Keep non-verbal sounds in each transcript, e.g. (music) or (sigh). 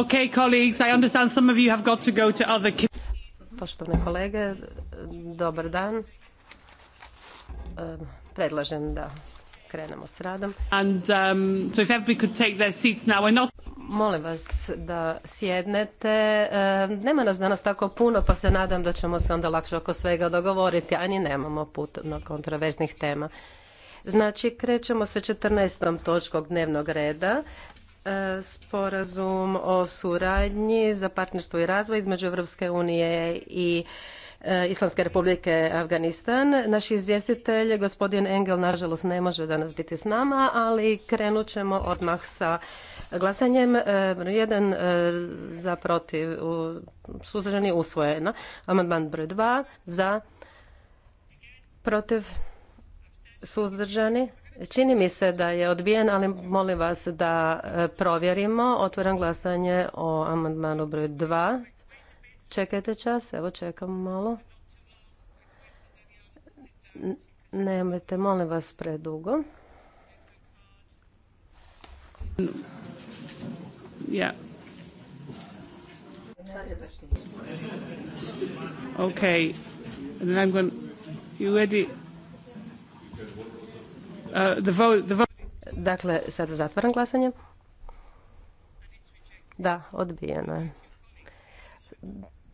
Okay, colleagues, I understand some kolege, dobar dan. Predlažem da krenemo s radom. Molim vas da sjednete. Nema nas danas tako puno, pa se nadam da ćemo se onda lakše oko svega dogovoriti, a ni nemamo na kontroverznih tema. Znači, krećemo sa 14. točkom dnevnog reda. E, sporazum o suradnji za partnerstvo i razvoj između Europske unije i e, Islamske republike Afganistan. Naš izvjestitelj, gospodin Engel, nažalost ne može danas biti s nama, ali krenut ćemo odmah sa glasanjem. E, jedan za protiv, suzdržani usvojeno. Amandman broj dva za protiv suzdržani Čini mi se da je odbijen, ali molim vas da e, provjerimo. Otvoram glasanje o amandmanu broj 2. Čekajte čas, evo čekam malo. Nemojte, molim vas, predugo. Ja. Okay. And then I'm going... You ready? Uh, dakle, sada zatvaram glasanje. Da, odbijeno je.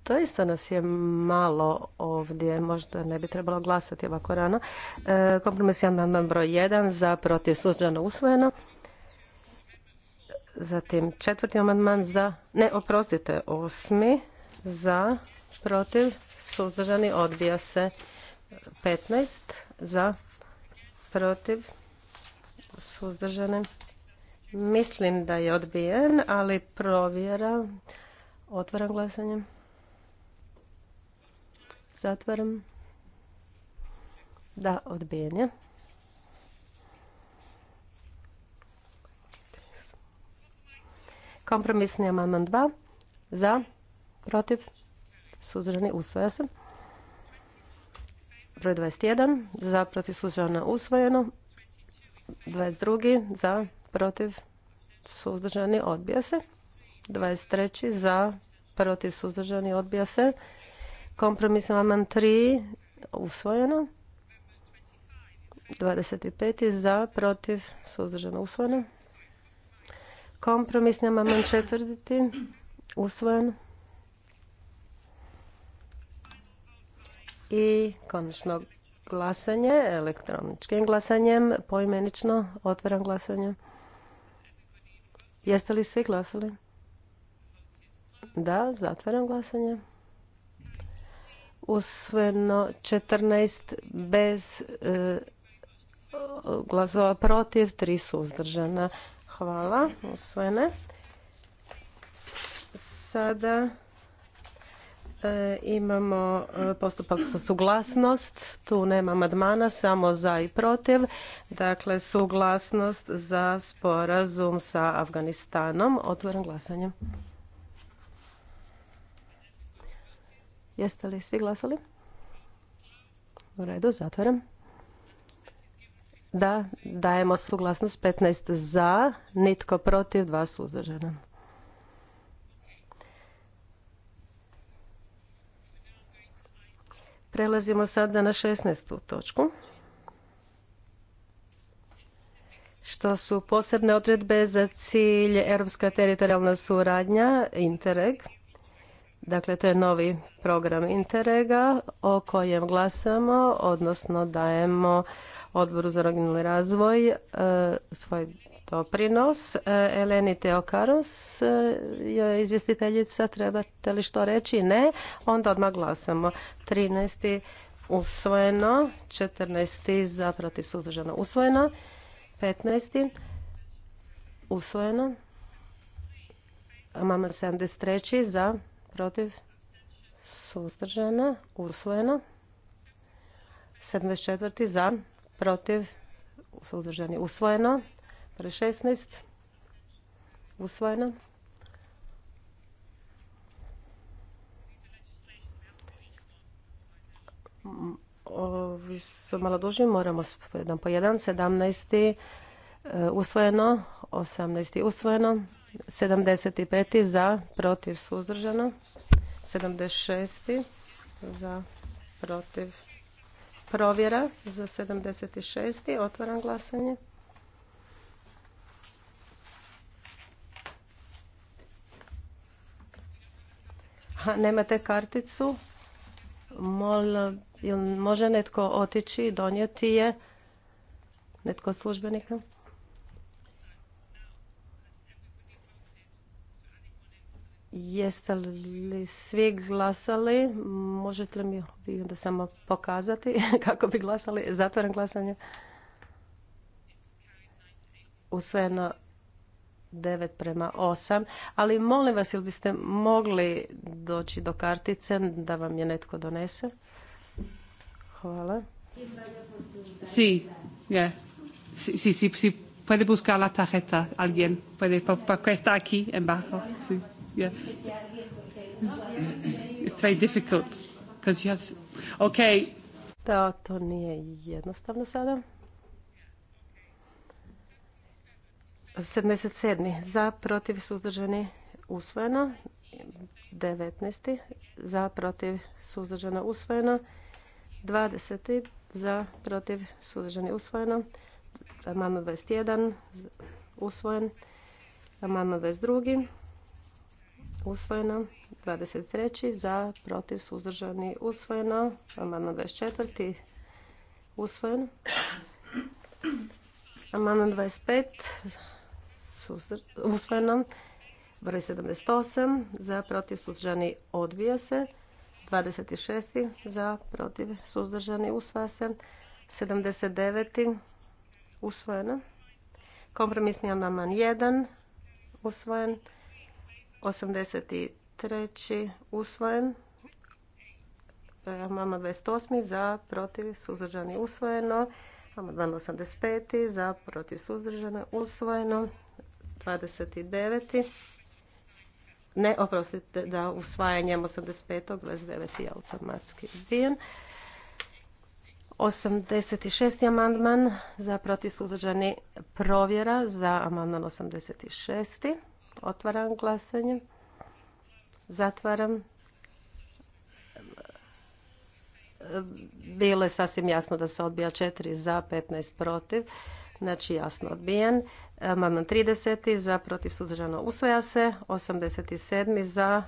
Doista nas je malo ovdje, možda ne bi trebalo glasati ovako rano. E, kompromis amandman broj 1 za protiv suzdržano usvojeno. Zatim četvrti amandman za, ne, oprostite, osmi za protiv suzdržani odbija se 15 za protiv, suzdržane. Mislim da je odbijen, ali provjera. Otvaram glasanje. Zatvaram. Da, odbijen je. Kompromisni amandman 2. Za, protiv, suzdržani, usvoja se broj 21 za protiv suzdržana usvojeno 22 za protiv suzdržani odbija se 23 za protiv suzdržani odbija se kompromisni amandman 3 usvojeno 25 za protiv suzdržano usvojeno kompromisni amandman 4 Usvojeno. i konačno glasanje elektroničkim glasanjem, poimenično otvaram glasanje. Jeste li svi glasali? Da, zatvaram glasanje. Usvojeno 14 bez e, glasova protiv, tri suzdržana. Hvala, usvojene. Sada E, imamo e, postupak sa suglasnost, tu nema madmana, samo za i protiv. Dakle, suglasnost za sporazum sa Afganistanom. Otvoren glasanje. Jeste li svi glasali? U redu, zatvaram. Da, dajemo suglasnost 15 za, nitko protiv, dva suzdržana. Prelazimo sada na 16. točku. Što su posebne odredbe za cilj Europska teritorijalna suradnja Interreg. Dakle, to je novi program Interrega o kojem glasamo, odnosno dajemo odboru za regionalni razvoj e, svoj doprinos. E, Eleni Teokaros e, je izvjestiteljica, trebate li što reći? Ne. Onda odmah glasamo. 13. usvojeno, 14. za protiv suzdržano usvojeno, 15. usvojeno, mama 73. za protiv suzdržana, usvojeno, 74. za protiv suzdržani usvojeno, Pre 16. Usvojeno. Ovi su malo duži, moramo jedan po jedan. 17. E, usvojeno. 18. Usvojeno. 75. Za, protiv, suzdržano. 76. Za, protiv, provjera za 76. Otvaram glasanje. nemate karticu. jel može netko otići i donijeti je? Netko od službenika? Jeste li svi glasali? Možete li mi vi onda samo pokazati (laughs) kako bi glasali? Zatvaram glasanje. U na... 9 prema 8, ali molim vas ili biste mogli doći do kartice da vam je netko donese? Hvala. Si, yeah. si, si, si, sí. puede buscar la tarjeta, alguien, puede, porque pa, pa, está aquí, en bajo, si, yeah. It's very difficult, because you have, okay. Da, to nije jednostavno sada. 77. za, protiv, suzdržani, usvojeno. 19. za, protiv, suzdržano, usvojeno. 20. za, protiv, suzdržani, usvojeno. Amandman 21. usvojen. Amandman 22. usvojeno. 23. za, protiv, suzdržani, usvojeno. Amandman 24. usvojen. Amandman 25 usvojeno. Broj 78 za protiv suzdržani odbija se. 26. za protiv suzdržani usvaja se. 79. usvojeno. Kompromisni amandman 1 usvojen. 83. usvojen. E, amandman 28. za protiv suzdržani usvojeno. Amandman 85. za protiv suzdržano usvojeno. 29. Ne, oprostite, da usvajanjem 85. 29. je automatski odbijen. 86. amandman za protiv provjera za amandman 86. Otvaram glasanje. Zatvaram. Bilo je sasvim jasno da se odbija 4 za, 15 protiv. Znači jasno odbijen. Amandman 30. za protiv suzdržano usvaja se. 87. za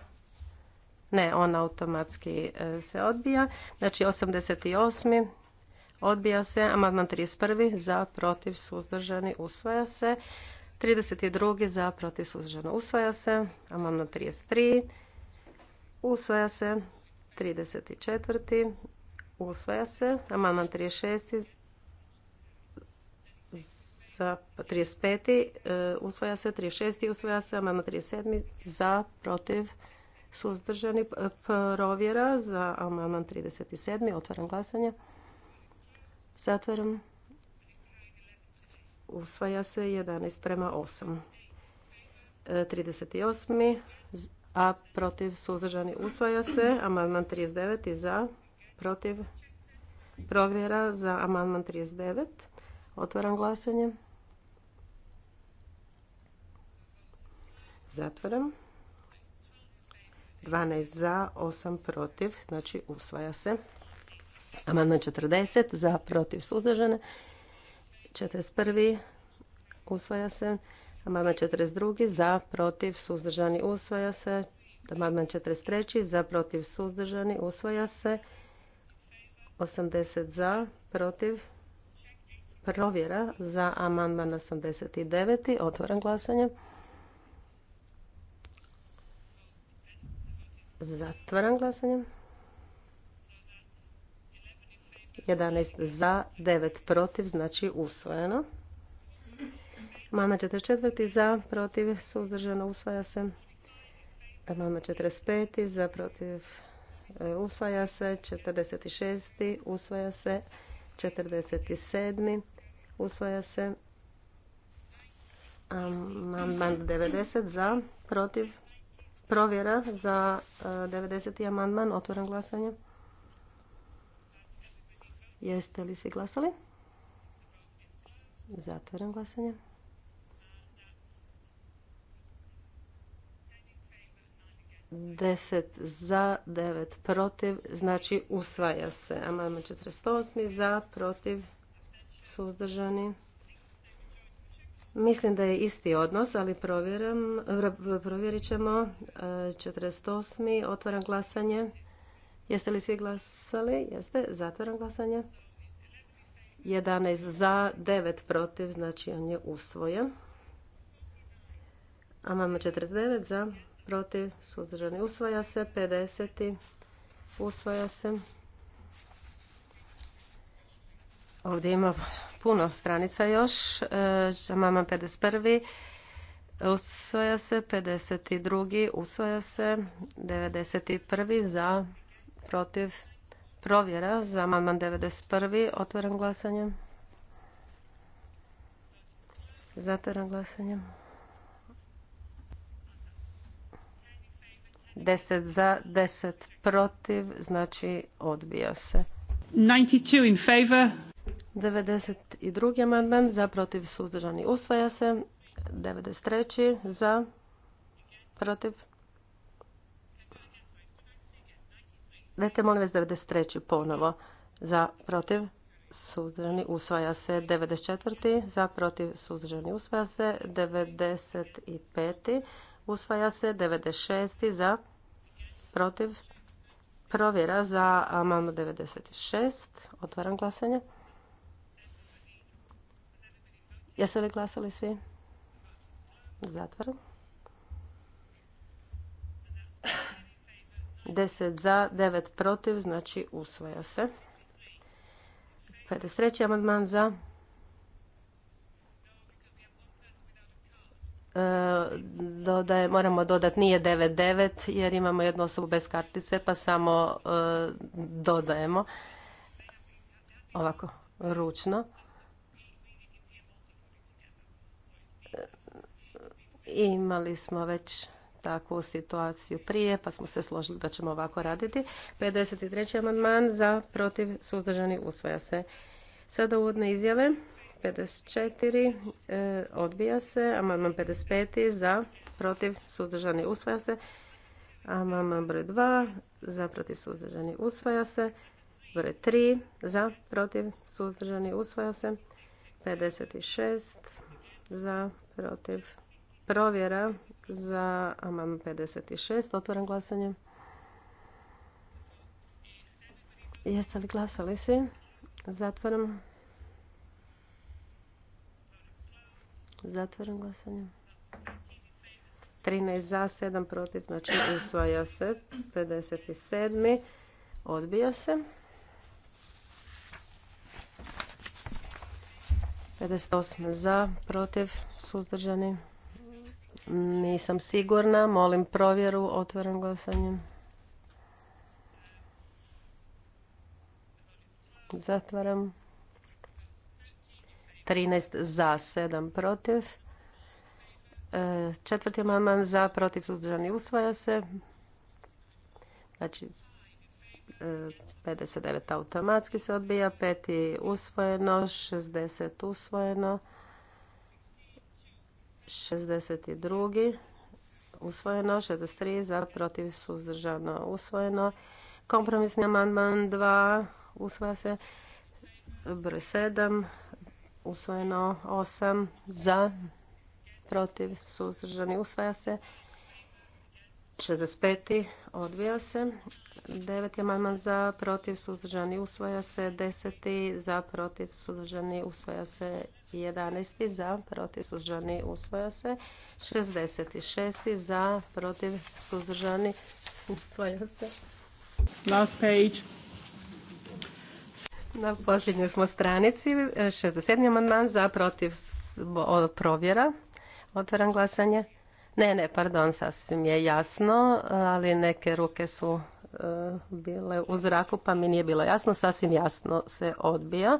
ne, on automatski e, se odbija. Znači 88. odbija se. Amandman 31. za protiv suzdržani usvaja se. 32. za protiv suzdržano usvaja se. Amandman 33. usvaja se. 34. usvaja se. Amandman 36 za 35. E, usvaja se 36. usvaja se amandman 37. za protiv suzdržani provjera za amandman 37. Otvaram glasanje. Zatvaram. Usvaja se 11 prema 8. 38. E, a protiv suzdržani usvaja se. Amandman 39. za protiv provjera za amandman 39. Otvaram glasanje. Zatvaram. 12 za, 8 protiv, znači usvaja se. Amandman 40 za, protiv, suzdržane. 41. usvaja se. Amandman 42 za, protiv, suzdržani, usvaja se. Amandman 43 za, protiv, suzdržani, usvaja se. 80 za, protiv, provjera za amandman 89. Otvaram glasanje. Zatvaram glasanje. 11 za, 9 protiv, znači usvojeno. Mama 44 za, protiv, suzdržano, usvaja se. Mama 45 za, protiv, e, usvaja se. 46 usvaja se. 47 usvaja se. Mama 90 za, protiv, se. Provjera za 90. E, amandman. Otvoram glasanje. Jeste li svi glasali? Zatvoram glasanje. Deset za, devet protiv, znači usvaja se. Amandman 48 za, protiv, suzdržani. Mislim da je isti odnos, ali provjeram, provjerit ćemo. 48. E, otvaram glasanje. Jeste li svi glasali? Jeste. Zatvaram glasanje. 11 za, 9 protiv, znači on je usvojen. Amandman 49 za, protiv, suzdržani usvaja se. 50. Usvaja se. Ovdje ima puno stranica još. E, mama 51. Usvoja se. 52. Usvoja se. 91. Za. Protiv. Provjera za mama 91. Otvaram glasanje. Zatvaram glasanje. 10 za, 10 protiv, znači odbija se. 92 in favor, 92. amandman za protiv suzdržani usvaja se. 93. za protiv. Dajte molim vas 93. ponovo za protiv suzdržani usvaja se. 94. za protiv suzdržani usvaja se. 95. usvaja se. 96. za protiv provjera za amandman 96. Otvaram glasanje. Jesu li glasali svi? Zatvaram. Deset za, devet protiv, znači usvaja se. 53. amandman za. E, moramo dodati nije 9-9 jer imamo jednu osobu bez kartice pa samo e, dodajemo ovako ručno. Imali smo već takvu situaciju prije, pa smo se složili da ćemo ovako raditi. 53. amandman za protiv suzdržani usvaja se. Sada uvodne izjave. 54. E, odbija se. Amandman 55. za protiv suzdržani usvaja se. Amandman broj 2 za protiv suzdržani usvaja se. Broj 3 za protiv suzdržani usvaja se. 56 za protiv Provjera za amandman 56. Otvoren glasanje. Jeste li glasali svi? Zatvaram. Zatvaram glasanje. 13 za, 7 protiv, znači usvaja se. 57. Odbija se. 58 za, protiv, suzdržani. Nisam sigurna. Molim provjeru. Otvaram glasanje. Zatvaram. 13 za, 7 protiv. E, četvrti amandman za, protiv, suzdržani, usvaja se. Znači, 59 e, automatski se odbija, peti usvojeno, 60 usvojeno. 62. usvojeno, 63 za protiv suzdržano usvojeno. Kompromisni amandman 2 usvoja se, broj 7 usvojeno, 8 za protiv suzdržani usvaja se. 65. odbija se. 9. amandman za, protiv, suzdržani, usvaja se. 10. za, protiv, suzdržani, usvaja se. 11. za, protiv, suzdržani, usvaja se. 66. za, protiv, suzdržani, usvaja se. Last Na posljednjoj smo stranici. 67. amandman za, protiv, provjera. Otvaram glasanje. Ne, ne, pardon, sasvim je jasno, ali neke ruke su e, bile u zraku pa mi nije bilo jasno. Sasvim jasno se odbija.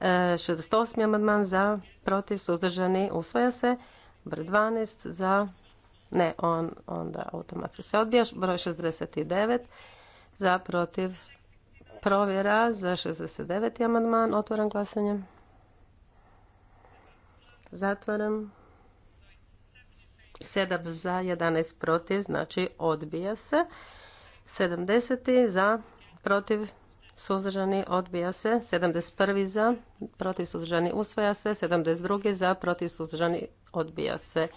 68. E, amandman za, protiv, suzdržani, usvaja se. Broj 12 za, ne, on onda automatski se odbija. Broj 69 za, protiv, provjera za 69. amandman. Otvaram glasanje. Zatvaram. 7 za, 11 protiv, znači odbija se. 70. za, protiv, suzdržani, odbija se. 71. za, protiv, suzdržani, usvaja se. 72. za, protiv, suzdržani, odbija se.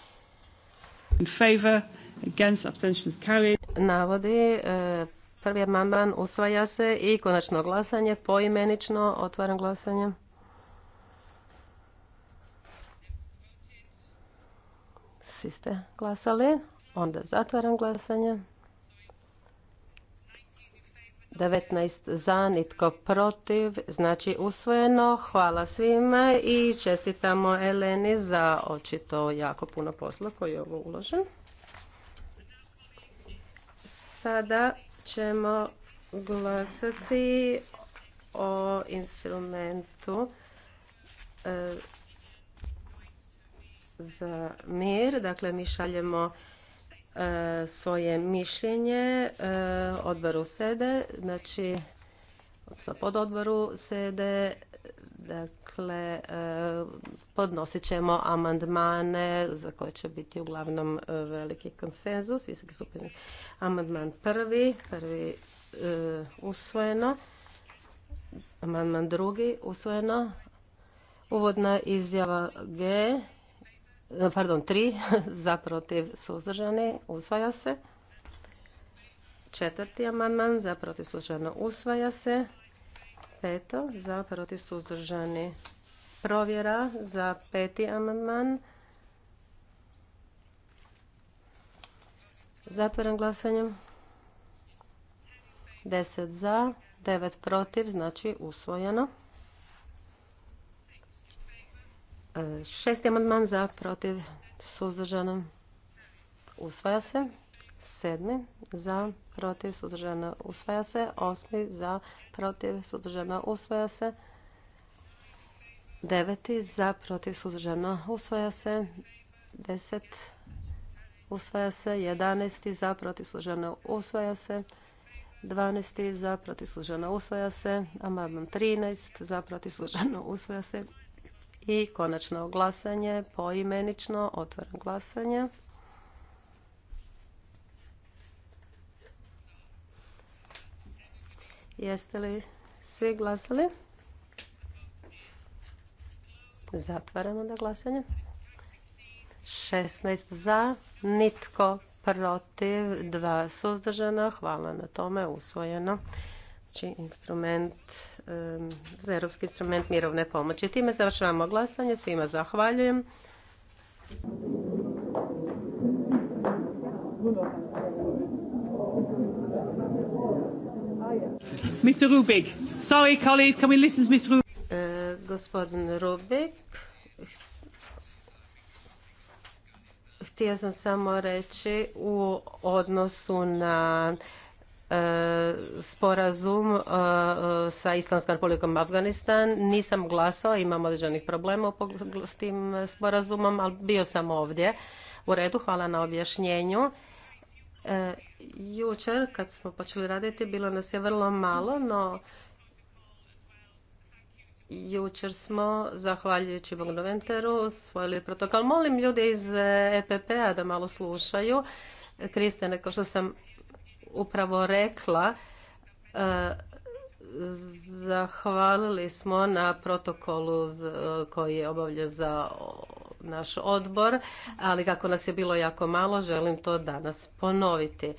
In favor, against, abstentions carried. Navodi, e, prvi amandman usvaja se i konačno glasanje, poimenično, otvaram glasanje. Svi ste glasali. Onda zatvaram glasanje. 19 za, nitko protiv, znači usvojeno. Hvala svima i čestitamo Eleni za očito jako puno posla koji je ovo uložen. Sada ćemo glasati o instrumentu e, za mir. Dakle, mi šaljemo e, svoje mišljenje e, odboru sede, znači sa odboru sede, dakle e, podnosit ćemo amandmane za koje će biti uglavnom veliki konsenzus, visoki stupanj. Amandman prvi, prvi usvojeno. Amandman drugi usvojeno. Uvodna izjava G pardon, tri (laughs) za protiv suzdržani usvaja se. Četvrti amandman za protiv suzdržano usvaja se. Peto za protiv suzdržani provjera za peti amandman. Zatvaram glasanjem. Deset za, devet protiv, znači usvojeno. Šesti amandman za, protiv, suzdržano, usvaja se. Sedmi za, protiv, suzdržano, usvaja se. Osmi za, protiv, suzdržano, usvaja se. Deveti za, protiv, suzdržano, usvaja se. Deset usvaja se. 11. za, protiv, suzdržano, usvaja se. 12. za, protiv, suzdržano, usvaja se. Amandman 13. za, protiv, suzdržano, usvaja se i konačno glasanje poimenično. Otvaram glasanje. Jeste li svi glasali? Zatvaramo da glasanje. 16 za, nitko protiv, dva suzdržana. Hvala na tome, usvojeno znači instrument za europski instrument mirovne pomoći. Time završavamo glasanje. Svima zahvaljujem. Mr. Rubik, sorry colleagues, can we listen Mr. E, gospodin Rubik, htio sam samo reći u odnosu na sporazum e, e, sa Islamskom republikom Afganistan. Nisam glasao, imam određenih problema s tim sporazumom, ali bio sam ovdje. U redu, hvala na objašnjenju. E, jučer, kad smo počeli raditi, bilo nas je vrlo malo, no jučer smo, zahvaljujući Bognoventeru, svojili protokol. Molim ljude iz EPP-a da malo slušaju. Kristene, kao što sam upravo rekla, e, zahvalili smo na protokolu e, koji je obavljen za naš odbor, ali kako nas je bilo jako malo, želim to danas ponoviti.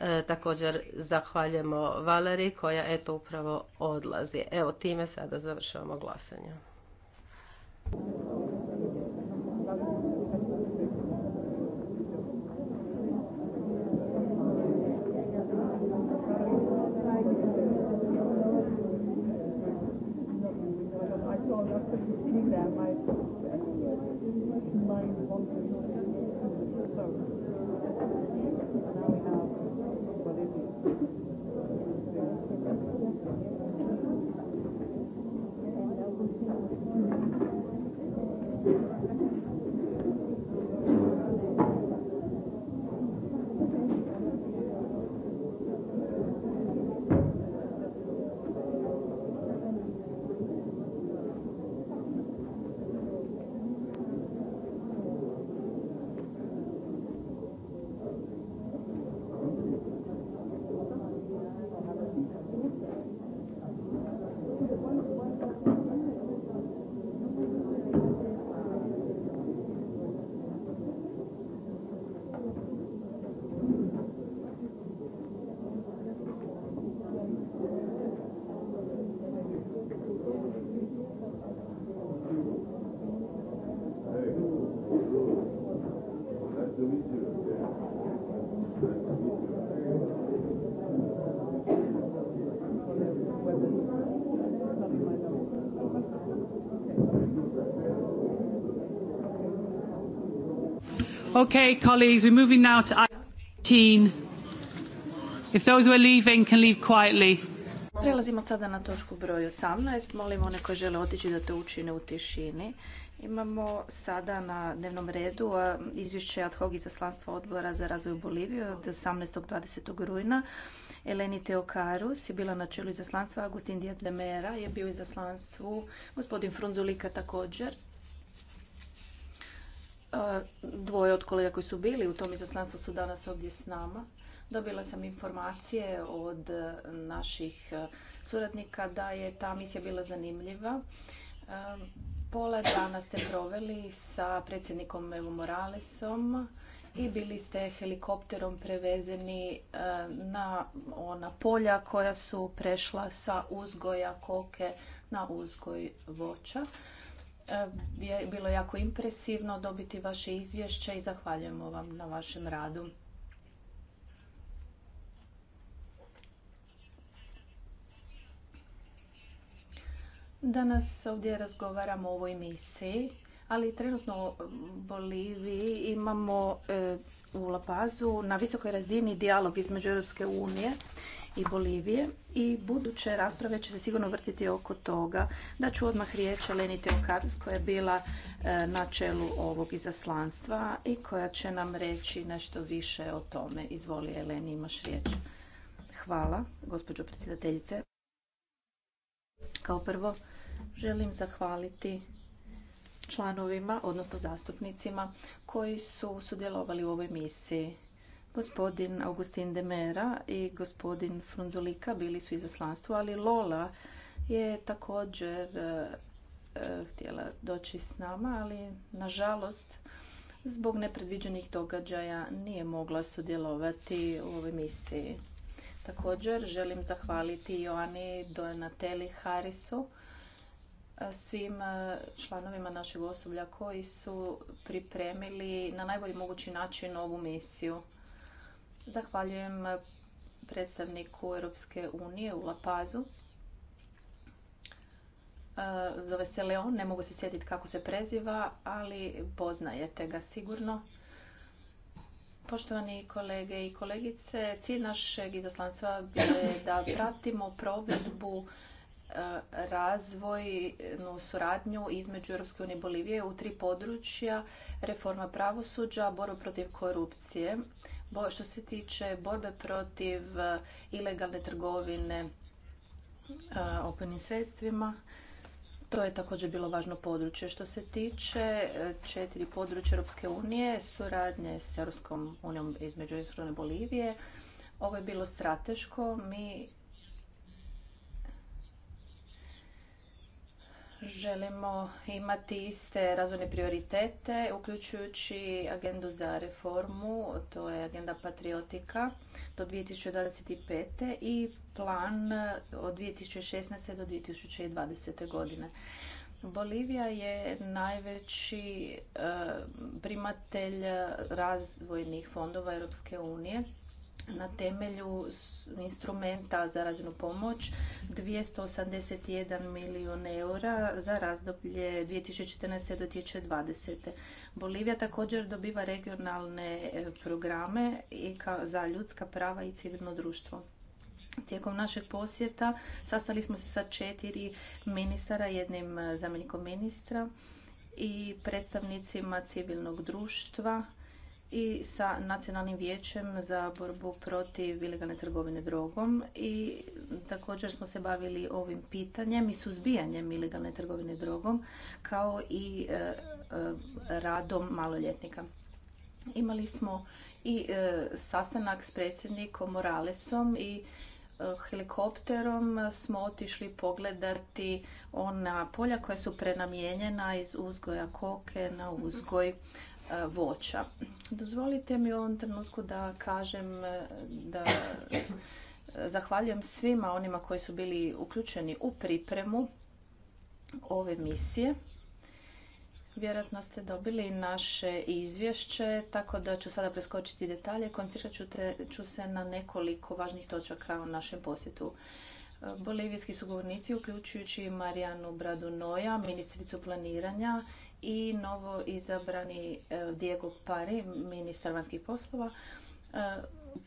E, također zahvaljujemo Valeri koja eto upravo odlazi. Evo time sada završavamo glasanje. Hvala Okay, colleagues, we're moving now to 18. If those are leaving can leave quietly. Prelazimo sada na točku broj 18. Molim one koji žele otići da to učine u tišini. Imamo sada na dnevnom redu izvješće ad hoc izaslanstva odbora za razvoj Bolivije od 18. 20. rujna. Eleni Teokarus je bila na čelu izaslanstva, Agustin Diaz de Mera je bio u izaslanstvu, gospodin Frunzulika također. Dvoje od kolega koji su bili u tom izaslanstvu su danas ovdje s nama. Dobila sam informacije od e, naših e, suradnika da je ta misija bila zanimljiva. E, pola dana ste proveli sa predsjednikom Evo Moralesom i bili ste helikopterom prevezeni na ona polja koja su prešla sa uzgoja koke na uzgoj voća. Ehm, je bilo jako impresivno dobiti vaše izvješće i zahvaljujemo vam na vašem radu. Danas ovdje razgovaramo o ovoj misiji, ali trenutno u Boliviji imamo eh, La Pazu na visokoj razini dijalog između Europske unije i Bolivije i buduće rasprave će se sigurno vrtiti oko toga. Da ću odmah riječ Eleni Teokaris koja je bila e, na čelu ovog izaslanstva i koja će nam reći nešto više o tome. Izvoli Eleni, imaš riječ. Hvala, gospođo predsjedateljice. Kao prvo, želim zahvaliti članovima, odnosno zastupnicima koji su sudjelovali u ovoj misiji. Gospodin Augustin Demera i gospodin Frunzulika bili su izaslanstvo, ali Lola je također e, e, htjela doći s nama, ali nažalost zbog nepredviđenih događaja nije mogla sudjelovati u ovoj misiji. Također želim zahvaliti Joani Donateli Harisu svim e, članovima našeg osoblja koji su pripremili na najbolji mogući način ovu misiju. Zahvaljujem predstavniku Europske unije u Lapazu. E, zove se Leon, ne mogu se sjetiti kako se preziva, ali poznajete ga sigurno. Poštovani kolege i kolegice, cilj našeg izaslanstva je da pratimo provedbu E, razvojnu suradnju između Europske unije i Bolivije u tri područja, reforma pravosuđa, borba protiv korupcije, što se tiče borbe protiv e, ilegalne trgovine e, opojnim sredstvima, to je također bilo važno područje. Što se tiče četiri područja Europske unije, suradnje s Europskom unijom između Europske Bolivije, ovo je bilo strateško. Mi želimo imati iste razvojne prioritete, uključujući agendu za reformu, to je agenda patriotika do 2025. i plan od 2016. do 2020. godine. Bolivija je najveći eh, primatelj razvojnih fondova Europske unije na temelju instrumenta za razvojnu pomoć 281 milijun eura za razdoblje 2014. do 2020. Bolivija također dobiva regionalne e, programe i za ljudska prava i civilno društvo. Tijekom našeg posjeta sastali smo se sa četiri ministara, jednim e, zamjenikom ministra i predstavnicima civilnog društva, i sa Nacionalnim vijećem za borbu protiv ilegalne trgovine drogom i također smo se bavili ovim pitanjem i suzbijanjem ilegalne trgovine drogom kao i e, e, radom maloljetnika. Imali smo i e, sastanak s predsjednikom Moralesom i helikopterom smo otišli pogledati ona polja koja su prenamijenjena iz uzgoja koke na uzgoj E, voća. Dozvolite mi u ovom trenutku da kažem e, da e, zahvaljujem svima onima koji su bili uključeni u pripremu ove misije. Vjerojatno ste dobili naše izvješće, tako da ću sada preskočiti detalje. Koncentrat ću, se na nekoliko važnih točaka o našem posjetu. Bolivijski sugovornici, uključujući Marijanu Bradunoja, ministricu planiranja i novo izabrani e, Diego Pari, ministar vanjskih poslova, e,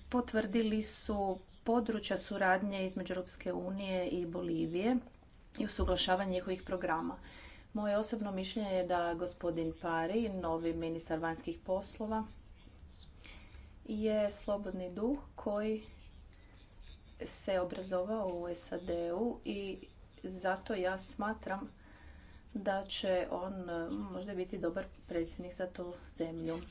potvrdili su područja suradnje između Europske unije i Bolivije i usuglašavanje njihovih programa. Moje osobno mišljenje je da gospodin Pari, novi ministar vanjskih poslova, je slobodni duh koji se obrazovao u SAD-u i zato ja smatram da će on e, možda biti dobar predsjednik za tu zemlju. E,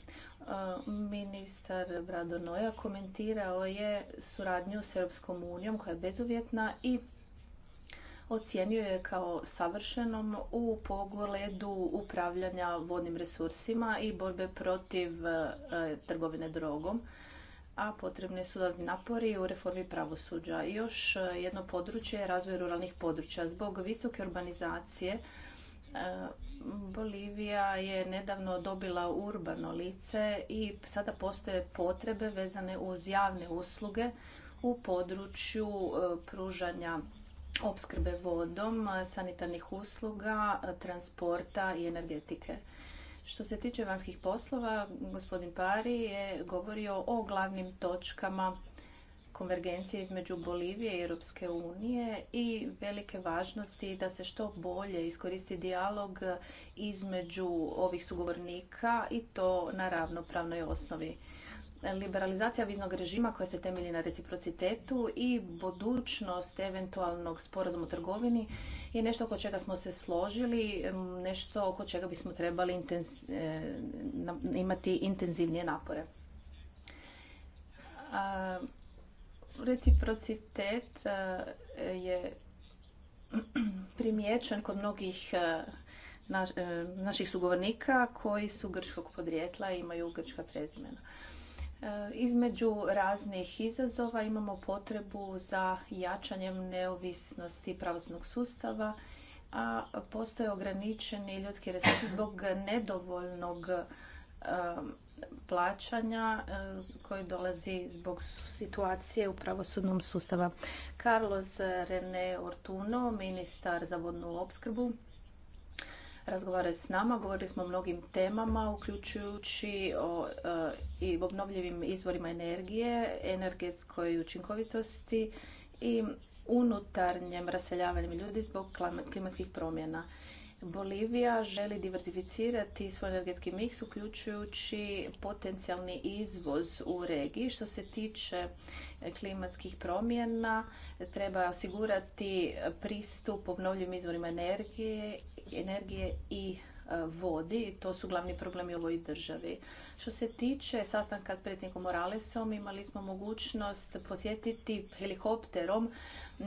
ministar Brado Noja komentirao je suradnju s Europskom unijom koja je bezuvjetna i ocijenio je kao savršenom u pogledu upravljanja vodnim resursima i borbe protiv e, trgovine drogom a potrebne su dodatni napori u reformi pravosuđa. još jedno područje je razvoj ruralnih područja. Zbog visoke urbanizacije Bolivija je nedavno dobila urbano lice i sada postoje potrebe vezane uz javne usluge u području e, pružanja opskrbe vodom, sanitarnih usluga, transporta i energetike. Što se tiče vanjskih poslova, gospodin Pari je govorio o glavnim točkama konvergencije između Bolivije i Europske unije i velike važnosti da se što bolje iskoristi dijalog između ovih sugovornika i to na ravnopravnoj osnovi. Liberalizacija viznog režima koja se temelji na reciprocitetu i budućnost eventualnog sporazuma o trgovini je nešto oko čega smo se složili, nešto oko čega bismo trebali e, imati intenzivnije napore. Reciprocitet eh, je (clears throat) primijećen kod mnogih eh, eh, naših sugovornika koji su grčkog podrijetla i imaju grčka prezimena. Između raznih izazova imamo potrebu za jačanjem neovisnosti pravosnog sustava, a postoje ograničeni ljudski resursi zbog nedovoljnog Um, plaćanja um, koji dolazi zbog situacije u pravosudnom sustava. Carlos René Ortuno, ministar za vodnu opskrbu, razgovara s nama. Govorili smo o mnogim temama, uključujući o uh, i obnovljivim izvorima energije, energetskoj učinkovitosti i unutarnjem raseljavanjem ljudi zbog klimatskih promjena. Bolivija želi diversificirati svoj energetski miks uključujući potencijalni izvoz u regiji. Što se tiče klimatskih promjena, treba osigurati pristup obnovljivim izvorima energije, energije i e, vodi. To su glavni problemi u ovoj državi. Što se tiče sastanka s predsjednikom Moralesom, imali smo mogućnost posjetiti helikopterom e,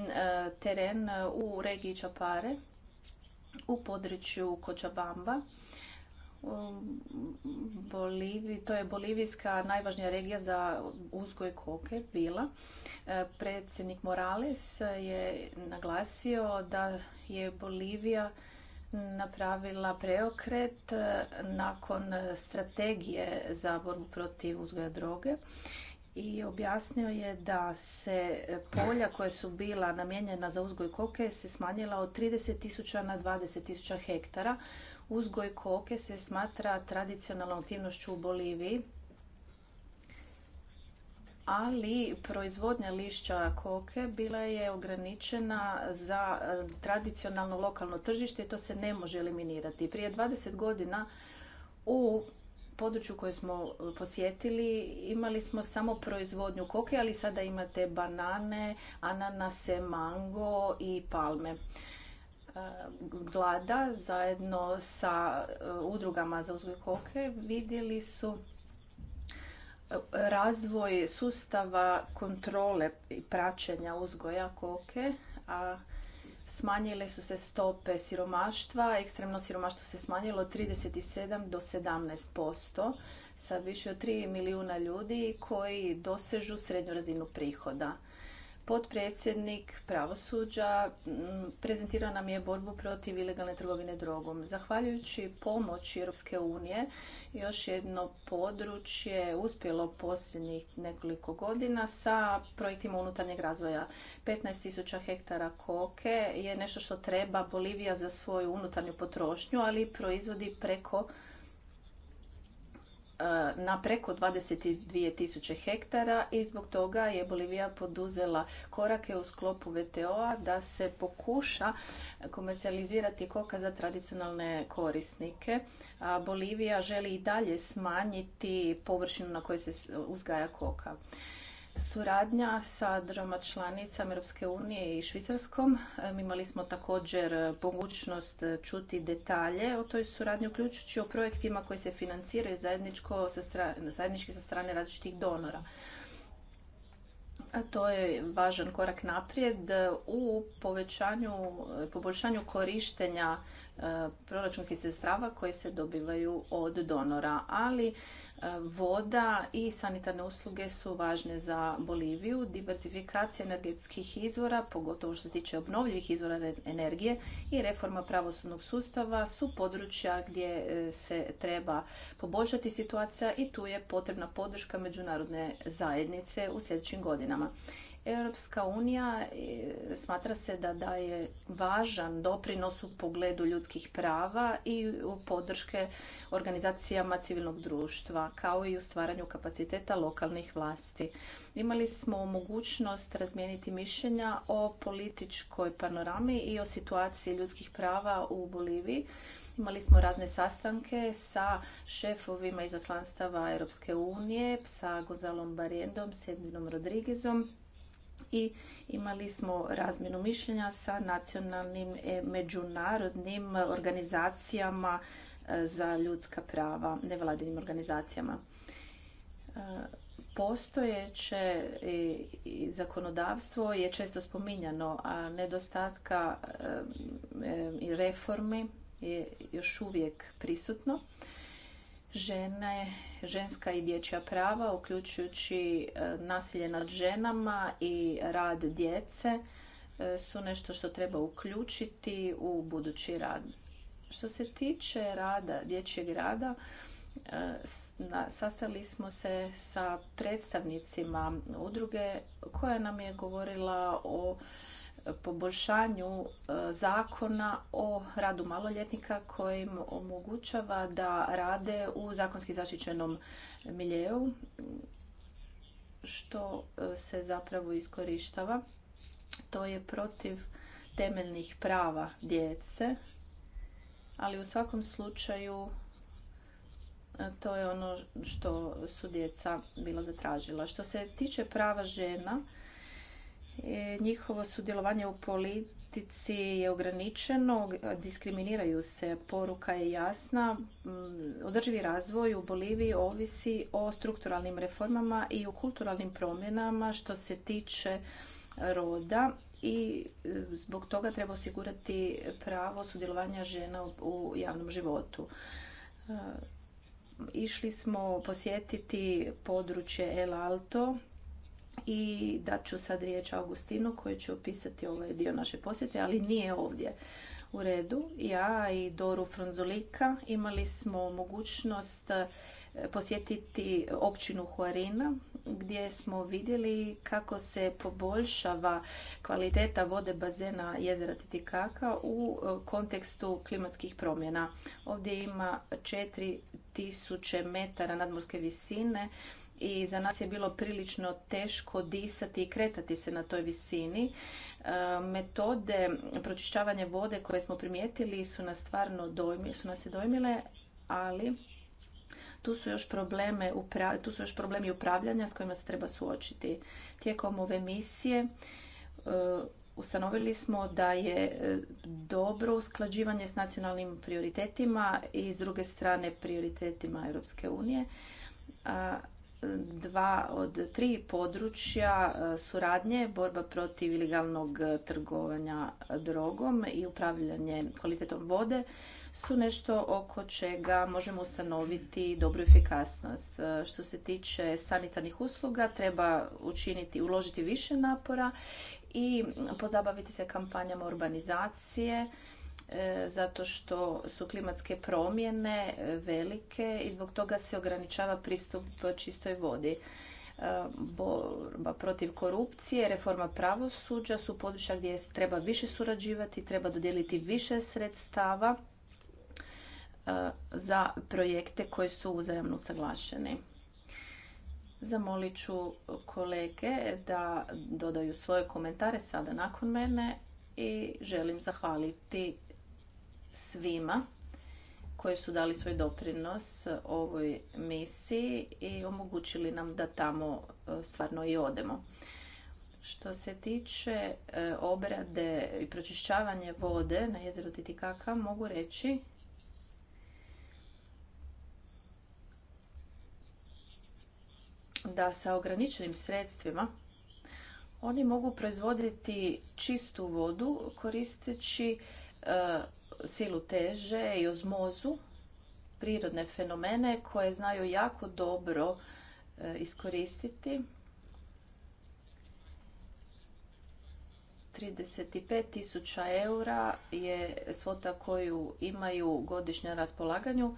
teren u regiji Čapare u području Kočabamba. U to je bolivijska najvažnija regija za uzgoj koke, bila. E, predsjednik Morales je naglasio da je Bolivija napravila preokret e, nakon strategije za borbu protiv uzgoja droge i objasnio je da se polja koja su bila namijenjena za uzgoj koke se smanjila od 30.000 na 20.000 hektara. Uzgoj koke se smatra tradicionalnom aktivnošću u Boliviji, ali proizvodnja lišća koke bila je ograničena za eh, tradicionalno lokalno tržište i to se ne može eliminirati. Prije 20 godina u području koje smo e, posjetili imali smo samo proizvodnju koke, ali sada imate banane, ananase, mango i palme. E, Vlada zajedno sa e, udrugama za uzgoj koke vidjeli su razvoj sustava kontrole i praćenja uzgoja koke, a smanjile su se stope siromaštva, ekstremno siromaštvo se smanjilo od 37 do 17% sa više od 3 milijuna ljudi koji dosežu srednju razinu prihoda potpredsjednik pravosuđa prezentirao nam je borbu protiv ilegalne trgovine drogom. Zahvaljujući pomoći Europske unije još jedno područje uspjelo posljednjih nekoliko godina sa projektima unutarnjeg razvoja. 15.000 hektara koke je nešto što treba Bolivija za svoju unutarnju potrošnju, ali proizvodi preko Eh, na preko 22.000 hektara i zbog toga je Bolivija poduzela korake u sklopu VTO-a da se pokuša komercijalizirati koka za tradicionalne korisnike. Bolivija želi i dalje smanjiti površinu na kojoj se uzgaja koka. Suradnja sa državama članicama Europske unije i Švicarskom. Imali smo također e, mogućnost e, čuti detalje o toj suradnji, uključujući o projektima koji se financiraju zajednički sa strane različitih donora. A to je važan korak naprijed e, u povećanju, poboljšanju korištenja proračunskih sredstava koje se dobivaju od donora, ali e, voda i sanitarne usluge su važne za Boliviju. Diversifikacija energetskih izvora, pogotovo što se tiče obnovljivih izvora energije i reforma pravosudnog sustava su područja gdje e, se treba poboljšati situacija i tu je potrebna podrška međunarodne zajednice u sljedećim godinama. Europska unija e, smatra se da daje važan doprinos u pogledu ljudskih prava i podrške organizacijama civilnog društva, kao i u stvaranju kapaciteta lokalnih vlasti. Imali smo mogućnost razmijeniti mišljenja o političkoj panorami i o situaciji ljudskih prava u Boliviji. Imali smo razne sastanke sa šefovima izaslanstava Europske unije, sa Gozalom Barijendom, Sedminom Rodrigizom, i imali smo razmjenu mišljenja sa nacionalnim e, međunarodnim organizacijama e, za ljudska prava, nevladinim organizacijama. E, postojeće zakonodavstvo je često spominjano, a nedostatka reformi je još uvijek prisutno žene, ženska i dječja prava, uključujući e, nasilje nad ženama i rad djece, e, su nešto što treba uključiti u budući rad. Što se tiče rada, dječjeg rada, e, sastali smo se sa predstavnicima udruge koja nam je govorila o poboljšanju e, zakona o radu maloljetnika kojim omogućava da rade u zakonski zaštićenom miljeju, što e, se zapravo iskorištava. To je protiv temeljnih prava djece, ali u svakom slučaju e, to je ono što su djeca bila zatražila. Što se tiče prava žena, E, njihovo sudjelovanje u politici je ograničeno, diskriminiraju se, poruka je jasna. Mm, održivi razvoj u Boliviji ovisi o strukturalnim reformama i o kulturalnim promjenama što se tiče roda i e, zbog toga treba osigurati pravo sudjelovanja žena u javnom životu. E, išli smo posjetiti područje El Alto i dat ću sad riječ Augustinu koji će opisati ovaj dio naše posjete, ali nije ovdje u redu. Ja i Doru Fronzolika imali smo mogućnost eh, posjetiti općinu Huarina gdje smo vidjeli kako se poboljšava kvaliteta vode bazena jezera Titikaka u eh, kontekstu klimatskih promjena. Ovdje ima 4000 metara nadmorske visine i za nas je bilo prilično teško disati i kretati se na toj visini. E, metode pročišćavanja vode koje smo primijetili su nas stvarno su nas dojmile, ali tu su još probleme, tu su još problemi upravljanja s kojima se treba suočiti. Tijekom ove misije e, ustanovili smo da je e, dobro usklađivanje s nacionalnim prioritetima i s druge strane prioritetima Europske unije. A dva od tri područja e, suradnje, borba protiv ilegalnog trgovanja drogom i upravljanje kvalitetom vode su nešto oko čega možemo ustanoviti dobru efikasnost. E, što se tiče sanitarnih usluga, treba učiniti, uložiti više napora i pozabaviti se kampanjama urbanizacije E, zato što su klimatske promjene e, velike i zbog toga se ograničava pristup čistoj vodi. E, borba protiv korupcije, reforma pravosuđa su područja gdje treba više surađivati, treba dodijeliti više sredstava za projekte koji su uzajamno saglašeni. Zamolit ću kolege da dodaju svoje komentare sada nakon mene i želim zahvaliti svima koji su dali svoj doprinos ovoj misiji i omogućili nam da tamo e, stvarno i odemo. Što se tiče e, obrade i pročišćavanje vode na jezeru Titikaka, mogu reći da sa ograničenim sredstvima oni mogu proizvoditi čistu vodu koristeći e, silu teže i ozmozu, prirodne fenomene koje znaju jako dobro e, iskoristiti. 35.000 eura je svota koju imaju godišnje raspolaganju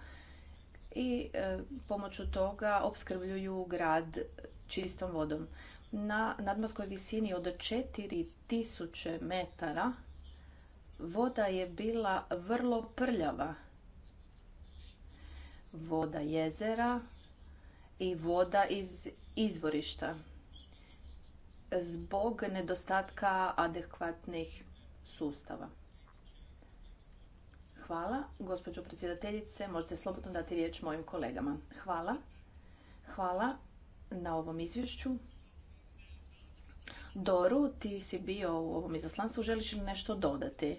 i e, pomoću toga opskrbljuju grad čistom vodom. Na nadmorskoj visini od 4000 metara Voda je bila vrlo prljava. Voda jezera i voda iz izvorišta. Zbog nedostatka adekvatnih sustava. Hvala. Gospođo predsjedateljice, možete slobodno dati riječ mojim kolegama. Hvala. Hvala na ovom izvješću. Doru, ti si bio u ovom izaslanstvu, želiš li nešto dodati?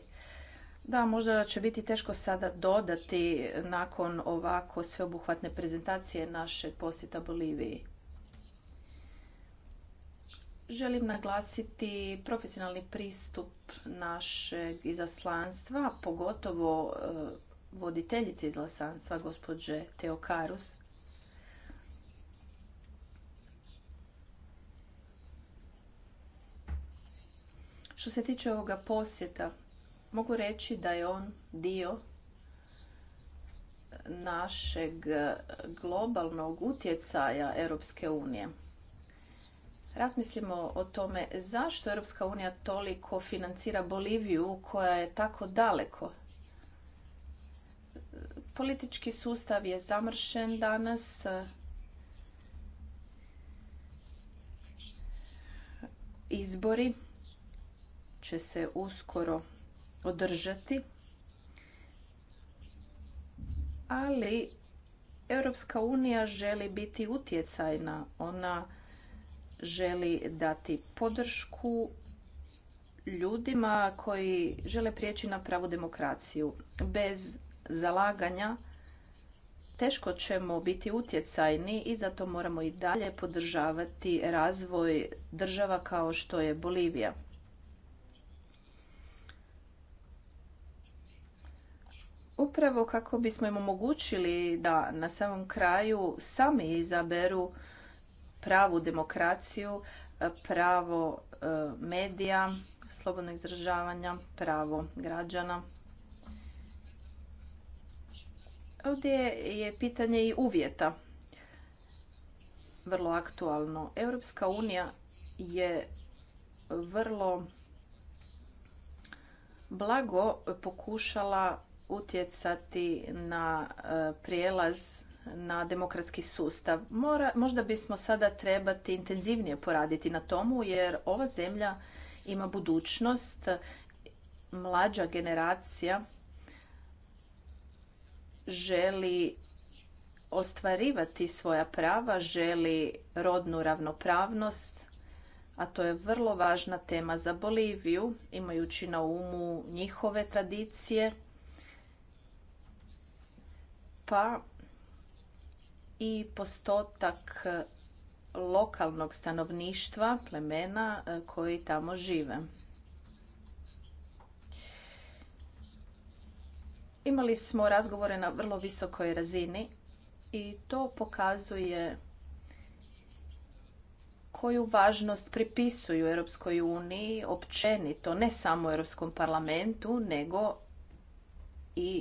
Da, možda će biti teško sada dodati nakon ovako sveobuhvatne prezentacije naše posjeta Boliviji. Želim naglasiti profesionalni pristup našeg izaslanstva, pogotovo e, voditeljice izaslanstva, gospođe Teokarus. Što se tiče ovoga posjeta, mogu reći da je on dio našeg globalnog utjecaja Europske unije. Razmislimo o tome zašto Europska unija toliko financira Boliviju koja je tako daleko. Politički sustav je zamršen danas. Izbori će se uskoro održati. Ali Europska unija želi biti utjecajna. Ona želi dati podršku ljudima koji žele prijeći na pravu demokraciju. Bez zalaganja teško ćemo biti utjecajni i zato moramo i dalje podržavati razvoj država kao što je Bolivija. upravo kako bismo im omogućili da na samom kraju sami izaberu pravu demokraciju, pravo e, medija, slobodno izražavanja, pravo građana. Ovdje je pitanje i uvjeta vrlo aktualno. Europska unija je vrlo blago pokušala utjecati na e, prijelaz na demokratski sustav. Mora, možda bismo sada trebati intenzivnije poraditi na tomu jer ova zemlja ima budućnost, mlađa generacija želi ostvarivati svoja prava, želi rodnu ravnopravnost, a to je vrlo važna tema za Boliviju, imajući na umu njihove tradicije pa i postotak e, lokalnog stanovništva, plemena e, koji tamo žive. Imali smo razgovore na vrlo visokoj razini i to pokazuje koju važnost pripisuju Europskoj uniji općenito, ne samo Europskom parlamentu, nego i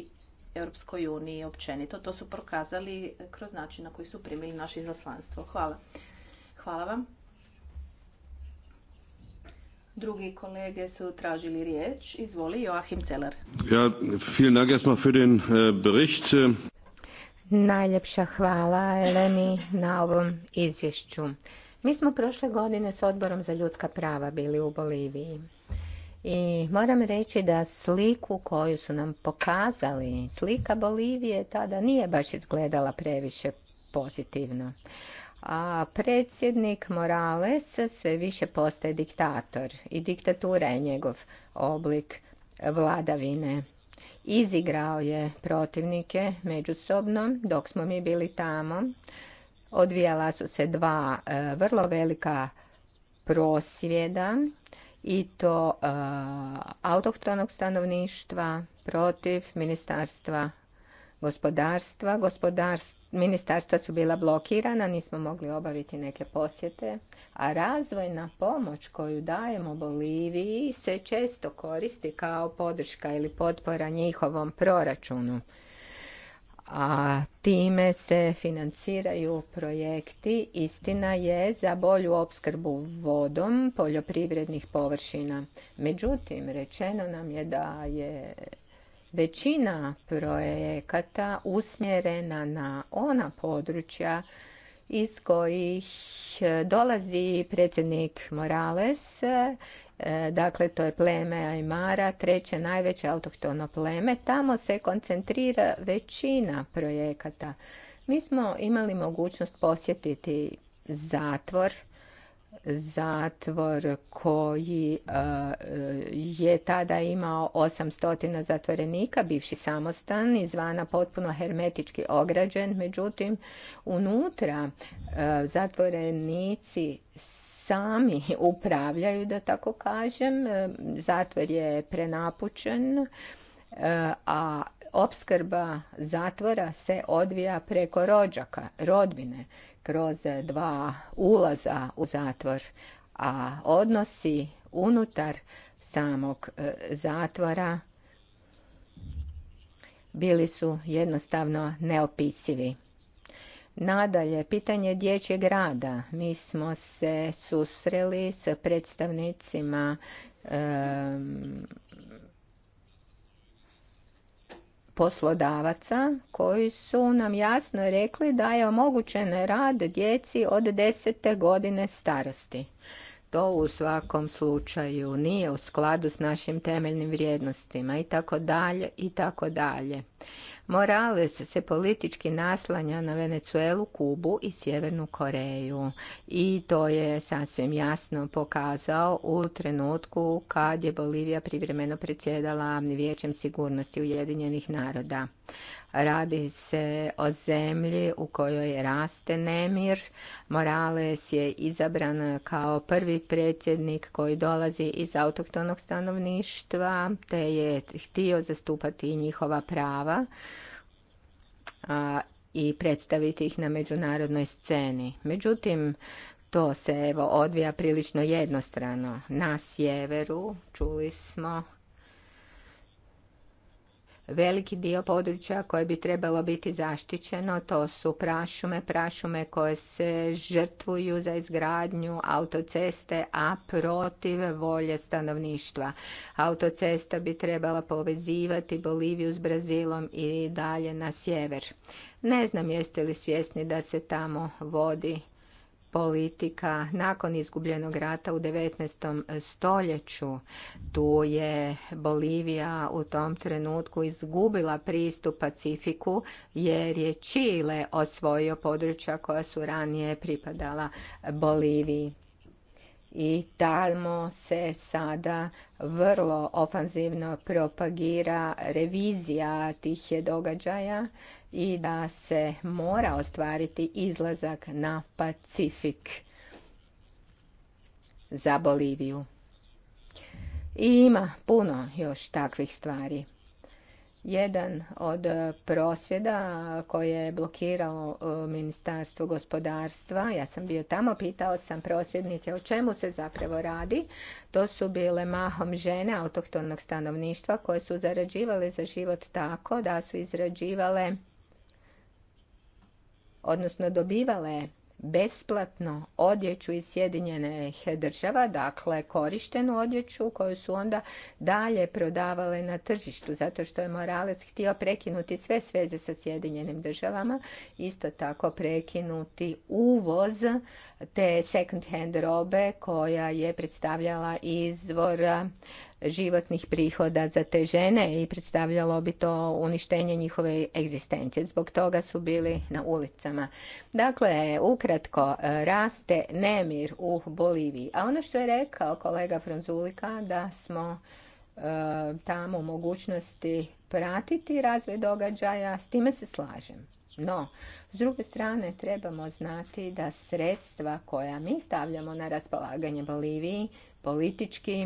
Europskoj uniji općenito. To su prokazali kroz način na koji su primili naše izaslanstvo. Hvala. Hvala vam. Drugi kolege su tražili riječ. Izvoli Joachim Celer. Ja, vielen Dank erstmal für den äh, Bericht. Najljepša hvala Eleni na ovom izvješću. Mi smo prošle godine s odborom za ljudska prava bili u Boliviji. I moram reći da sliku koju su nam pokazali, slika Bolivije tada nije baš izgledala previše pozitivno. A predsjednik Morales sve više postaje diktator i diktatura je njegov oblik vladavine. Izigrao je protivnike međusobno dok smo mi bili tamo. Odvijala su se dva e, vrlo velika prosvjeda i to e, autohtonog stanovništva protiv ministarstva gospodarstva. Gospodarst, ministarstva su bila blokirana, nismo mogli obaviti neke posjete, a razvojna pomoć koju dajemo Boliviji se često koristi kao podrška ili potpora njihovom proračunu a time se financiraju projekti, istina je, za bolju opskrbu vodom poljoprivrednih površina. Međutim, rečeno nam je da je većina projekata usmjerena na ona područja iz kojih dolazi predsjednik Morales E, dakle to je pleme Aymara, treće najveće autohtono pleme. Tamo se koncentrira većina projekata. Mi smo imali mogućnost posjetiti zatvor, zatvor koji e, je tada imao 800 zatvorenika, bivši samostan, zvana potpuno hermetički ograđen, međutim unutra e, zatvorenici sami (laughs) upravljaju, da tako kažem. E, zatvor je prenapučen, e, a opskrba zatvora se odvija preko rođaka, rodbine, kroz dva ulaza u zatvor, a odnosi unutar samog e, zatvora bili su jednostavno neopisivi. Nadalje, pitanje dječjeg rada. Mi smo se susreli s predstavnicima poslodavaca koji su nam jasno rekli da je omogućen rad djeci od 10. godine starosti. To u svakom slučaju nije u skladu s našim temeljnim vrijednostima i tako dalje i tako dalje. Morales se politički naslanja na Venecuelu, Kubu i Sjevernu Koreju i to je sasvim jasno pokazao u trenutku kad je Bolivija privremeno predsjedala Vijećem sigurnosti Ujedinjenih naroda. Radi se o zemlji u kojoj raste nemir. Morales je izabran kao prvi predsjednik koji dolazi iz autohtonog stanovništva te je htio zastupati njihova prava i predstaviti ih na međunarodnoj sceni. Međutim, to se evo odvija prilično jednostrano. Na sjeveru čuli smo veliki dio područja koje bi trebalo biti zaštićeno. To su prašume, prašume koje se žrtvuju za izgradnju autoceste, a protiv volje stanovništva. Autocesta bi trebala povezivati Boliviju s Brazilom i dalje na sjever. Ne znam jeste li svjesni da se tamo vodi politika nakon izgubljenog rata u 19. stoljeću. Tu je Bolivija u tom trenutku izgubila pristup Pacifiku jer je Čile osvojio područja koja su ranije pripadala Boliviji. I tamo se sada vrlo ofanzivno propagira revizija tih je događaja i da se mora ostvariti izlazak na Pacifik za Boliviju. I ima puno još takvih stvari. Jedan od prosvjeda koje je blokirao e, Ministarstvo gospodarstva, ja sam bio tamo, pitao sam prosvjednike o čemu se zapravo radi. To su bile mahom žene autohtonog stanovništva koje su zarađivale za život tako da su izrađivale odnosno dobivale besplatno odjeću iz Sjedinjenih država, dakle korištenu odjeću koju su onda dalje prodavale na tržištu, zato što je Morales htio prekinuti sve sveze sa Sjedinjenim državama, isto tako prekinuti uvoz te second hand robe koja je predstavljala izvor životnih prihoda za te žene i predstavljalo bi to uništenje njihove egzistencije. Zbog toga su bili na ulicama. Dakle, ukratko, raste nemir u Boliviji. A ono što je rekao kolega Franzulika da smo e, tamo mogućnosti pratiti razvoj događaja, s time se slažem. No, s druge strane, trebamo znati da sredstva koja mi stavljamo na raspolaganje Boliviji politički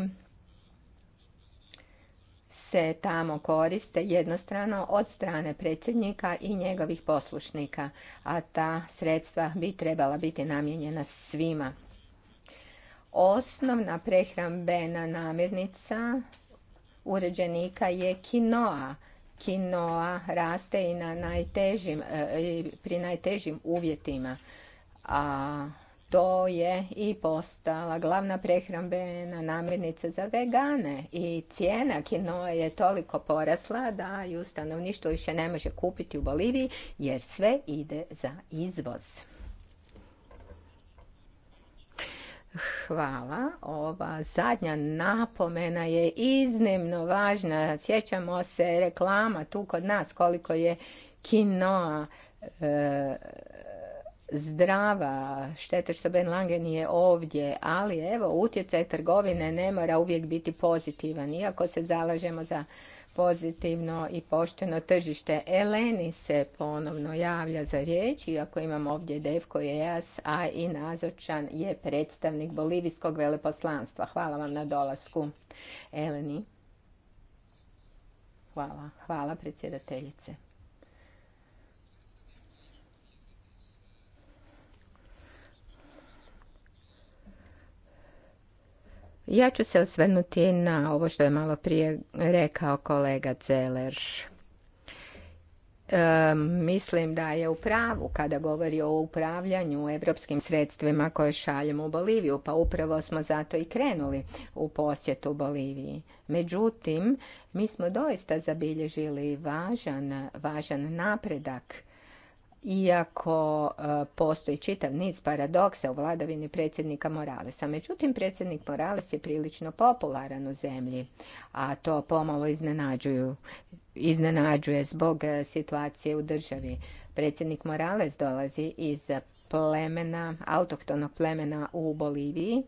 se tamo koriste jednostrano od strane predsjednika i njegovih poslušnika, a ta sredstva bi trebala biti namijenjena svima. Osnovna prehrambena namirnica uređenika je kinoa, kinoa raste i na najtežim, e, pri najtežim uvjetima. A to je i postala glavna prehrambena namirnica za vegane i cijena kinoa je toliko porasla da ju stanovništvo više ne može kupiti u Boliviji jer sve ide za izvoz. Hvala. Ova zadnja napomena je iznimno važna. Sjećamo se reklama tu kod nas koliko je kinoa e, zdrava. Štete što Ben Lange nije ovdje, ali evo utjecaj trgovine ne mora uvijek biti pozitivan. Iako se zalažemo za pozitivno i pošteno tržište. Eleni se ponovno javlja za riječ, iako imam ovdje Devko je a i nazočan je predstavnik Bolivijskog veleposlanstva. Hvala vam na dolasku, Eleni. Hvala, hvala predsjedateljice. Ja ću se osvrnuti na ovo što je malo prije rekao kolega Celer. mislim da je u pravu kada govori o upravljanju europskim sredstvima koje šaljemo u Boliviju, pa upravo smo zato i krenuli u posjetu u Boliviji. Međutim, mi smo doista zabilježili važan, važan napredak iako e, postoji čitav niz paradoksa u vladavini predsjednika Moralesa. Međutim, predsjednik Morales je prilično popularan u zemlji, a to pomalo iznenađuje zbog e, situacije u državi. Predsjednik Morales dolazi iz plemena, autohtonog plemena u Boliviji,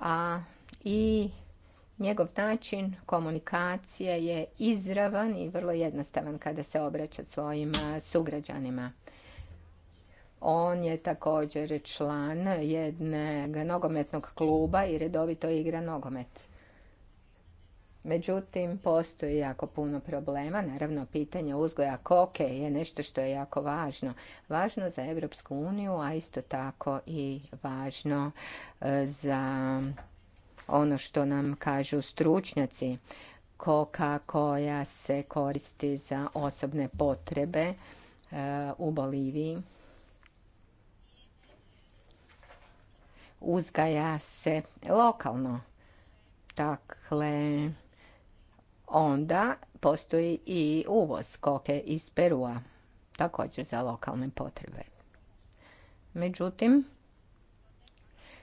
a i Njegov način komunikacije je izravan i vrlo jednostavan kada se obraća svojim e, sugrađanima. On je također član jednog nogometnog kluba i redovito igra nogomet. Međutim, postoji jako puno problema. Naravno, pitanje uzgoja koke je nešto što je jako važno. Važno za Europsku uniju, a isto tako i važno e, za ono što nam kažu stručnjaci. Koka koja se koristi za osobne potrebe e, u Boliviji uzgaja se lokalno. Dakle, onda postoji i uvoz koke iz Perua, također za lokalne potrebe. Međutim,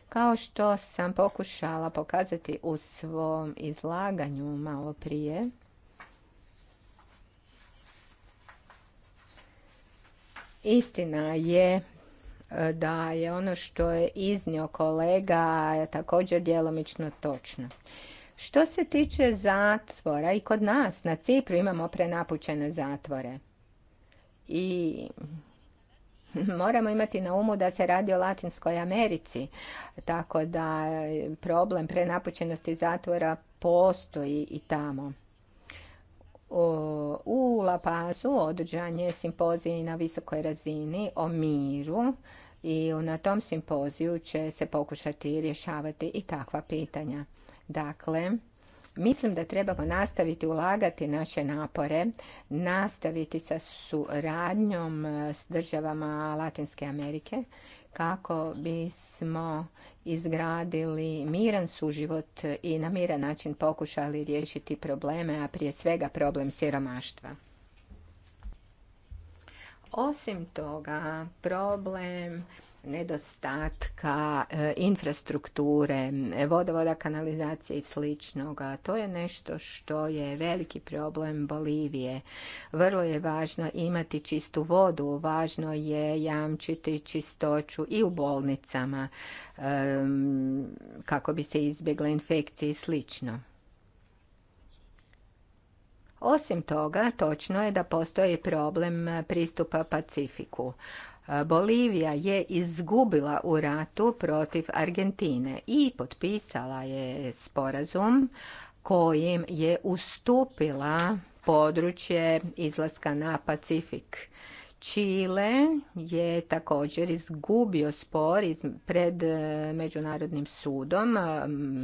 kao što sam pokušala pokazati u svom izlaganju malo prije, Istina je da je ono što je iznio kolega također djelomično točno. Što se tiče zatvora, i kod nas na Cipru imamo prenapućene zatvore. I moramo imati na umu da se radi o Latinskoj Americi, tako da problem prenapućenosti zatvora postoji i tamo u La Pazu održan je simpozij na visokoj razini o miru i na tom simpoziju će se pokušati rješavati i takva pitanja. Dakle, mislim da trebamo nastaviti ulagati naše napore, nastaviti sa suradnjom s državama Latinske Amerike kako bismo izgradili miran suživot i na miran način pokušali riješiti probleme, a prije svega problem siromaštva. Osim toga, problem nedostatka e, infrastrukture, vodovoda, kanalizacije i sl. To je nešto što je veliki problem Bolivije. Vrlo je važno imati čistu vodu, važno je jamčiti čistoću i u bolnicama e, kako bi se izbjegle infekcije i slično. Osim toga, točno je da postoji problem pristupa Pacifiku. Bolivija je izgubila u ratu protiv Argentine i potpisala je sporazum kojim je ustupila područje izlaska na Pacifik. Čile je također izgubio spor pred e, Međunarodnim sudom. E,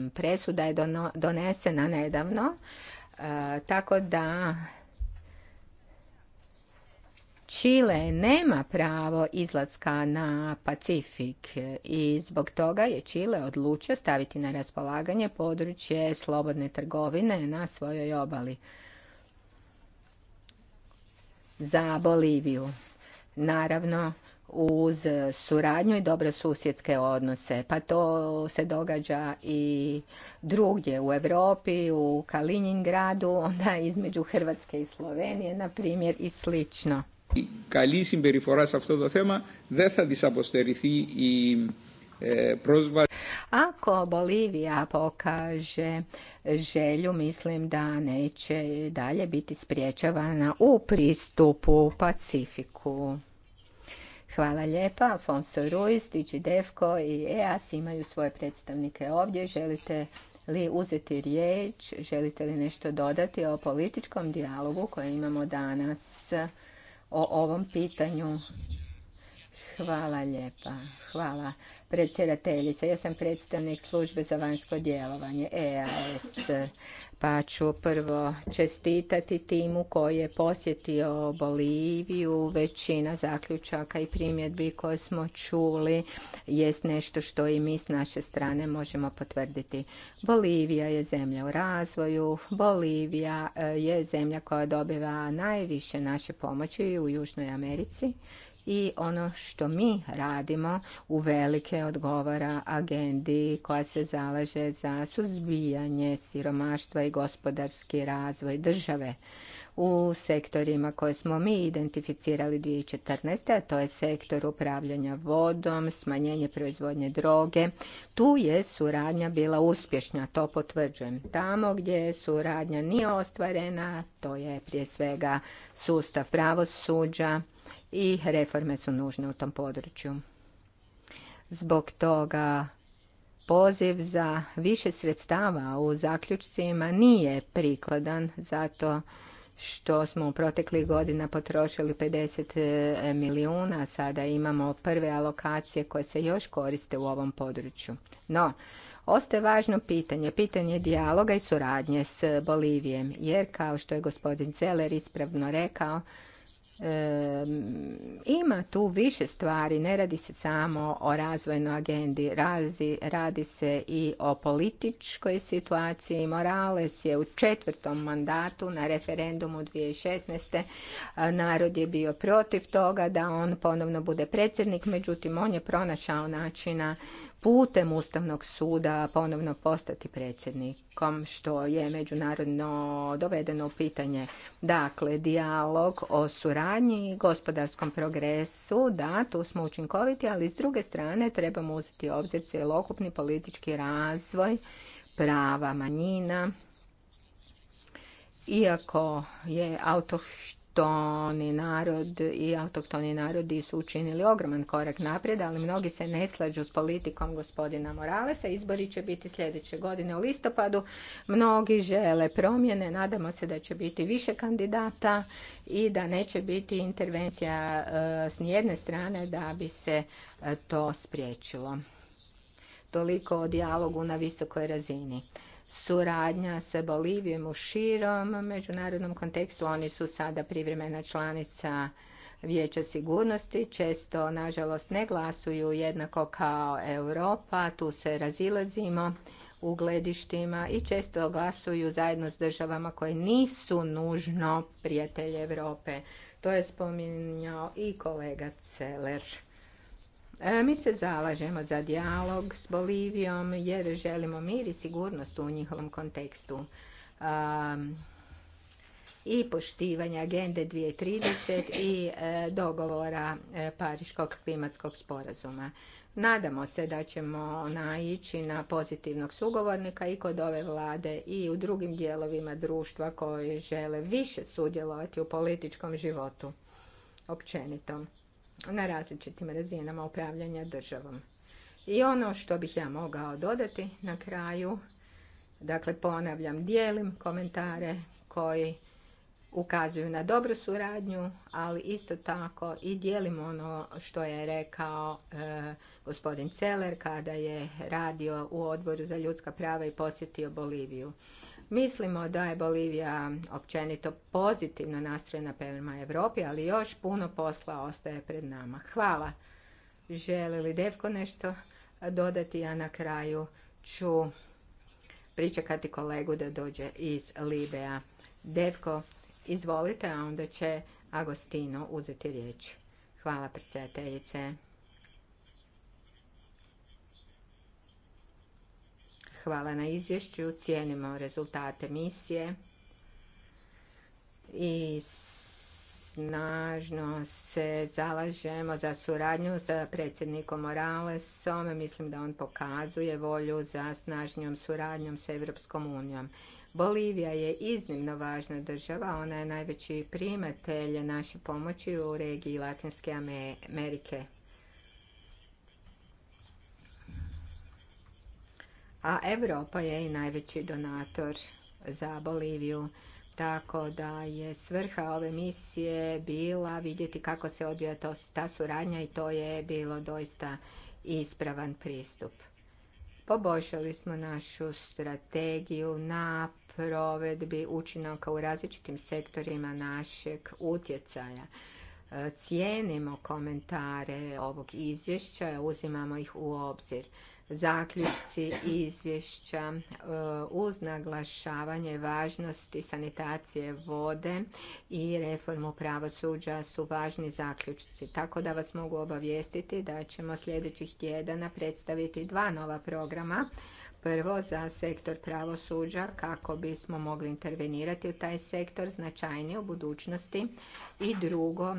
presuda je donesena nedavno, e, tako da Čile nema pravo izlaska na Pacifik i zbog toga je Čile odlučio staviti na raspolaganje područje slobodne trgovine na svojoj obali. Za Boliviju. Naravno, uz suradnju i susjedske odnose. Pa to se događa i drugdje u Europi, u Kaliningradu, (laughs) onda između Hrvatske i Slovenije, na primjer, i slično. Η καλή συμπεριφορά σε αυτό το θέμα δεν θα της αποστερηθεί η ε, πρόσβαση. Ako Bolivija pokaže želju, mislim da neće dalje biti spriječavana u pristupu Pacifiku. Hvala lijepa. Alfonso Ruiz, Devko i EAS imaju svoje predstavnike ovdje. Želite li uzeti riječ? Želite li nešto dodati o političkom dijalogu koji imamo danas? o ovom pitanju. Hvala lijepa. Hvala predsjedateljice. Ja sam predstavnik službe za vanjsko djelovanje EAS, pa ću prvo čestitati timu koji je posjetio Boliviju. Većina zaključaka i primjedbi koje smo čuli jest nešto što i mi s naše strane možemo potvrditi. Bolivija je zemlja u razvoju. Bolivija e, je zemlja koja dobiva najviše naše pomoći u Južnoj Americi i ono što mi radimo u velike odgovara agendi koja se zalaže za suzbijanje siromaštva i gospodarski razvoj države u sektorima koje smo mi identificirali 2014. a to je sektor upravljanja vodom, smanjenje proizvodnje droge. Tu je suradnja bila uspješna, to potvrđujem. Tamo gdje suradnja nije ostvarena, to je prije svega sustav pravosuđa, i reforme su nužne u tom području. Zbog toga poziv za više sredstava u zaključcima nije prikladan zato što smo u proteklih godina potrošili 50 e, milijuna, sada imamo prve alokacije koje se još koriste u ovom području. No, ostaje važno pitanje, pitanje dijaloga i suradnje s Bolivijem, jer kao što je gospodin Celer ispravno rekao, ima tu više stvari, ne radi se samo o razvojnoj agendi, radi se i o političkoj situaciji. Morales je u četvrtom mandatu na referendumu 2016. Narod je bio protiv toga da on ponovno bude predsjednik, međutim on je pronašao načina putem Ustavnog suda ponovno postati predsjednikom, što je međunarodno dovedeno u pitanje. Dakle, dijalog o suradnji i gospodarskom progresu, da, tu smo učinkoviti, ali s druge strane trebamo uzeti obzir cjelokupni politički razvoj prava manjina, iako je autohton autoktoni narod i autoktoni narodi su učinili ogroman korak naprijed, ali mnogi se ne slađu s politikom gospodina Moralesa. Izbori će biti sljedeće godine u listopadu. Mnogi žele promjene. Nadamo se da će biti više kandidata i da neće biti intervencija e, s nijedne strane da bi se e, to spriječilo. Toliko o dijalogu na visokoj razini suradnja sa Bolivijom u širom međunarodnom kontekstu. Oni su sada privremena članica Vijeća sigurnosti, često nažalost ne glasuju jednako kao Europa, tu se razilazimo u gledištima i često glasuju zajedno s državama koje nisu nužno prijatelje Europe. To je spominjao i kolega Celer. E, mi se zalažemo za dijalog s Bolivijom jer želimo mir i sigurnost u njihovom kontekstu e, i poštivanje agende 2030 i e, dogovora Pariškog klimatskog sporazuma. Nadamo se da ćemo naići na pozitivnog sugovornika i kod ove vlade i u drugim dijelovima društva koji žele više sudjelovati u političkom životu općenito na različitim razinama upravljanja državom. I ono što bih ja mogao dodati na kraju, dakle ponavljam, dijelim komentare koji ukazuju na dobru suradnju, ali isto tako i dijelim ono što je rekao e, gospodin Celer kada je radio u odboru za ljudska prava i posjetio Boliviju. Mislimo da je Bolivija općenito pozitivno nastrojena prema Europi, ali još puno posla ostaje pred nama. Hvala. Želi li Devko nešto dodati? Ja na kraju ću pričekati kolegu da dođe iz libeja Devko, izvolite, a onda će Agostino uzeti riječ. Hvala predsjedateljice. Hvala na izvješću, cijenimo rezultate misije i snažno se zalažemo za suradnju sa predsjednikom Moralesom. Mislim da on pokazuje volju za snažnjom suradnjom sa Europskom unijom. Bolivija je iznimno važna država, ona je najveći primatelj naše pomoći u regiji Latinske Amerike. a Europa je i najveći donator za Boliviju. Tako da je svrha ove misije bila vidjeti kako se odvija ta suradnja i to je bilo doista ispravan pristup. Poboljšali smo našu strategiju na provedbi učinaka u različitim sektorima našeg utjecaja. Cijenimo komentare ovog izvješća, uzimamo ih u obzir zaključci izvješća e, uz naglašavanje važnosti sanitacije vode i reformu pravosuđa su važni zaključci. Tako da vas mogu obavijestiti da ćemo sljedećih tjedana predstaviti dva nova programa prvo za sektor pravosuđa kako bismo mogli intervenirati u taj sektor značajnije u budućnosti i drugo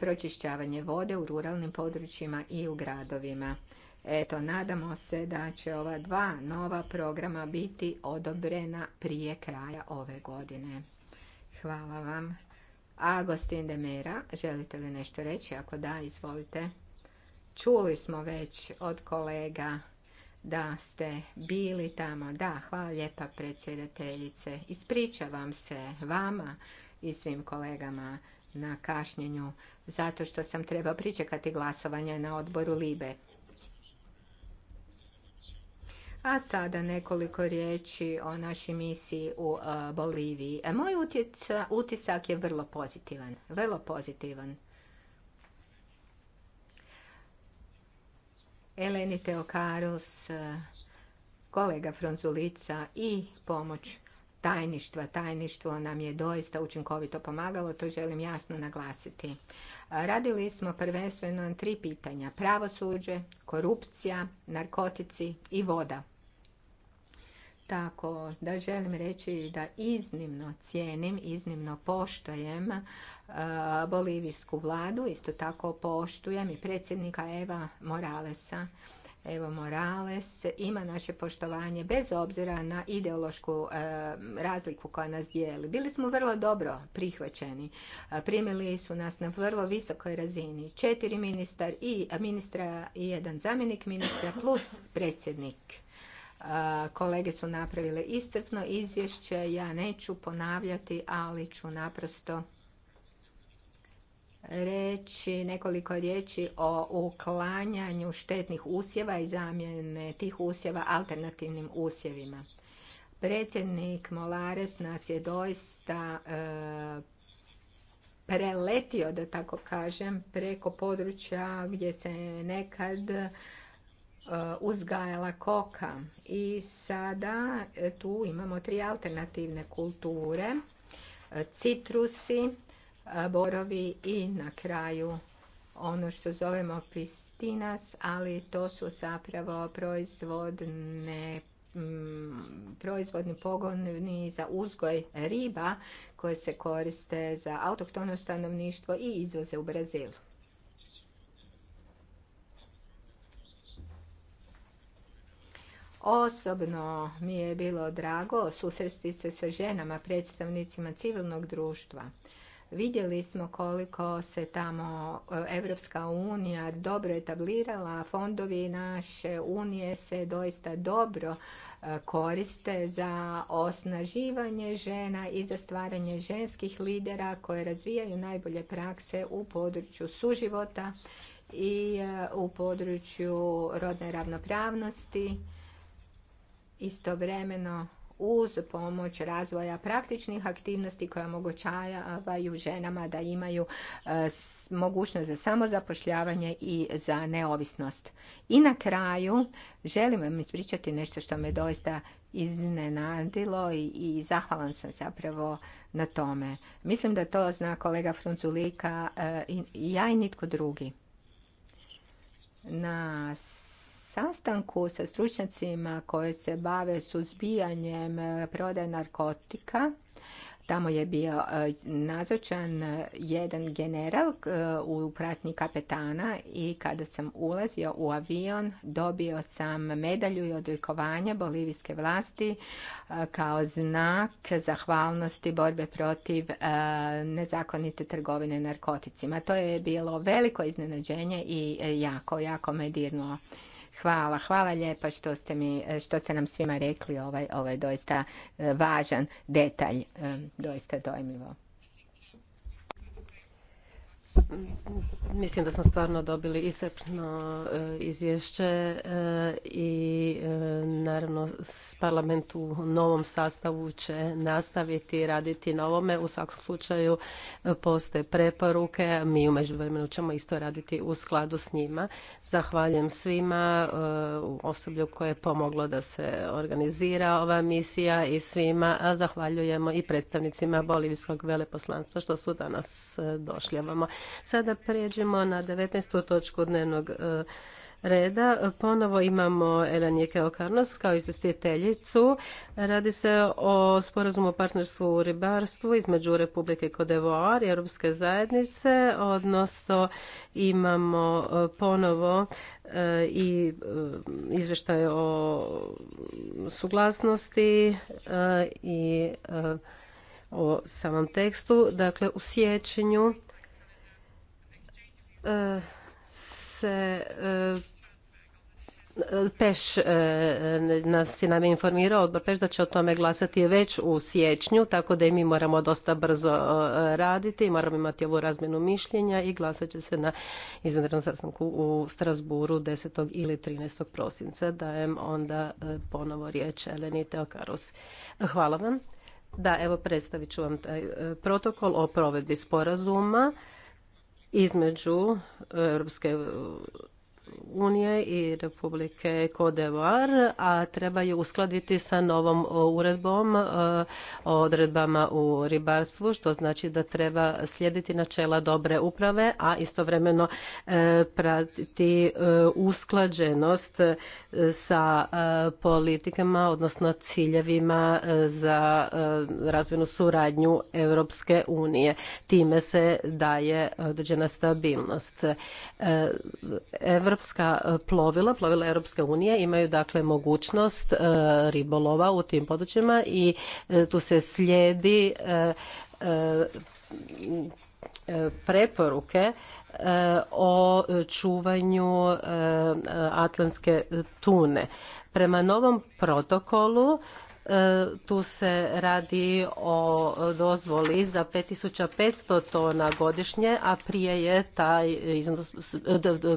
pročišćavanje vode u ruralnim područjima i u gradovima. Eto, nadamo se da će ova dva nova programa biti odobrena prije kraja ove godine. Hvala vam. Agostin Demera, želite li nešto reći? Ako da, izvolite. Čuli smo već od kolega da ste bili tamo. Da, hvala lijepa predsjedateljice. Ispričavam se vama i svim kolegama na kašnjenju zato što sam treba pričekati glasovanje na odboru Libe. A sada nekoliko riječi o našoj misiji u uh, Boliviji. E, moj utisak je vrlo pozitivan. Vrlo pozitivan. Eleni Teokarus, uh, kolega Fronzulica i pomoć tajništva. Tajništvo nam je doista učinkovito pomagalo, to želim jasno naglasiti. Radili smo prvenstveno na tri pitanja. Pravosuđe, korupcija, narkotici i voda. Tako da želim reći da iznimno cijenim, iznimno poštojem e, bolivijsku vladu, isto tako poštujem i predsjednika Eva Moralesa. Evo Morales ima naše poštovanje bez obzira na ideološku e, razliku koja nas dijeli. Bili smo vrlo dobro prihvaćeni. E, primili su nas na vrlo visokoj razini. Četiri ministar i ministra i jedan zamjenik ministra plus predsjednik. E, kolege su napravile iscrpno izvješće, ja neću ponavljati, ali ću naprosto reći nekoliko riječi o uklanjanju štetnih usjeva i zamjene tih usjeva alternativnim usjevima. Predsjednik Molares nas je doista e, preletio, da tako kažem, preko područja gdje se nekad e, uzgajala koka. I sada e, tu imamo tri alternativne kulture. Citrusi, borovi i na kraju ono što zovemo pistinas, ali to su zapravo proizvodne mm, proizvodni pogoni za uzgoj riba koje se koriste za autohtono stanovništvo i izvoze u Brazil. Osobno mi je bilo drago susresti se sa ženama, predstavnicima civilnog društva. Vidjeli smo koliko se tamo e, Evropska unija dobro etablirala, fondovi naše unije se doista dobro e, koriste za osnaživanje žena i za stvaranje ženskih lidera koje razvijaju najbolje prakse u području suživota i e, u području rodne ravnopravnosti. Istovremeno uz pomoć razvoja praktičnih aktivnosti koje omogućavaju ženama da imaju e, mogućnost za samozapošljavanje i za neovisnost. I na kraju želim vam ispričati nešto što me doista iznenadilo i, i zahvalan sam zapravo na tome. Mislim da to zna kolega Frunzulika e, i ja i nitko drugi. Na sastanku sa stručnjacima koje se bave suzbijanjem eh, prodaje narkotika tamo je bio eh, nazočan eh, jedan general u pratnji kapetana i kada sam ulazio u avion dobio sam medalju i odlikovanje bolivijske vlasti kao znak zahvalnosti borbe protiv nezakonite trgovine narkoticima. To je bilo veliko iznenađenje i jako, jako me dirnulo. Hvala, hvala lijepa što ste, mi, što ste nam svima rekli ovaj, ovaj doista e, važan detalj, e, doista dojmljivo Mislim da smo stvarno dobili iscrpno e, izvješće e, i e, naravno parlament u novom sastavu će nastaviti raditi na ovome. U svakom slučaju postoje preporuke, mi u međuvremenu ćemo isto raditi u skladu s njima. Zahvaljujem svima, osoblju koje je pomoglo da se organizira ova misija i svima, a zahvaljujemo i predstavnicima Bolivijskog veleposlanstva što su danas došli ovamo. Sada prijeđemo na 19. točku dnevnog e, reda. Ponovo imamo Elanije Keokarnos kao izvjestiteljicu. Radi se o sporazumu o partnerstvu u ribarstvu između Republike Kodevoar i Europske zajednice, odnosno imamo e, ponovo e, i izvještaj o suglasnosti i o samom tekstu. Dakle, u sjećenju E, se e, Peš e, nas je nam informirao, odbor Peš da će o tome glasati već u siječnju, tako da i mi moramo dosta brzo raditi, i moramo imati ovu razmjenu mišljenja i glasat će se na izvanrednom sastanku u Strasburu 10. ili 13. prosinca. Dajem onda ponovo riječ Eleni Teokarus. Hvala vam. Da, evo predstavit ću vam taj protokol o provedbi sporazuma između Europske unije i Republike Kodevar, a treba je uskladiti sa novom e, uredbom e, o odredbama u ribarstvu, što znači da treba slijediti načela dobre uprave, a istovremeno e, pratiti usklađenost sa politikama, odnosno ciljevima za razvojnu suradnju Europske unije. Time se daje određena stabilnost. Evropa europska e, plovila, plovila Europske unije imaju dakle mogućnost e, ribolova u tim područjima i e, tu se slijedi preporuke o čuvanju atlantske tune. Prema novom protokolu E, tu se radi o dozvoli za 5500 tona godišnje, a prije je taj iznos,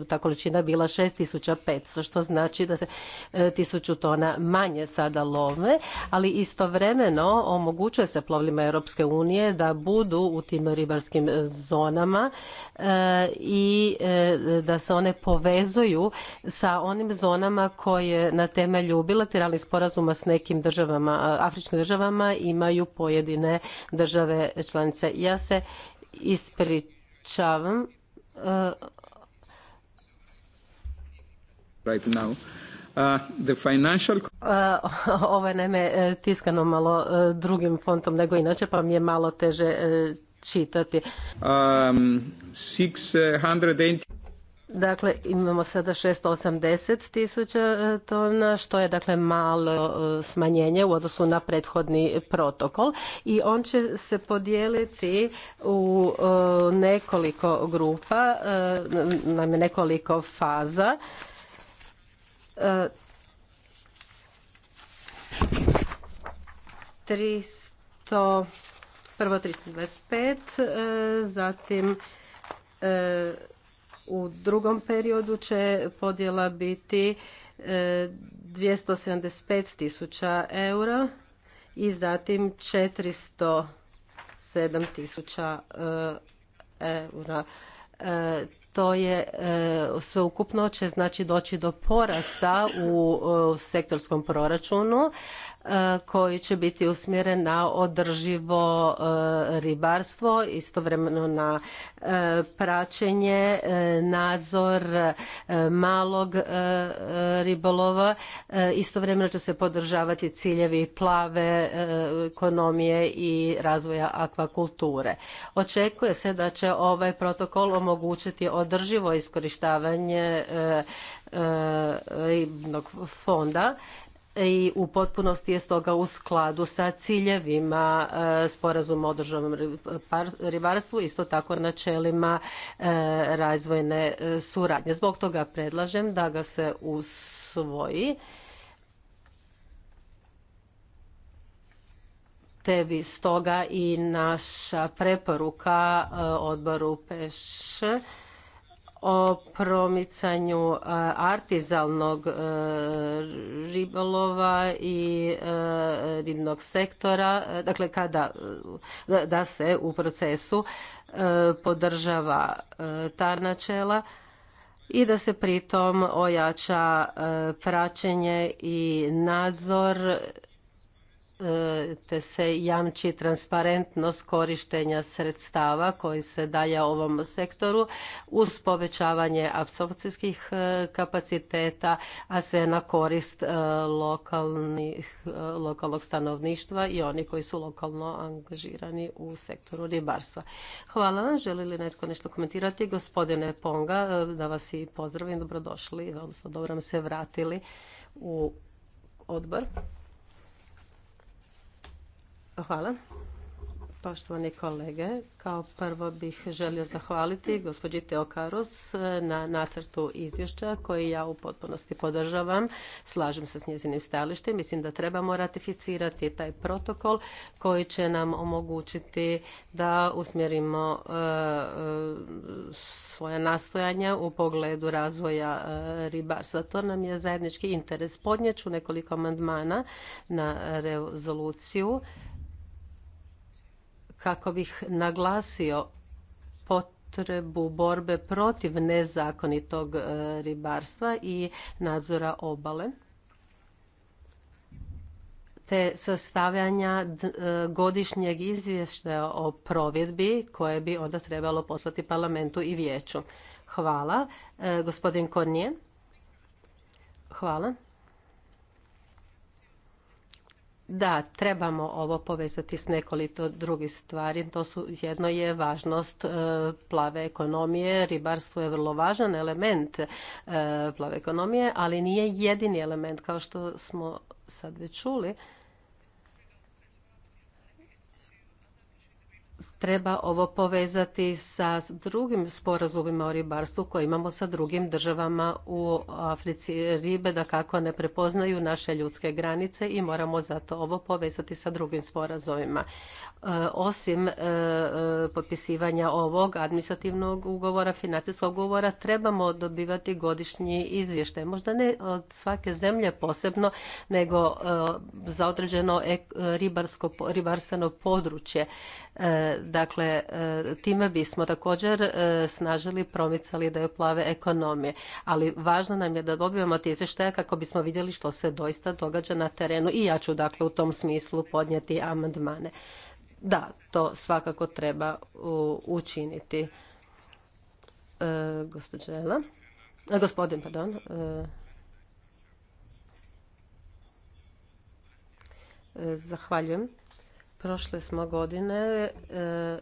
ta količina bila 6500, što znači da se 1000 e, tona manje sada love, ali istovremeno omogućuje se plovljima Europske unije da budu u tim ribarskim zonama e, i da se one povezuju sa onim zonama koje na temelju bilateralnih sporazuma s nekim državama državama, afričkim državama imaju pojedine države članice. Ja se ispričavam. E, right now. Uh, e, (laughs) ovo je naime e, tiskano malo drugim fontom nego inače, pa mi je malo teže čitati. Um, 680... Dakle, imamo sada 680 tisuća e, tona, što je dakle malo e, smanjenje u odnosu na prethodni protokol i on će se podijeliti u e, nekoliko grupa, naime nekoliko faza. Tristo, prvo 325, zatim u drugom periodu će podjela biti 275 e, tisuća eura i zatim 407 tisuća e, eura. E, to je sveukupno će znači doći do porasta u sektorskom proračunu E, koji će biti usmjeren na održivo e, ribarstvo, istovremeno na e, praćenje, nadzor malog ribolova. Istovremeno će se podržavati ciljevi plave ekonomije i razvoja akvakulture. Očekuje se da će ovaj protokol omogućiti održivo iskorištavanje ribnog fonda i u potpunosti je stoga u skladu sa ciljevima e, sporazuma o državnom ribarstvu, isto tako načelima e, razvojne e, suradnje. Zbog toga predlažem da ga se usvoji. Te bi stoga i naša preporuka odboru PEŠ o promicanju e, artizalnog e, ribolova i e, ribnog sektora, dakle kada da se u procesu podržava ta načela i da se pritom ojača praćenje i nadzor te se jamči transparentnost korištenja sredstava koji se daje ovom sektoru uz povećavanje apsorpcijskih e, kapaciteta, a sve na korist e, e, lokalnog stanovništva i oni koji su lokalno angažirani u sektoru ribarstva. Hvala vam. Želi li netko nešto komentirati? Gospodine Ponga, da vas i pozdravim. Dobrodošli, odnosno dobro nam se vratili u odbor. Hvala. Poštovani kolege, kao prvo bih želio zahvaliti gospođi Teo na nacrtu izvješća koji ja u potpunosti podržavam. Slažem se s njezinim stajalištem. Mislim da trebamo ratificirati taj protokol koji će nam omogućiti da usmjerimo e, e, svoje nastojanja u pogledu razvoja e, ribarstva. To nam je zajednički interes. Podnijet ću nekoliko amandmana na rezoluciju kako bih naglasio potrebu borbe protiv nezakonitog e, ribarstva i nadzora obale te sastavljanja e, godišnjeg izvještaja o provedbi koje bi onda trebalo poslati parlamentu i vijeću. Hvala. E, gospodin Kornije. Hvala. Da, trebamo ovo povezati s nekoliko drugih stvari. To su, jedno je važnost e, plave ekonomije. Ribarstvo je vrlo važan element e, plave ekonomije, ali nije jedini element, kao što smo sad već čuli. treba ovo povezati sa drugim sporazumima o ribarstvu koje imamo sa drugim državama u Africi. Ribe da kako ne prepoznaju naše ljudske granice i moramo zato ovo povezati sa drugim sporazumima. E, osim e, potpisivanja ovog administrativnog ugovora, financijskog ugovora, trebamo dobivati godišnji izvještaj. Možda ne od svake zemlje posebno, nego e, za određeno ribarsko, ribarstveno područje Dakle, e, time bismo također e, snažili, promicali da je plave ekonomije. Ali važno nam je da dobijemo te izvještaje kako bismo vidjeli što se doista događa na terenu i ja ću dakle u tom smislu podnijeti amandmane. Da, to svakako treba učiniti. E, gospodin, pardon. zahvaljujem. Prošle smo godine e,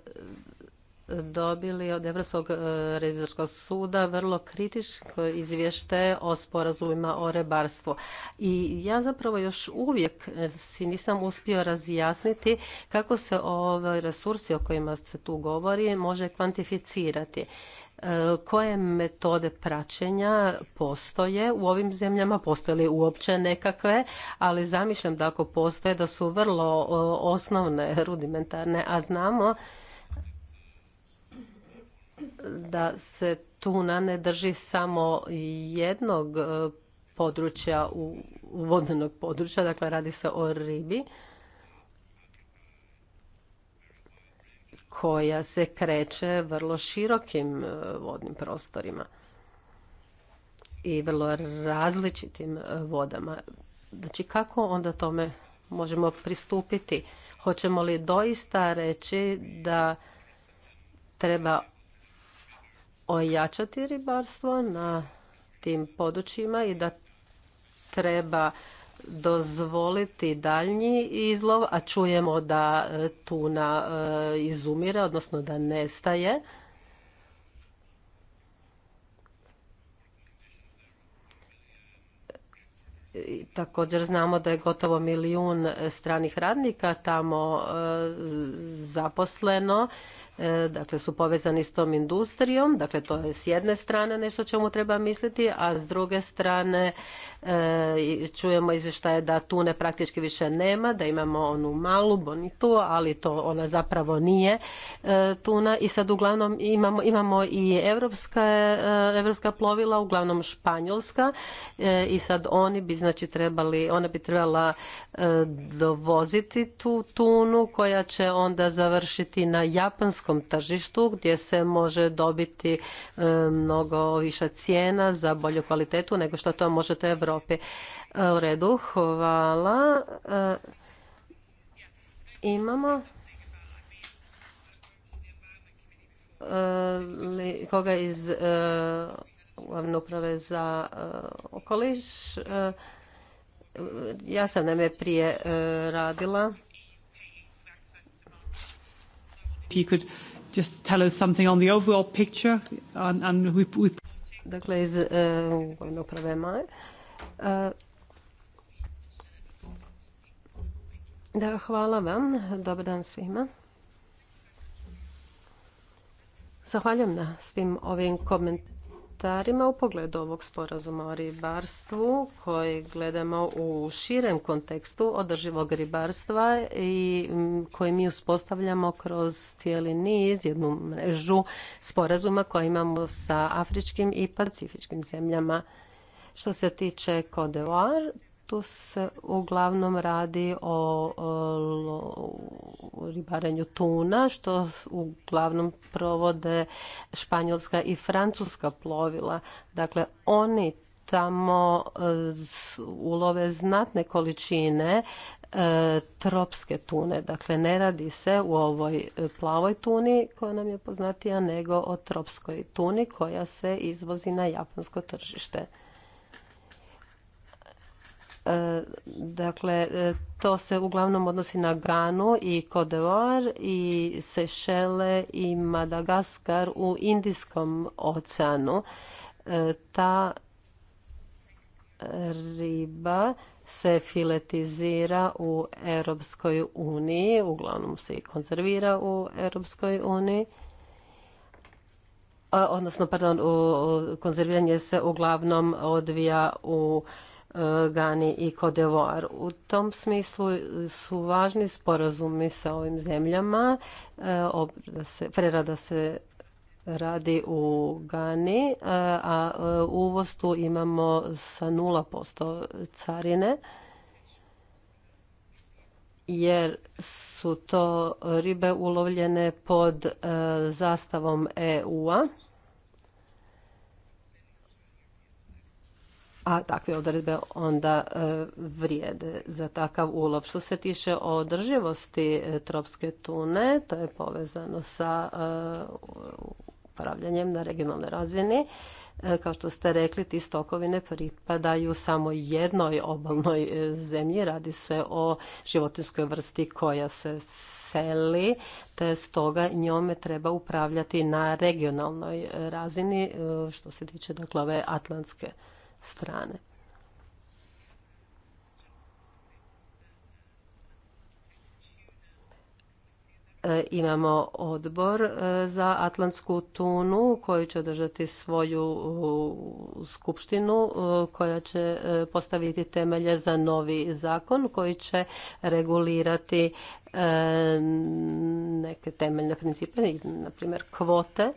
dobili od Evropskog e, revizorskog suda vrlo kritičko izvješte o sporazumima o rebarstvu. I ja zapravo još uvijek e, si nisam uspio razjasniti kako se ove resursi o kojima se tu govori može kvantificirati koje metode praćenja postoje u ovim zemljama, postoje li uopće nekakve, ali zamišljam da ako postoje da su vrlo osnovne, rudimentarne, a znamo da se tuna ne drži samo jednog e, područja, vodenog područja, dakle radi se o ribi. koja se kreće vrlo širokim e, vodnim prostorima i vrlo različitim e, vodama. Znači kako onda tome možemo pristupiti? Hoćemo li doista reći da treba ojačati ribarstvo na tim područjima i da treba dozvoliti daljnji izlov, a čujemo da e, tuna e, izumire, odnosno da nestaje. Također znamo da je gotovo milijun stranih radnika tamo e, zaposleno E, dakle su povezani s tom industrijom, dakle to je s jedne strane nešto čemu treba misliti, a s druge strane e, čujemo izvještaje da tune praktički više nema, da imamo onu malu bonitu, ali to ona zapravo nije e, tuna i sad uglavnom imamo, imamo i evropska, evropska plovila, uglavnom španjolska i sad oni bi znači trebali, ona bi trebala dovoziti tu tunu koja će onda završiti na japanskom tržištu gdje se može dobiti e, mnogo viša cijena za bolju kvalitetu nego što to možete u Europi. E, u redu, hvala. E, imamo koga iz glavne uprave za okoliš. Ja sam neme prije radila you could just tell us something on the overall picture and, and we, we... Dakle, iz uh, uprave Maje. Uh, eh, da, hvala vam. Dobar dan svima. Zahvaljujem na svim ovim komentarima komentarima u pogledu ovog sporazuma o ribarstvu koji gledamo u širem kontekstu održivog ribarstva i koji mi uspostavljamo kroz cijeli niz, jednu mrežu sporazuma koje imamo sa afričkim i pacifičkim zemljama. Što se tiče Kodeoar, tu se uglavnom radi o, ribarenju tuna, što uglavnom provode španjolska i francuska plovila. Dakle, oni tamo e, ulove znatne količine e, tropske tune. Dakle, ne radi se u ovoj e, plavoj tuni koja nam je poznatija, nego o tropskoj tuni koja se izvozi na japansko tržište. E, dakle, e, to se uglavnom odnosi na Ganu i Kodevar i Sešele i Madagaskar u Indijskom oceanu. E, ta riba se filetizira u Europskoj uniji, uglavnom se i konzervira u Europskoj uniji. Odnosno, pardon, konzerviranje se uglavnom odvija u Eh, Gani i Kodevoar. U tom smislu su važni sporazumi sa ovim zemljama. Eh, prerada se radi u Gani, eh, a uvoz tu imamo sa 0% carine jer su to ribe ulovljene pod zastavom EU-a. a takve odredbe onda e, vrijede za takav ulov. Što se tiče održivosti e, tropske tune, to je povezano sa e, upravljanjem na regionalnoj razini. Kao što ste rekli, ti stokovi ne pripadaju samo jednoj obalnoj zemlji. Radi se o životinskoj vrsti koja se seli, te stoga njome treba upravljati na regionalnoj razini što se tiče dakle ove atlantske strane. E, imamo odbor e, za Atlantsku tunu koji će održati svoju skupštinu e, koja će postaviti temelje za novi zakon koji će regulirati neke temeljne principe, na primjer kvote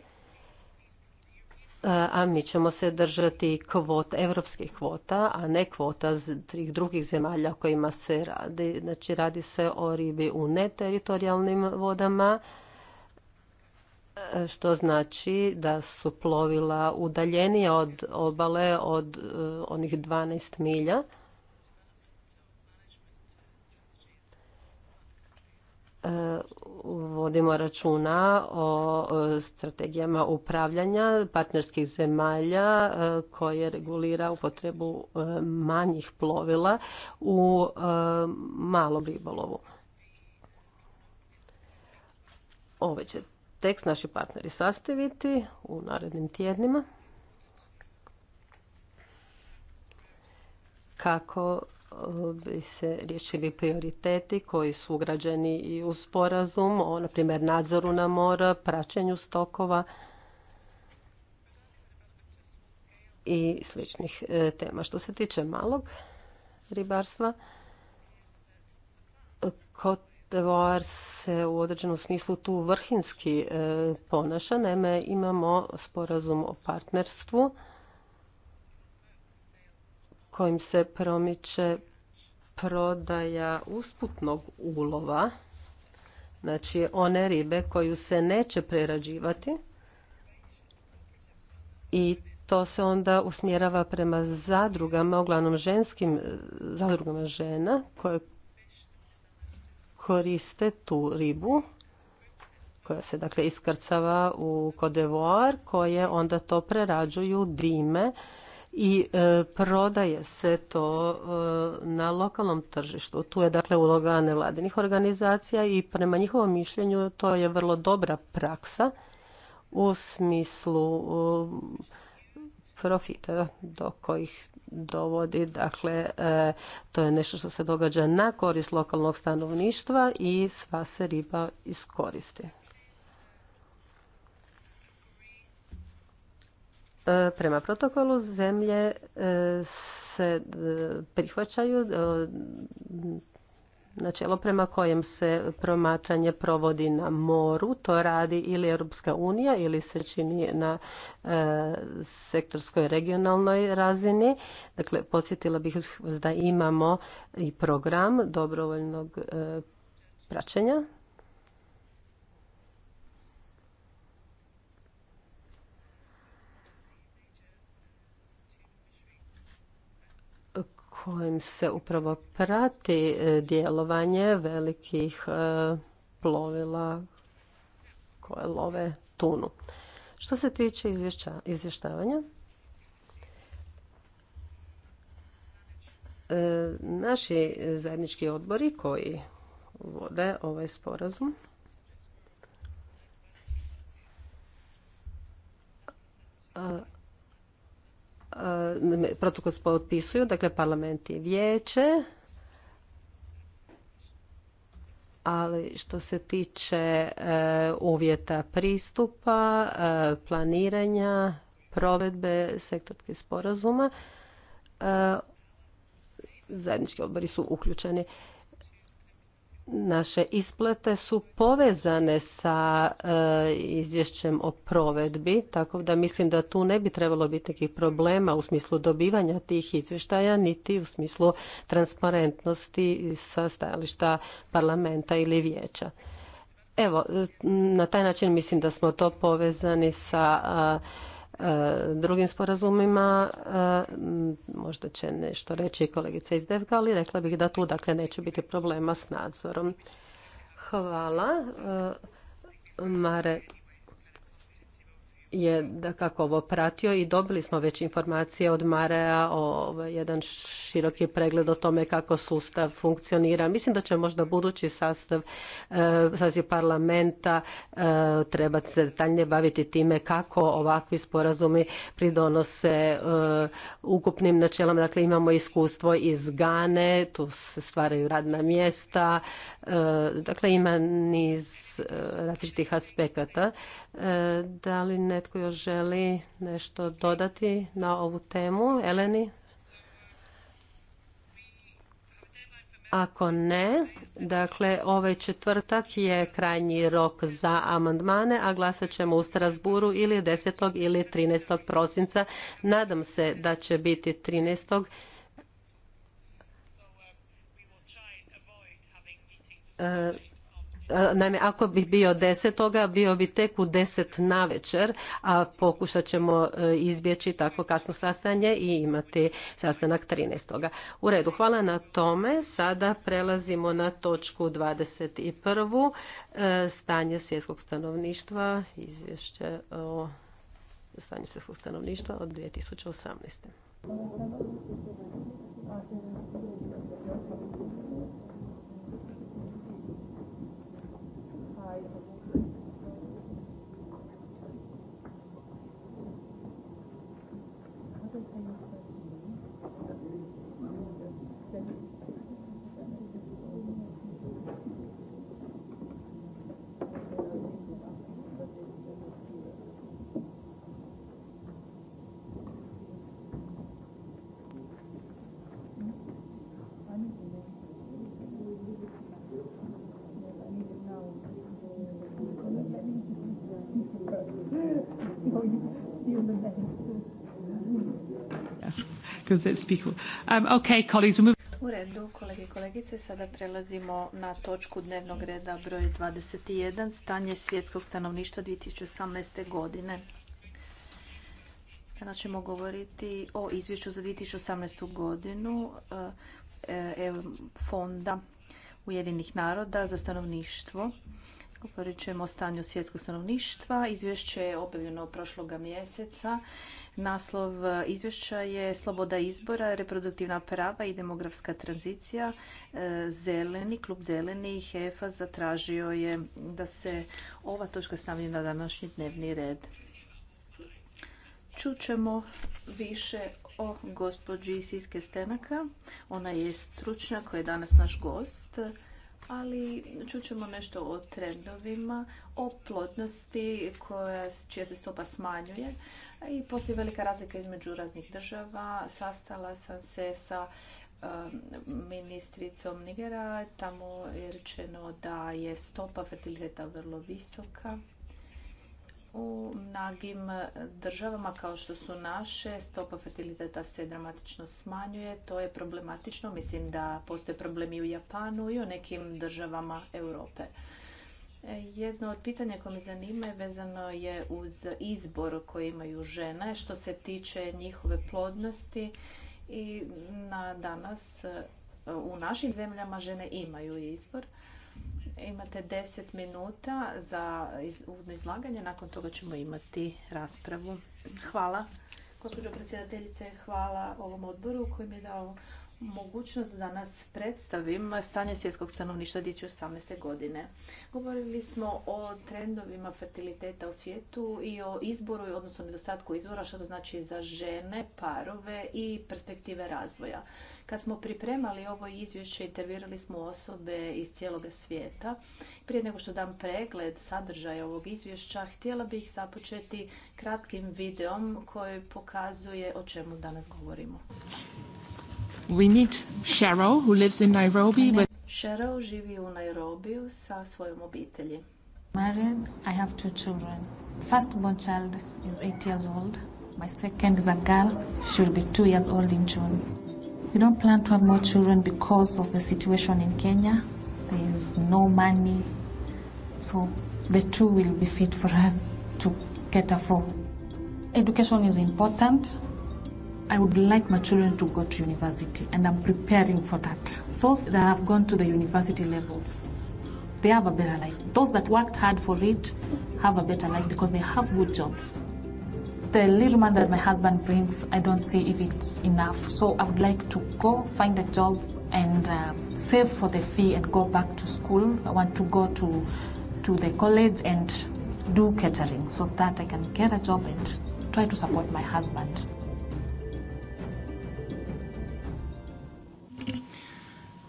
a mi ćemo se držati kvot, evropskih kvota, a ne kvota tih drugih zemalja o kojima se radi. Znači radi se o ribi u neteritorijalnim vodama, e, što znači da su plovila udaljenija od obale od e, onih 12 milja. vodimo računa o e, strategijama upravljanja partnerskih zemalja e, koje regulira upotrebu e, manjih plovila u malom ribolovu. Ovo ovaj će tekst naši partneri sastaviti u narednim tjednima kako bi se riješili prioriteti koji su ugrađeni i u sporazum o, na primjer, nadzoru na mora, praćenju stokova i sličnih e, tema. Što se tiče malog ribarstva, kod se u određenom smislu tu vrhinski e, ponaša. Naime, imamo sporazum o partnerstvu kojim se promiče prodaja usputnog ulova, znači one ribe koju se neće prerađivati i to se onda usmjerava prema zadrugama, uglavnom ženskim e, zadrugama žena koje koriste tu ribu koja se dakle iskrcava u Kodevoar koje onda to prerađuju dime i e, prodaje se to e, na lokalnom tržištu. Tu je dakle uloga nevladinih organizacija i prema njihovom mišljenju to je vrlo dobra praksa u smislu e, profita do kojih dovodi. Dakle, to je nešto što se događa na korist lokalnog stanovništva i sva se riba iskoristi. E, prema protokolu zemlje e, se e, prihvaćaju načelo prema kojem se promatranje provodi na moru. To radi ili Europska unija ili se čini na sektorskoj regionalnoj razini. Dakle, podsjetila bih da imamo i program dobrovoljnog praćenja kojim se upravo prati e, djelovanje velikih e, plovila koje love tunu. Što se tiče izvještavanja, e, naši zajednički odbori koji vode ovaj sporazum E, protokol potpisuju, dakle parlament i vijeće. Ali što se tiče e, uvjeta pristupa, e, planiranja, provedbe sektorskih sporazuma, zajednički odbori su uključeni naše isplate su povezane sa e, izvješćem o provedbi, tako da mislim da tu ne bi trebalo biti nekih problema u smislu dobivanja tih izvještaja, niti u smislu transparentnosti sa stajališta parlamenta ili vijeća. Evo, e, na taj način mislim da smo to povezani sa E, drugim sporazumima. E, možda će nešto reći kolegica iz Devka, ali rekla bih da tu dakle neće biti problema s nadzorom. Hvala. E, Mare je kako ovo pratio i dobili smo već informacije od Marea o ovaj, jedan široki pregled o tome kako sustav funkcionira. Mislim da će možda budući sastav e, saziv parlamenta e, trebati se detaljnije baviti time kako ovakvi sporazumi pridonose e, ukupnim načelama. Dakle, imamo iskustvo iz Gane, tu se stvaraju radna mjesta, dakle ima niz različitih aspekata E, da li netko još želi nešto dodati na ovu temu? Eleni? Ako ne, dakle ovaj četvrtak je krajnji rok za amandmane, a glasat ćemo u Strasburu ili 10. ili 13. prosinca. Nadam se da će biti 13. Naime, ako bi bio desetoga, bio bi tek u deset na večer, a pokušat ćemo e, izbjeći takvo kasno sastanje i imati sastanak 13. U redu, hvala na tome. Sada prelazimo na točku 21. E, stanje svjetskog stanovništva, izvješće o stanju svjetskog stanovništva od 2018. Um, U redu, kolege i kolegice, sada prelazimo na točku dnevnog reda broj 21, stanje svjetskog stanovništva 2018. godine. Danas ćemo govoriti o izvješću za 2018. godinu eh, eh, Fonda Ujedinih naroda za stanovništvo. Govorit ćemo o stanju svjetskog stanovništva. Izvješće je objavljeno prošloga mjeseca. Naslov e, izvješća je Sloboda izbora, reproduktivna prava i demografska tranzicija. E, Zeleni, klub zelenih hefa zatražio je da se ova točka stavlja na današnji dnevni red. Čućemo više o gospođi Siske Stenaka. Ona je stručnjak koja je danas naš gost ali čućemo nešto o trendovima, o plodnosti čija se stopa smanjuje i postoji velika razlika između raznih država. Sastala sam se sa um, ministricom Nigera, tamo je rečeno da je stopa fertiliteta vrlo visoka u mnogim državama kao što su naše stopa fertiliteta se dramatično smanjuje. To je problematično. Mislim da postoje problemi u Japanu i u nekim državama Europe. E, jedno od pitanja koje me zanima je vezano je uz izbor koji imaju žene što se tiče njihove plodnosti i na danas e, u našim zemljama žene imaju izbor Imate deset minuta za uvodno izlaganje, nakon toga ćemo imati raspravu. Hvala. Gospođo predsjedateljice, hvala ovom odboru koji mi je dao mogućnost da nas predstavim stanje svjetskog stanovništva 2018. godine. Govorili smo o trendovima fertiliteta u svijetu i o izboru, odnosno nedostatku izbora, što to znači za žene, parove i perspektive razvoja. Kad smo pripremali ovo izvješće, intervjerali smo osobe iz cijelog svijeta. Prije nego što dam pregled sadržaja ovog izvješća, htjela bih započeti kratkim videom koji pokazuje o čemu danas govorimo. We meet Cheryl, who lives in Nairobi. But... Cheryl živi u Nairobiju sa svojom obitelji. Married, I have two children. First born child is eight years old. My second is a girl. She will be two years old in June. We don't plan to have more children because of the situation in Kenya. There is no money. So the two will be fit for us to get a from. Education is important i would like my children to go to university, and I'm preparing for that. Those that have gone to the university levels, they have a better life. Those that worked hard for it have a better life because they have good jobs. The little money that my husband brings, I don't see if it's enough. So I would like to go find a job and uh, save for the fee and go back to school. I want to go to to the college and do catering so that I can get a job and try to support my husband.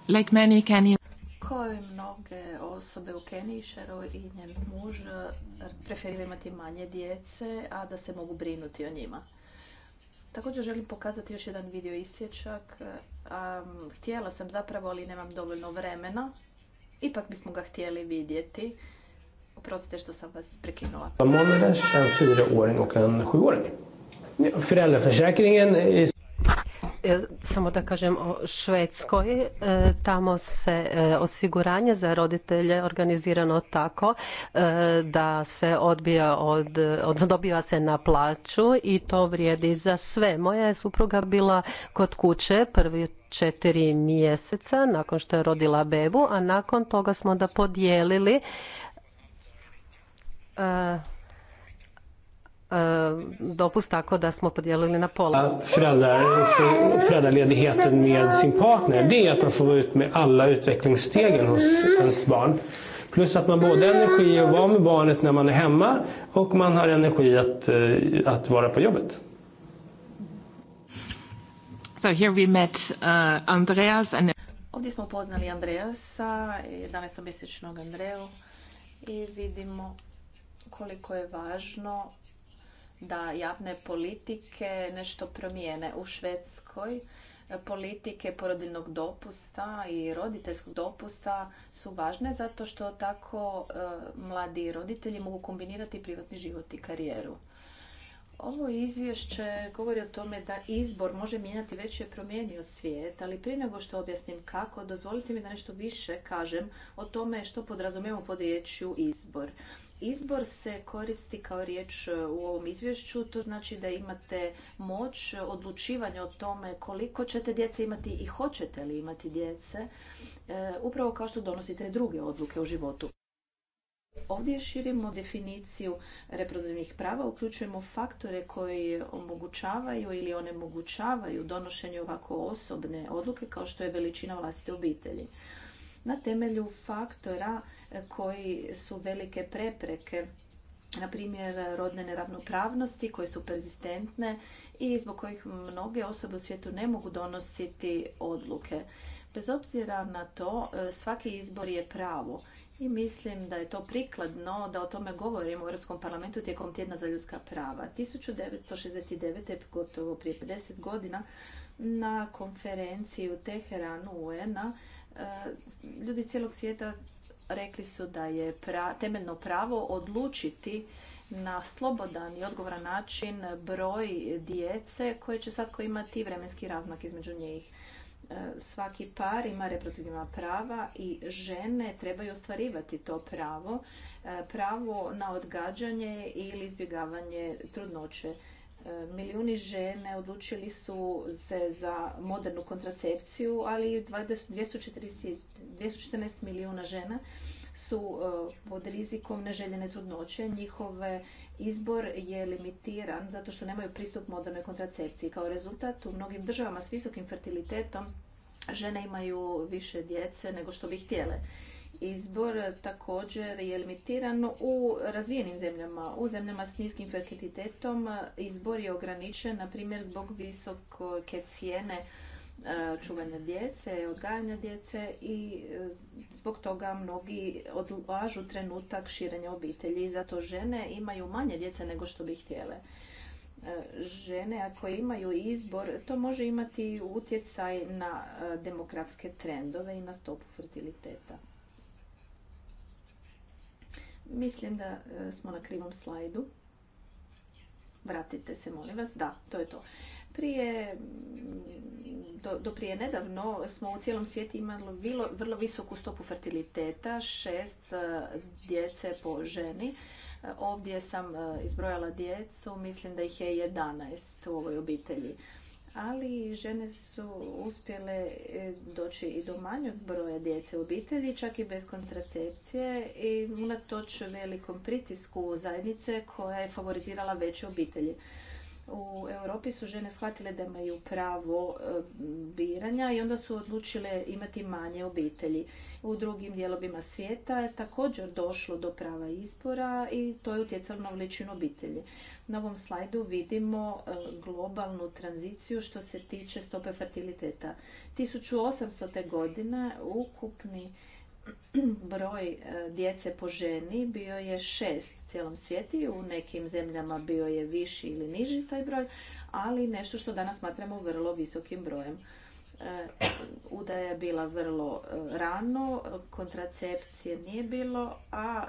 like many koje mnoge osobe u Keniji, Šero i njen muž eh, preferiraju imati manje djece, a da se mogu brinuti o njima. Također želim pokazati još jedan video isječak. Eh, htjela sam zapravo, ali nemam dovoljno vremena. Ipak bismo ga htjeli vidjeti. Oprostite što sam vas prekinula. 4 åring i 7 åring Föräldraförsäkringen E, samo da kažem o Švedskoj, e, tamo se e, osiguranje za roditelje organizirano tako da se odbija od, odnosno dobiva se na plaću i to vrijedi za sve. Moja je supruga bila kod kuće prvi četiri mjeseca nakon što je rodila bebu, a nakon toga smo da podijelili E, dopust tako da smo podijelili na pola. Föräldrar, föräldraledigheten med sin partner det är att man får vara ut med alla utvecklingsstegen hos ens barn. Plus att man både energi att vara med barnet när man är hemma och man har energi att, eh, att vara på jobbet. So here we met uh, Andreas and... Ovdje smo poznali Andreasa, 11-mjesečnog Andreju i vidimo koliko je važno da javne politike nešto promijene. U Švedskoj e, politike porodiljnog dopusta i roditeljskog dopusta su važne zato što tako e, mladi roditelji mogu kombinirati privatni život i karijeru. Ovo izvješće govori o tome da izbor može mijenjati već je promijenio svijet, ali prije nego što objasnim kako, dozvolite mi da nešto više kažem o tome što podrazumijemo pod riječju izbor izbor se koristi kao riječ e, u ovom izvješću, to znači da imate moć odlučivanja o tome koliko ćete djece imati i hoćete li imati djece, e, upravo kao što donosite druge odluke u životu. Ovdje širimo definiciju reproduktivnih prava, uključujemo faktore koji omogućavaju ili onemogućavaju donošenje ovako osobne odluke kao što je veličina vlastite obitelji na temelju faktora e, koji su velike prepreke na primjer rodne neravnopravnosti koje su persistentne i zbog kojih mnoge osobe u svijetu ne mogu donositi odluke. Bez obzira na to, e, svaki izbor je pravo i mislim da je to prikladno da o tome govorimo u Europskom parlamentu tijekom tjedna za ljudska prava. 1969. gotovo prije 50 godina na konferenciji u Teheranu un E, ljudi cijelog svijeta rekli su da je temeljno pravo odlučiti na slobodan i odgovoran način broj djece koje će svatko imati vremenski razmak između njih. E, svaki par ima reproduktivna prava i žene trebaju ostvarivati to pravo, e, pravo na odgađanje ili izbjegavanje trudnoće. Milijuni žene odlučili su se za modernu kontracepciju, ali 240, 214 milijuna žena su e, pod rizikom neželjene trudnoće. Njihov izbor je limitiran zato što nemaju pristup modernoj kontracepciji. Kao rezultat u mnogim državama s visokim fertilitetom žene imaju više djece nego što bi htjele izbor također je limitiran u razvijenim zemljama. U zemljama s niskim fertilitetom eh, izbor je ograničen, na primjer, zbog visoke cijene eh, čuvanja djece, odgajanja djece i eh, zbog toga mnogi odlažu trenutak širenja obitelji i zato žene imaju manje djece nego što bi htjele. Žene ako imaju izbor, to može imati utjecaj na demografske trendove i na stopu fertiliteta. Mislim da e, smo na krivom slajdu. Vratite se, molim vas. Da, to je to. Prije, mm, do, prije nedavno smo u cijelom svijetu imali vrlo, vrlo visoku stopu fertiliteta, šest e, djece po ženi. E, ovdje sam izbrojala djecu, mislim da ih je 11 u ovoj obitelji ali žene su uspjele e, doći i do manjeg broja djece u obitelji, čak i bez kontracepcije i unatoč velikom pritisku zajednice koja je favorizirala veće obitelji u Europi su žene shvatile da imaju pravo e, biranja i onda su odlučile imati manje obitelji. U drugim dijelovima svijeta je također došlo do prava izbora i to je utjecalo na veličinu obitelji. Na ovom slajdu vidimo e, globalnu tranziciju što se tiče stope fertiliteta. 1800. godine ukupni (clears throat) broj e, djece po ženi bio je šest u cijelom svijetu, u nekim zemljama bio je viši ili niži taj broj, ali nešto što danas smatramo vrlo visokim brojem. E, udaja je bila vrlo e, rano, kontracepcije nije bilo, a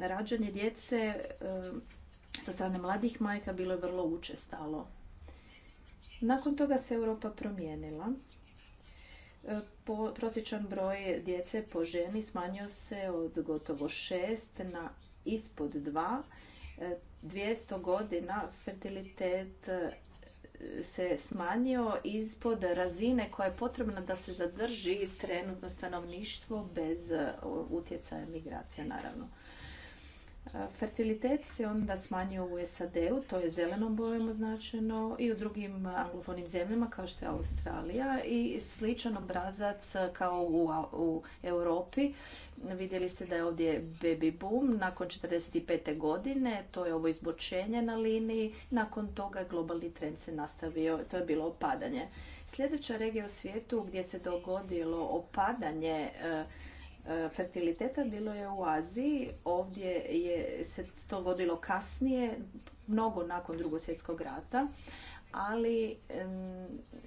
rađanje djece sa strane mladih majka bilo je vrlo učestalo. Nakon toga se Europa promijenila E, prosječan broj djece po ženi smanjio se od gotovo šest na ispod dva. 200 e, godina fertilitet e, se smanjio ispod razine koja je potrebna da se zadrži trenutno stanovništvo bez utjecaja migracija naravno. Fertilitet se onda smanjio u SAD-u, to je zelenom bojom označeno, i u drugim anglofonim zemljama kao što je Australija i sličan obrazac kao u, u Europi. Vidjeli ste da je ovdje baby boom nakon 45. godine, to je ovo izbočenje na liniji, nakon toga globalni trend se nastavio, to je bilo opadanje. Sljedeća regija u svijetu gdje se dogodilo opadanje eh, fertiliteta bilo je u Aziji. Ovdje je se to godilo kasnije, mnogo nakon drugog svjetskog rata ali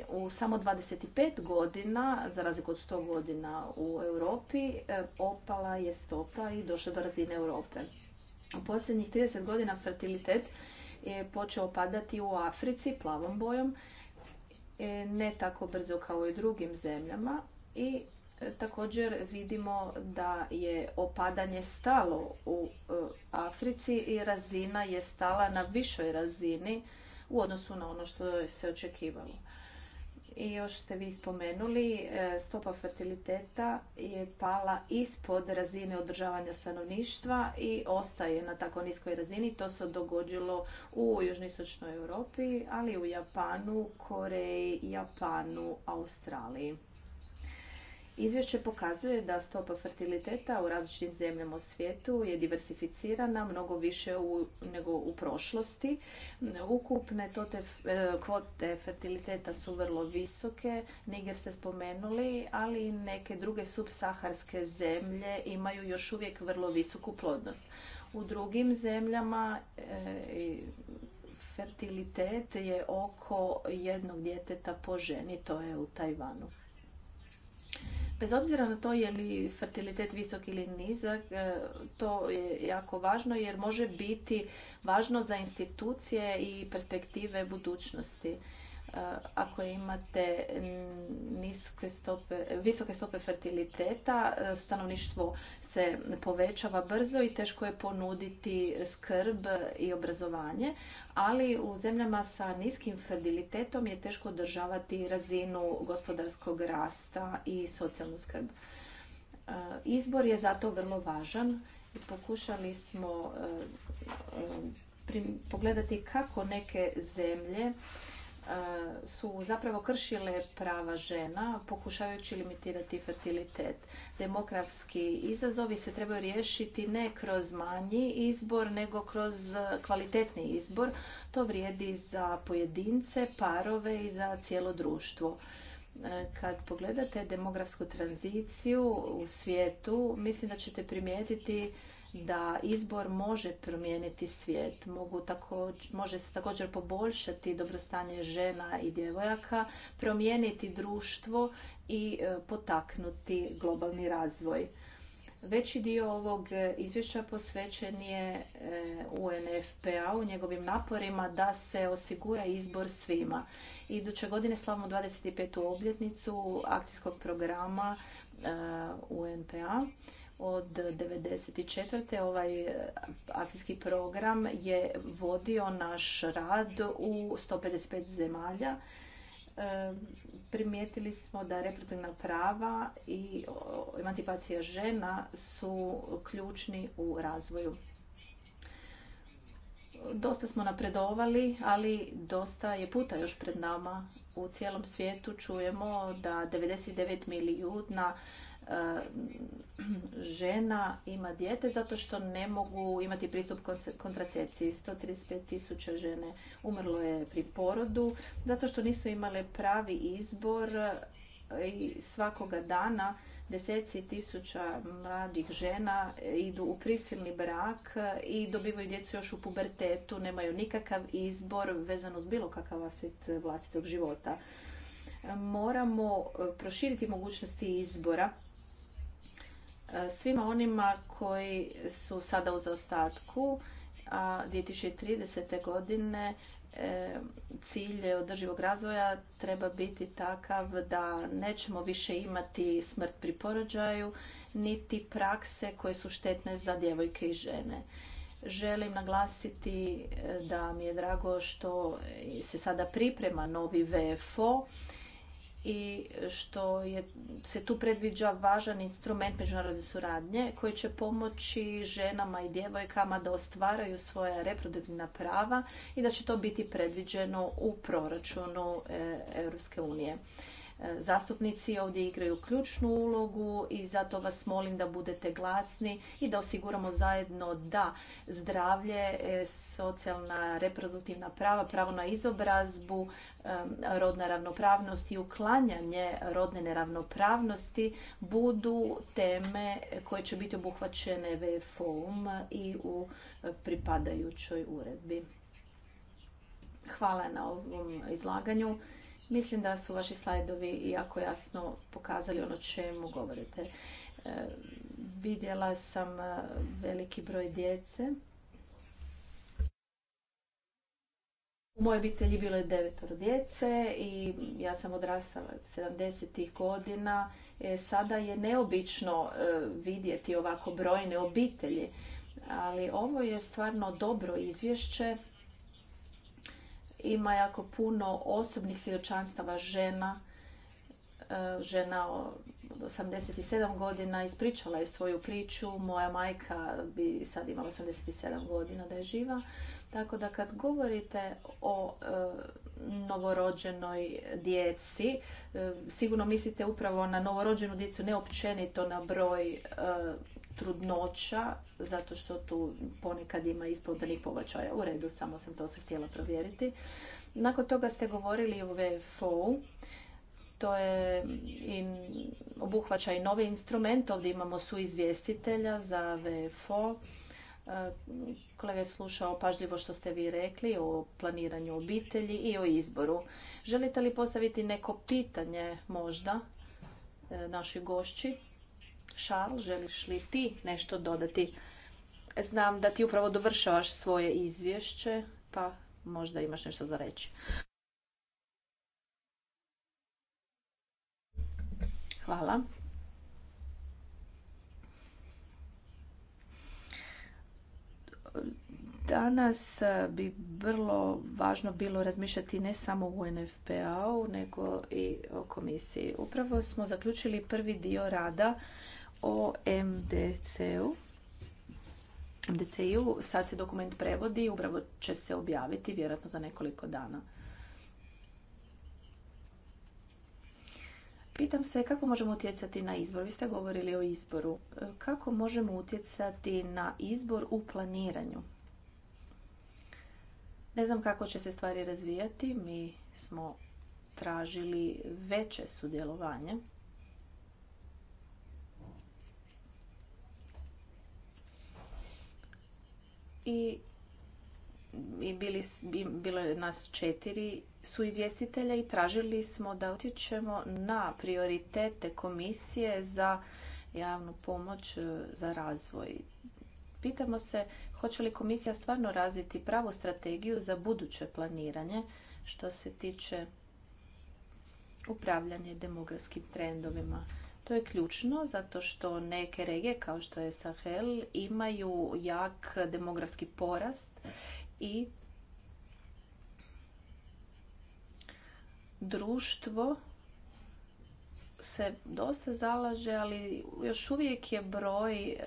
u samo 25 godina, za razliku od 100 godina u Europi, opala je stopa i došla do razine Europe. U posljednjih 30 godina fertilitet je počeo padati u Africi plavom bojom, e, ne tako brzo kao i u drugim zemljama i Također vidimo da je opadanje stalo u e, Africi i razina je stala na višoj razini u odnosu na ono što se očekivalo. I još ste vi spomenuli, e, stopa fertiliteta je pala ispod razine održavanja stanovništva i ostaje na tako niskoj razini. To se dogodilo u južnoistočnoj Europi, ali i u Japanu, Koreji, Japanu, Australiji. Izvješće pokazuje da stopa fertiliteta u različitim zemljama u svijetu je diversificirana mnogo više nego u prošlosti. Ukupne tote, e, kvote fertiliteta su vrlo visoke, Niger ste spomenuli, ali neke druge subsaharske zemlje imaju još uvijek vrlo visoku plodnost. U drugim zemljama e, fertilitet je oko jednog djeteta po ženi, to je u Tajvanu. Bez obzira na to je li fertilitet visok ili nizak, e, to je jako važno jer može biti važno za institucije i perspektive budućnosti ako imate visoke stope fertiliteta, stanovništvo se povećava brzo i teško je ponuditi skrb i obrazovanje, ali u zemljama sa niskim fertilitetom je teško održavati razinu gospodarskog rasta i socijalnu skrb. Izbor je zato vrlo važan i pokušali smo pogledati kako neke zemlje su zapravo kršile prava žena pokušavajući limitirati fertilitet. Demografski izazovi se trebaju riješiti ne kroz manji izbor, nego kroz kvalitetni izbor. To vrijedi za pojedince, parove i za cijelo društvo. E, kad pogledate demografsku tranziciju u svijetu, mislim da ćete primijetiti Znači, da izbor može promijeniti svijet. Mogu također, može se također poboljšati dobrostanje žena i djevojaka, promijeniti društvo i e, potaknuti globalni razvoj. Veći dio ovog e, izvješća posvećen je UNFPA-u, e, njegovim naporima da se osigura izbor svima. Iduće godine slavimo 25. obljetnicu akcijskog programa UNPA od 1994. ovaj e, akcijski program je vodio naš rad u 155 zemalja. E, primijetili smo da reproduktivna prava i emancipacija žena su ključni u razvoju dosta smo napredovali, ali dosta je puta još pred nama. U cijelom svijetu čujemo da 99 milijuna Eh, žena ima dijete zato što ne mogu imati pristup kontracepciji. 135 tisuća žene umrlo je pri porodu zato što nisu imale pravi izbor eh, i svakoga dana deseci tisuća mladih žena idu u prisilni brak eh, i dobivaju djecu još u pubertetu, nemaju nikakav izbor vezano uz bilo kakav aspekt vlastitog života. Moramo proširiti mogućnosti izbora E, svima onima koji su sada u zaostatku, a 2030. godine e, cilj održivog razvoja treba biti takav da nećemo više imati smrt pri porođaju, niti prakse koje su štetne za djevojke i žene. Želim naglasiti e, da mi je drago što se sada priprema novi VFO i što je, se tu predviđa važan instrument međunarodne suradnje koji će pomoći ženama i djevojkama da ostvaraju svoja reproduktivna prava i da će to biti predviđeno u proračunu e, Europske unije. Zastupnici ovdje igraju ključnu ulogu i zato vas molim da budete glasni i da osiguramo zajedno da zdravlje, e, socijalna reproduktivna prava, pravo na izobrazbu, e, rodna ravnopravnost i uklanjanje rodne neravnopravnosti budu teme koje će biti obuhvaćene VFOM i u pripadajućoj uredbi. Hvala na ovom izlaganju. Mislim da su vaši slajdovi jako jasno pokazali ono čemu govorite. E, vidjela sam e, veliki broj djece. U mojoj obitelji bilo je devetoro djece i ja sam odrastala 70-ih godina. E, sada je neobično vidjeti ovako brojne obitelji, ali ovo je stvarno dobro izvješće ima jako puno osobnih svjedočanstava žena. E, žena od 87 godina ispričala je svoju priču. Moja majka bi sad imala 87 godina da je živa. Tako da kad govorite o e, novorođenoj djeci. E, sigurno mislite upravo na novorođenu djecu, ne općenito na broj trudnoća, zato što tu ponekad ima ispontanih pobačaja. U redu, samo sam to se htjela provjeriti. Nakon toga ste govorili o vfo To je obuhvaća i novi instrument. Ovdje imamo suizvjestitelja za VFO. E, kolega je slušao pažljivo što ste vi rekli o planiranju obitelji i o izboru. Želite li postaviti neko pitanje možda e, našoj gošći? Šarl, želiš li ti nešto dodati? Znam da ti upravo dovršavaš svoje izvješće, pa možda imaš nešto za reći. Hvala. Danas bi vrlo važno bilo razmišljati ne samo o UNFPA-u, nego i o komisiji. Upravo smo zaključili prvi dio rada o MDC-u. sad se dokument prevodi, upravo će se objaviti, vjerojatno za nekoliko dana. Pitam se kako možemo utjecati na izbor. Vi ste govorili o izboru. Kako možemo utjecati na izbor u planiranju? Ne znam kako će se stvari razvijati. Mi smo tražili veće sudjelovanje i, i bili, bilo je nas četiri su izvjestitelja i tražili smo da utječemo na prioritete komisije za javnu pomoć e, za razvoj. Pitamo se hoće li komisija stvarno razviti pravu strategiju za buduće planiranje što se tiče upravljanje demografskim trendovima. To je ključno zato što neke regije kao što je Sahel imaju jak demografski porast i društvo se dosta zalaže, ali još uvijek je broj eh,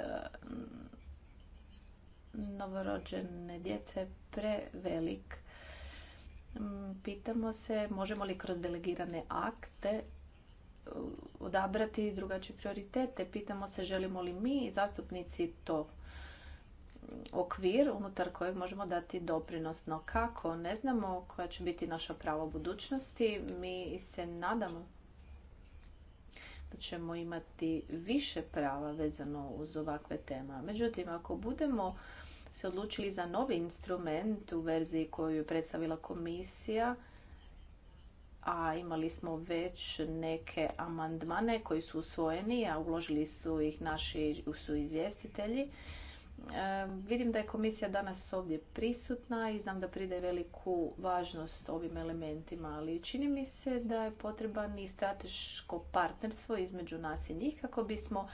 novorođene djece prevelik. Mm, pitamo se možemo li kroz delegirane akte odabrati drugačije prioritete. Pitamo se želimo li mi zastupnici to mm, okvir unutar kojeg možemo dati doprinos. No kako? Ne znamo koja će biti naša prava budućnosti. Mi se nadamo da ćemo imati više prava vezano uz ovakve tema. Međutim, ako budemo se odlučili za novi instrument u verziji koju je predstavila komisija, a imali smo već neke amandmane koji su usvojeni, a uložili su ih naši su izvjestitelji. E, vidim da je komisija danas ovdje prisutna i znam da pride veliku važnost ovim elementima, ali čini mi se da je potreban i strateško partnerstvo između nas i njih kako bismo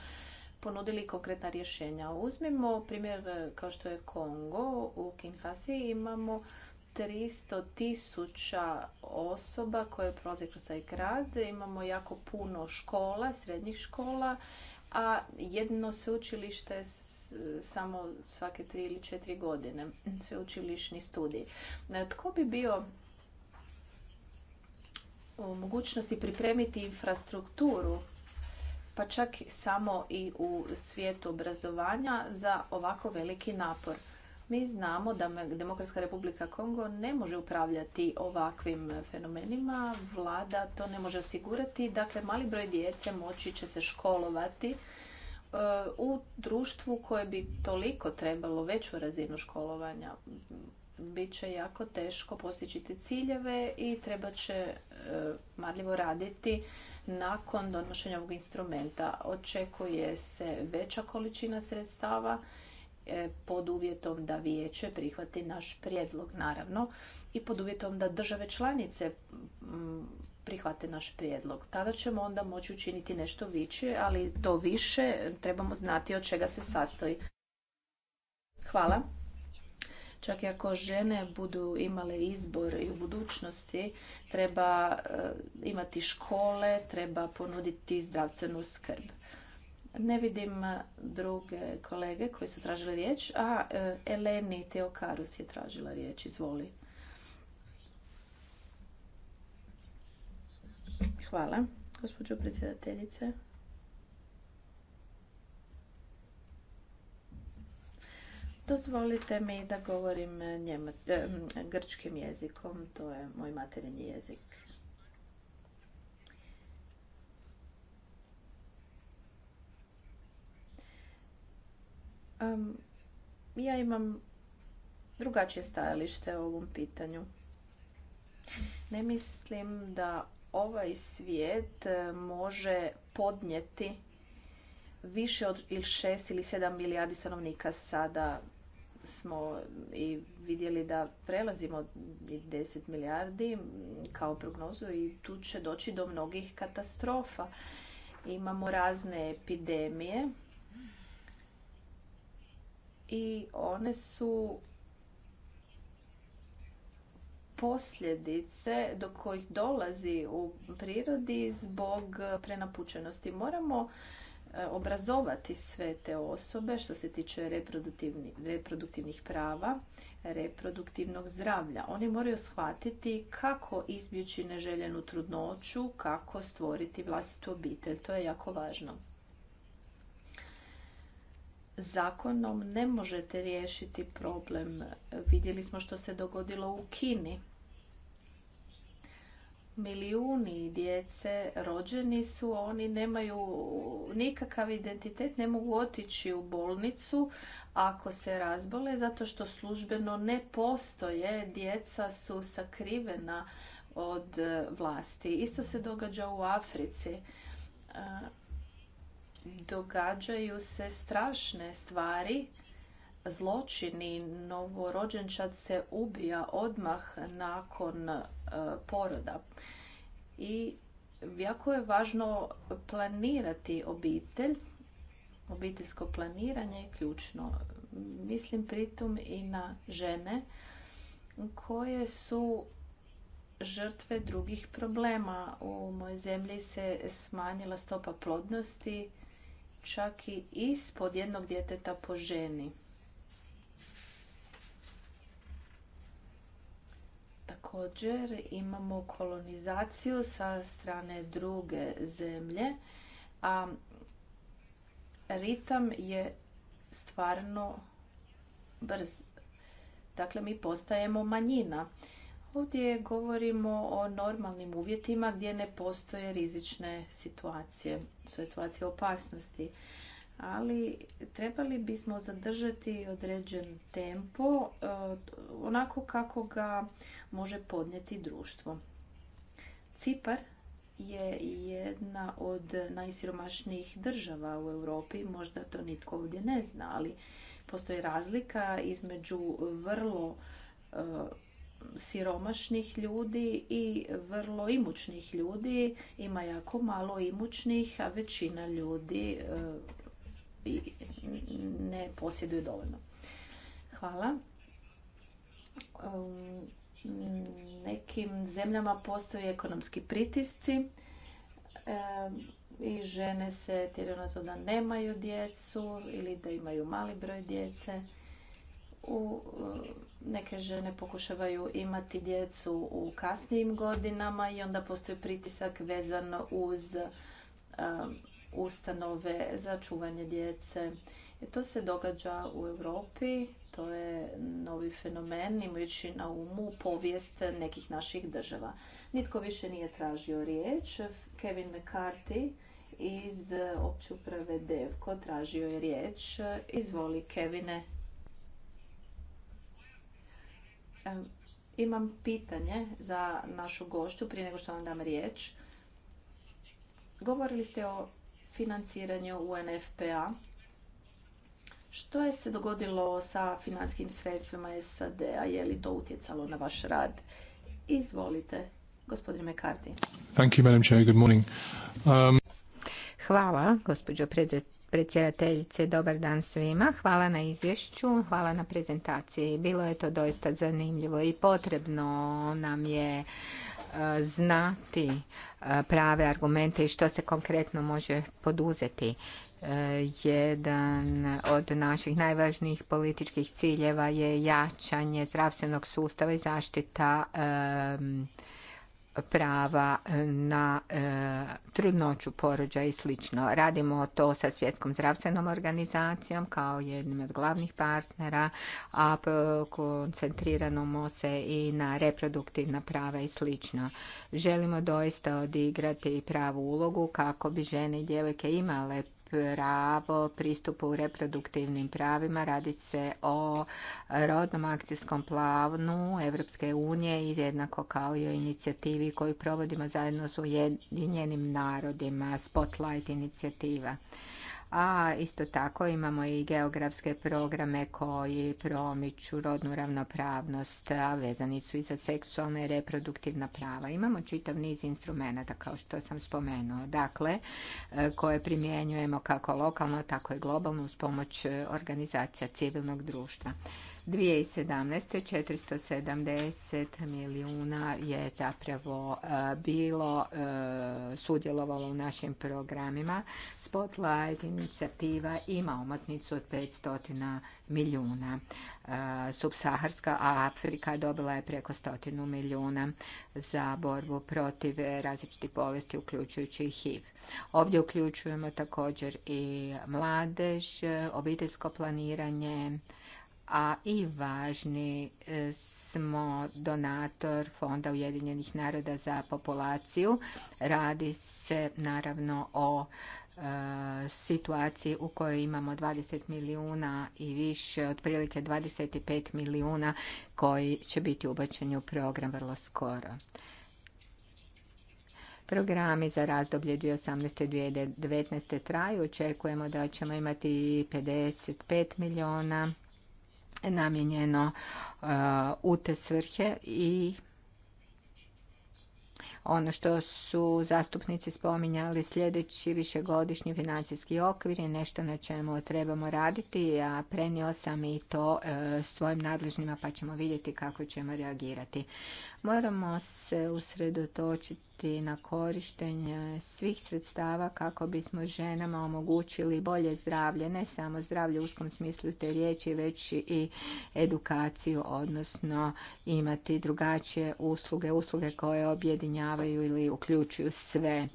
ponudili konkretna rješenja. Uzmimo primjer e, kao što je Kongo, u Kinhasi imamo 300 tisuća osoba koje prolaze kroz taj grad. Imamo jako puno škola, srednjih škola, a jedno sveučilište samo svake tri ili četiri godine sveučilišni studij. E, tko bi bio u mogućnosti pripremiti infrastrukturu pa čak samo i u svijetu obrazovanja za ovako veliki napor. Mi znamo da Demokratska republika Kongo ne može upravljati ovakvim fenomenima, vlada to ne može osigurati, dakle mali broj djece moći će se školovati e, u društvu koje bi toliko trebalo veću razinu školovanja. Biće jako teško postići te ciljeve i treba će e, marljivo raditi nakon donošenja ovog instrumenta. Očekuje se veća količina sredstava E, pod uvjetom da vijeće prihvati naš prijedlog, naravno, i pod uvjetom da države članice mm, prihvate naš prijedlog. Tada ćemo onda moći učiniti nešto više, ali to više trebamo znati od čega se sastoji. Hvala. Čak i ako žene budu imale izbor i u budućnosti, treba e, imati škole, treba ponuditi zdravstvenu skrb. Ne vidim eh, druge kolege koji su tražili riječ. A, eh, Eleni Teokarus je tražila riječ. Izvoli. Hvala, gospođo predsjedateljice. Dozvolite mi da govorim eh, grčkim jezikom, to je moj materinji jezik. Um, ja imam drugačije stajalište o ovom pitanju. Ne mislim da ovaj svijet e, može podnijeti više od šest ili sedam milijardi stanovnika sada smo i vidjeli da prelazimo 10 milijardi kao prognozu i tu će doći do mnogih katastrofa. Imamo razne epidemije i one su posljedice do kojih dolazi u prirodi zbog prenapučenosti. Moramo e, obrazovati sve te osobe što se tiče reproduktivnih prava, reproduktivnog zdravlja. Oni moraju shvatiti kako izbjeći neželjenu trudnoću, kako stvoriti vlastitu obitelj. To je jako važno zakonom ne možete riješiti problem. Vidjeli smo što se dogodilo u Kini. Milijuni djece rođeni su, oni nemaju nikakav identitet, ne mogu otići u bolnicu ako se razbole zato što službeno ne postoje, djeca su sakrivena od vlasti. Isto se događa u Africi događaju se strašne stvari, zločini, novorođenčad se ubija odmah nakon e, poroda. I jako je važno planirati obitelj, obiteljsko planiranje je ključno. Mislim pritom i na žene koje su žrtve drugih problema. U mojoj zemlji se smanjila stopa plodnosti čak i ispod jednog djeteta po ženi. Također imamo kolonizaciju sa strane druge zemlje, a ritam je stvarno brz. Dakle, mi postajemo manjina Ovdje govorimo o normalnim uvjetima gdje ne postoje rizične situacije, situacije opasnosti. Ali trebali bismo zadržati određen tempo e, onako kako ga može podnijeti društvo. Cipar je jedna od najsiromašnijih država u Europi, možda to nitko ovdje ne zna, ali postoji razlika između vrlo e, siromašnih ljudi i vrlo imućnih ljudi. Ima jako malo imućnih, a većina ljudi e, ne posjeduje dovoljno. Hvala. E, nekim zemljama postoje ekonomski pritisci e, i žene se tjeraju na to da nemaju djecu ili da imaju mali broj djece u, e, neke žene pokušavaju imati djecu u kasnijim godinama i onda postoji pritisak vezan uz e, ustanove za čuvanje djece. E, to se događa u Europi, to je novi fenomen imajući na umu povijest nekih naših država. Nitko više nije tražio riječ. Kevin McCarthy iz opće uprave Devko tražio je riječ. Izvoli Kevine, Imam pitanje za našu gošću prije nego što vam dam riječ. Govorili ste o financiranju UNFPA. Što je se dogodilo sa finanskim sredstvima SAD-a? Je li to utjecalo na vaš rad? Izvolite, gospodine McCarthy. Um, Hvala, gospođo predsjednice predsjedateljice. Dobar dan svima. Hvala na izvješću, hvala na prezentaciji. Bilo je to doista zanimljivo i potrebno nam je e, znati e, prave argumente i što se konkretno može poduzeti. E, jedan od naših najvažnijih političkih ciljeva je jačanje zdravstvenog sustava i zaštita prava e, na e, trudnoću, porođa i sl. Radimo to sa Svjetskom zdravstvenom organizacijom kao jednim od glavnih partnera, a koncentriramo se i na reproduktivna prava i slično. Želimo doista odigrati pravu ulogu kako bi žene i djevojke imale pravo pristupu u reproduktivnim pravima. Radi se o rodnom akcijskom planu Evropske unije i jednako kao i o inicijativi koju provodimo zajedno s Ujedinjenim narodima, Spotlight inicijativa a isto tako imamo i geografske programe koji promiču rodnu ravnopravnost, a vezani su i za seksualna i reproduktivna prava. Imamo čitav niz instrumenata kao što sam spomenuo, dakle, e, koje primjenjujemo kako lokalno, tako i globalno uz pomoć e, organizacija civilnog društva. 2017. 470 milijuna je zapravo e, bilo e, sudjelovalo u našim programima. Spotlight inicijativa ima omotnicu od 500 milijuna. E, Subsaharska Afrika dobila je preko 100 milijuna za borbu protiv različitih bolesti, uključujući i HIV. Ovdje uključujemo također i mladež, obiteljsko planiranje, a i važni e, smo donator Fonda Ujedinjenih naroda za populaciju. Radi se naravno o e, situaciji u kojoj imamo 20 milijuna i više, otprilike 25 milijuna koji će biti ubačeni u program vrlo skoro. Programi za razdoblje 2018. 2019. traju. Očekujemo da ćemo imati 55 milijuna namijenjeno e, u te svrhe i ono što su zastupnici spominjali sljedeći višegodišnji financijski okvir je nešto na čemu trebamo raditi. a prenio sam i to e, svojim nadležnima pa ćemo vidjeti kako ćemo reagirati. Moramo se usredotočiti na korištenje svih sredstava kako bismo ženama omogućili bolje zdravlje, ne samo zdravlje u uskom smislu te riječi, već i edukaciju, odnosno imati drugačije usluge, usluge koje objedinjavaju ili uključuju sve.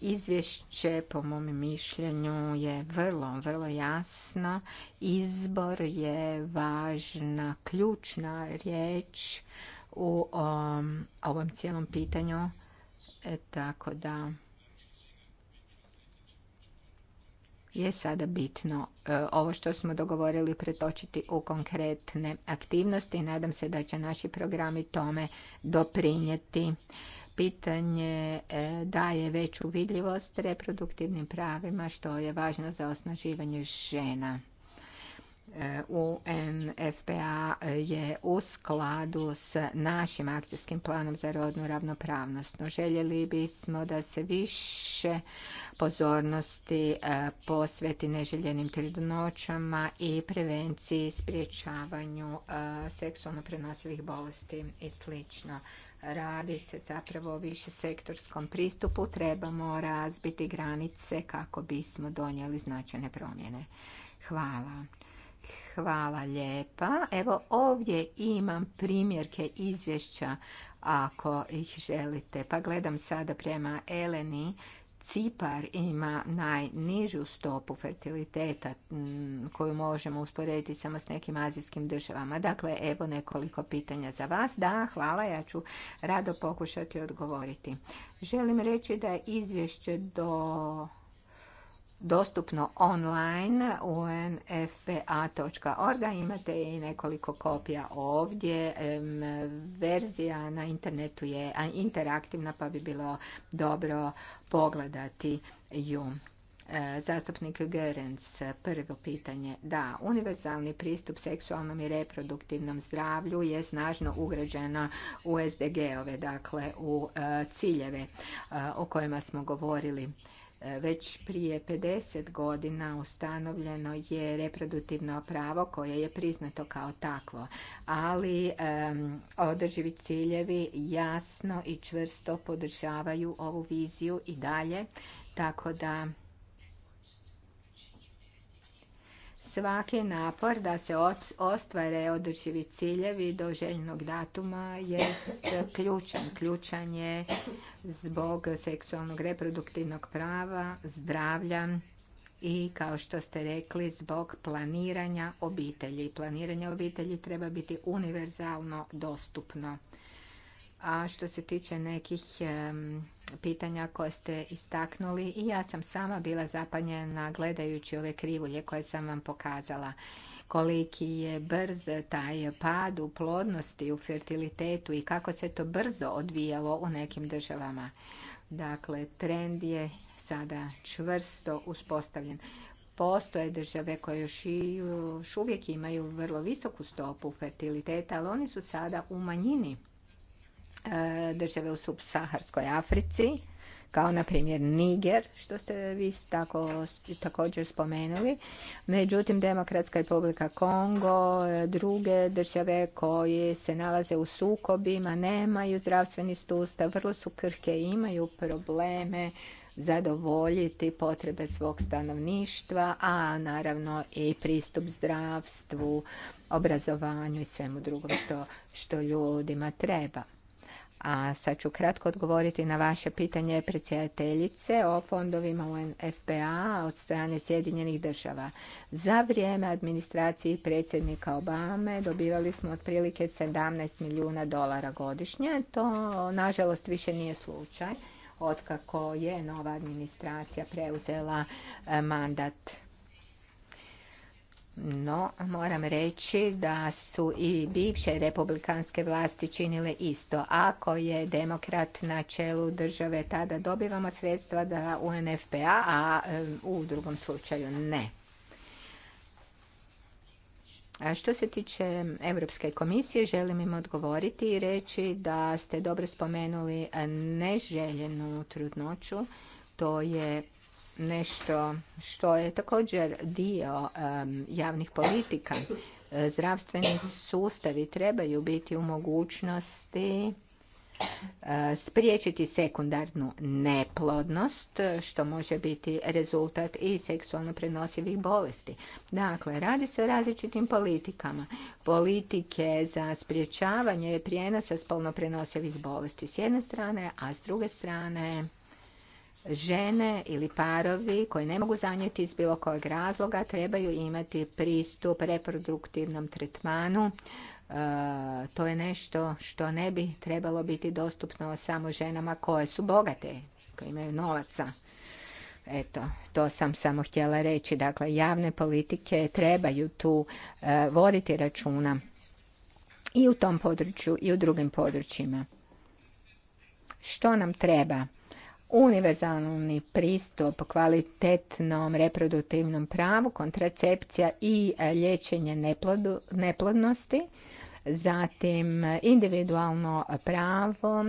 Izvješće, po mom mišljenju, je vrlo, vrlo jasno. Izbor je važna, ključna riječ u um, ovom cijelom pitanju. E, tako da je sada bitno e, ovo što smo dogovorili pretočiti u konkretne aktivnosti i nadam se da će naši programi tome doprinijeti. Pitanje e, daje veću vidljivost reproduktivnim pravima što je važno za osnaživanje žena. UNFPA je u skladu s našim akcijskim planom za rodnu ravnopravnost. No, željeli bismo da se više pozornosti e, posveti neželjenim trudnoćama i prevenciji, spriječavanju e, seksualno prenosivih bolesti i sl. Radi se zapravo o više sektorskom pristupu. Trebamo razbiti granice kako bismo donijeli značajne promjene. Hvala. Hvala lijepa. Evo ovdje imam primjerke izvješća ako ih želite. Pa gledam sada prema Eleni. Cipar ima najnižu stopu fertiliteta koju možemo usporediti samo s nekim azijskim državama. Dakle, evo nekoliko pitanja za vas. Da, hvala, ja ću rado pokušati odgovoriti. Želim reći da je izvješće do dostupno online unfpa.org. Imate i nekoliko kopija ovdje. Verzija na internetu je interaktivna pa bi bilo dobro pogledati ju. E, zastupnik Görens, prvo pitanje. Da, univerzalni pristup seksualnom i reproduktivnom zdravlju je snažno ugrađena u SDG-ove, dakle u e, ciljeve e, o kojima smo govorili. Već prije 50 godina ustanovljeno je reproduktivno pravo koje je priznato kao takvo, ali održivi ciljevi jasno i čvrsto podržavaju ovu viziju i dalje, tako da Svaki napor da se ostvare održivi ciljevi do željnog datuma je ključan. Ključan je zbog seksualnog reproduktivnog prava, zdravlja i kao što ste rekli zbog planiranja obitelji. Planiranje obitelji treba biti univerzalno dostupno. A što se tiče nekih pitanja koje ste istaknuli, i ja sam sama bila zapanjena gledajući ove krivulje koje sam vam pokazala koliki je brz taj pad u plodnosti, u fertilitetu i kako se to brzo odvijalo u nekim državama. Dakle, trend je sada čvrsto uspostavljen. Postoje države koje još, još uvijek imaju vrlo visoku stopu fertiliteta, ali oni su sada u manjini E, države u subsaharskoj Africi, kao na primjer Niger, što ste vi tako, također spomenuli. Međutim, Demokratska republika Kongo, e, druge države koje se nalaze u sukobima, nemaju zdravstveni sustav, vrlo su krhke i imaju probleme zadovoljiti potrebe svog stanovništva, a naravno i pristup zdravstvu, obrazovanju i svemu drugom što, što ljudima treba. A sad ću kratko odgovoriti na vaše pitanje predsjedateljice o fondovima UNFPA od strane Sjedinjenih država. Za vrijeme administracije predsjednika Obame dobivali smo otprilike 17 milijuna dolara godišnje. To nažalost više nije slučaj otkako je nova administracija preuzela e, mandat no, moram reći da su i bivše republikanske vlasti činile isto. Ako je demokrat na čelu države, tada dobivamo sredstva da UNFPA, a e, u drugom slučaju ne. A što se tiče Europske komisije, želim im odgovoriti i reći da ste dobro spomenuli neželjenu trudnoću. To je nešto što je također dio javnih politika. Zdravstveni sustavi trebaju biti u mogućnosti e, spriječiti sekundarnu neplodnost, što može biti rezultat i seksualno prenosivih bolesti. Dakle, radi se o različitim politikama. Politike za spriječavanje prijenosa spolno prenosivih bolesti s jedne strane, a s druge strane žene ili parovi koji ne mogu zanijeti iz bilo kojeg razloga trebaju imati pristup reproduktivnom tretmanu. E, to je nešto što ne bi trebalo biti dostupno samo ženama koje su bogate, koje imaju novaca. Eto, to sam samo htjela reći. Dakle, javne politike trebaju tu e, voditi računa i u tom području i u drugim područjima. Što nam treba? univerzalni pristup kvalitetnom reproduktivnom pravu, kontracepcija i liječenje neplodnosti, zatim individualno pravo,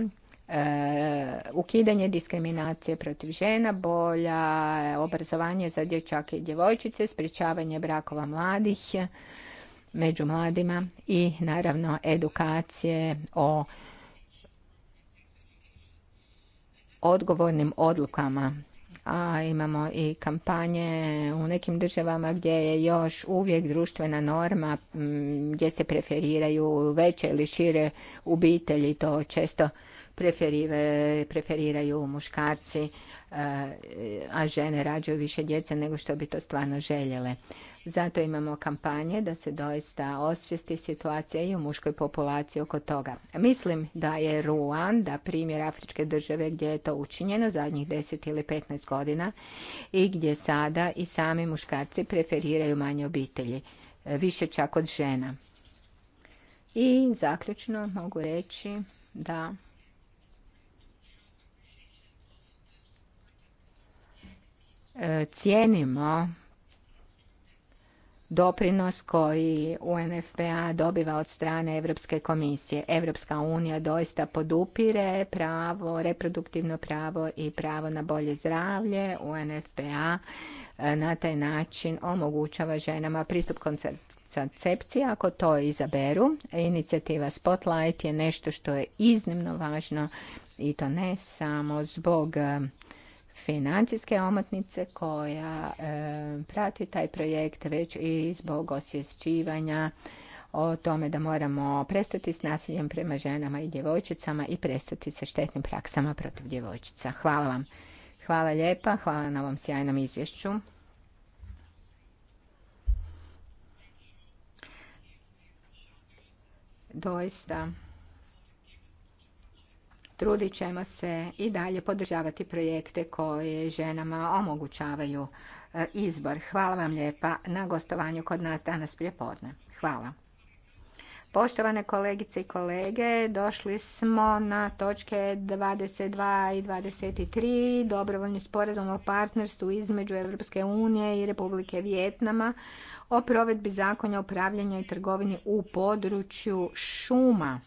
e, ukidanje diskriminacije protiv žena, bolja e, obrazovanje za dječake i djevojčice, sprječavanje brakova mladih e, među mladima i naravno edukacije o odgovornim odlukama a imamo i kampanje u nekim državama gdje je još uvijek društvena norma gdje se preferiraju veće ili šire obitelji to često preferiraju muškarci e, a žene rađaju više djece nego što bi to stvarno željele zato imamo kampanje da se doista osvijesti situacija i u muškoj populaciji oko toga. Mislim da je Ruanda primjer afričke države gdje je to učinjeno zadnjih 10 ili 15 godina i gdje sada i sami muškarci preferiraju manje obitelji, više čak od žena. I zaključno mogu reći da cijenimo doprinos koji UNFPA dobiva od strane Europske komisije. Europska unija doista podupire pravo, reproduktivno pravo i pravo na bolje zdravlje. UNFPA e, na taj način omogućava ženama pristup koncepciji, ako to izaberu. Inicijativa Spotlight je nešto što je iznimno važno i to ne samo zbog e, financijske omotnice koja e, prati taj projekt već i zbog osvješćivanja o tome da moramo prestati s nasiljem prema ženama i djevojčicama i prestati sa štetnim praksama protiv djevojčica. Hvala vam. Hvala lijepa, hvala na ovom sjajnom izvješću. Doista Trudit ćemo se i dalje podržavati projekte koje ženama omogućavaju e, izbor. Hvala vam lijepa na gostovanju kod nas danas prije podne. Hvala. Poštovane kolegice i kolege, došli smo na točke 22 i 23, dobrovoljni sporazum o partnerstvu između Europske unije i Republike Vjetnama o provedbi zakonja upravljanja i trgovini u području šuma.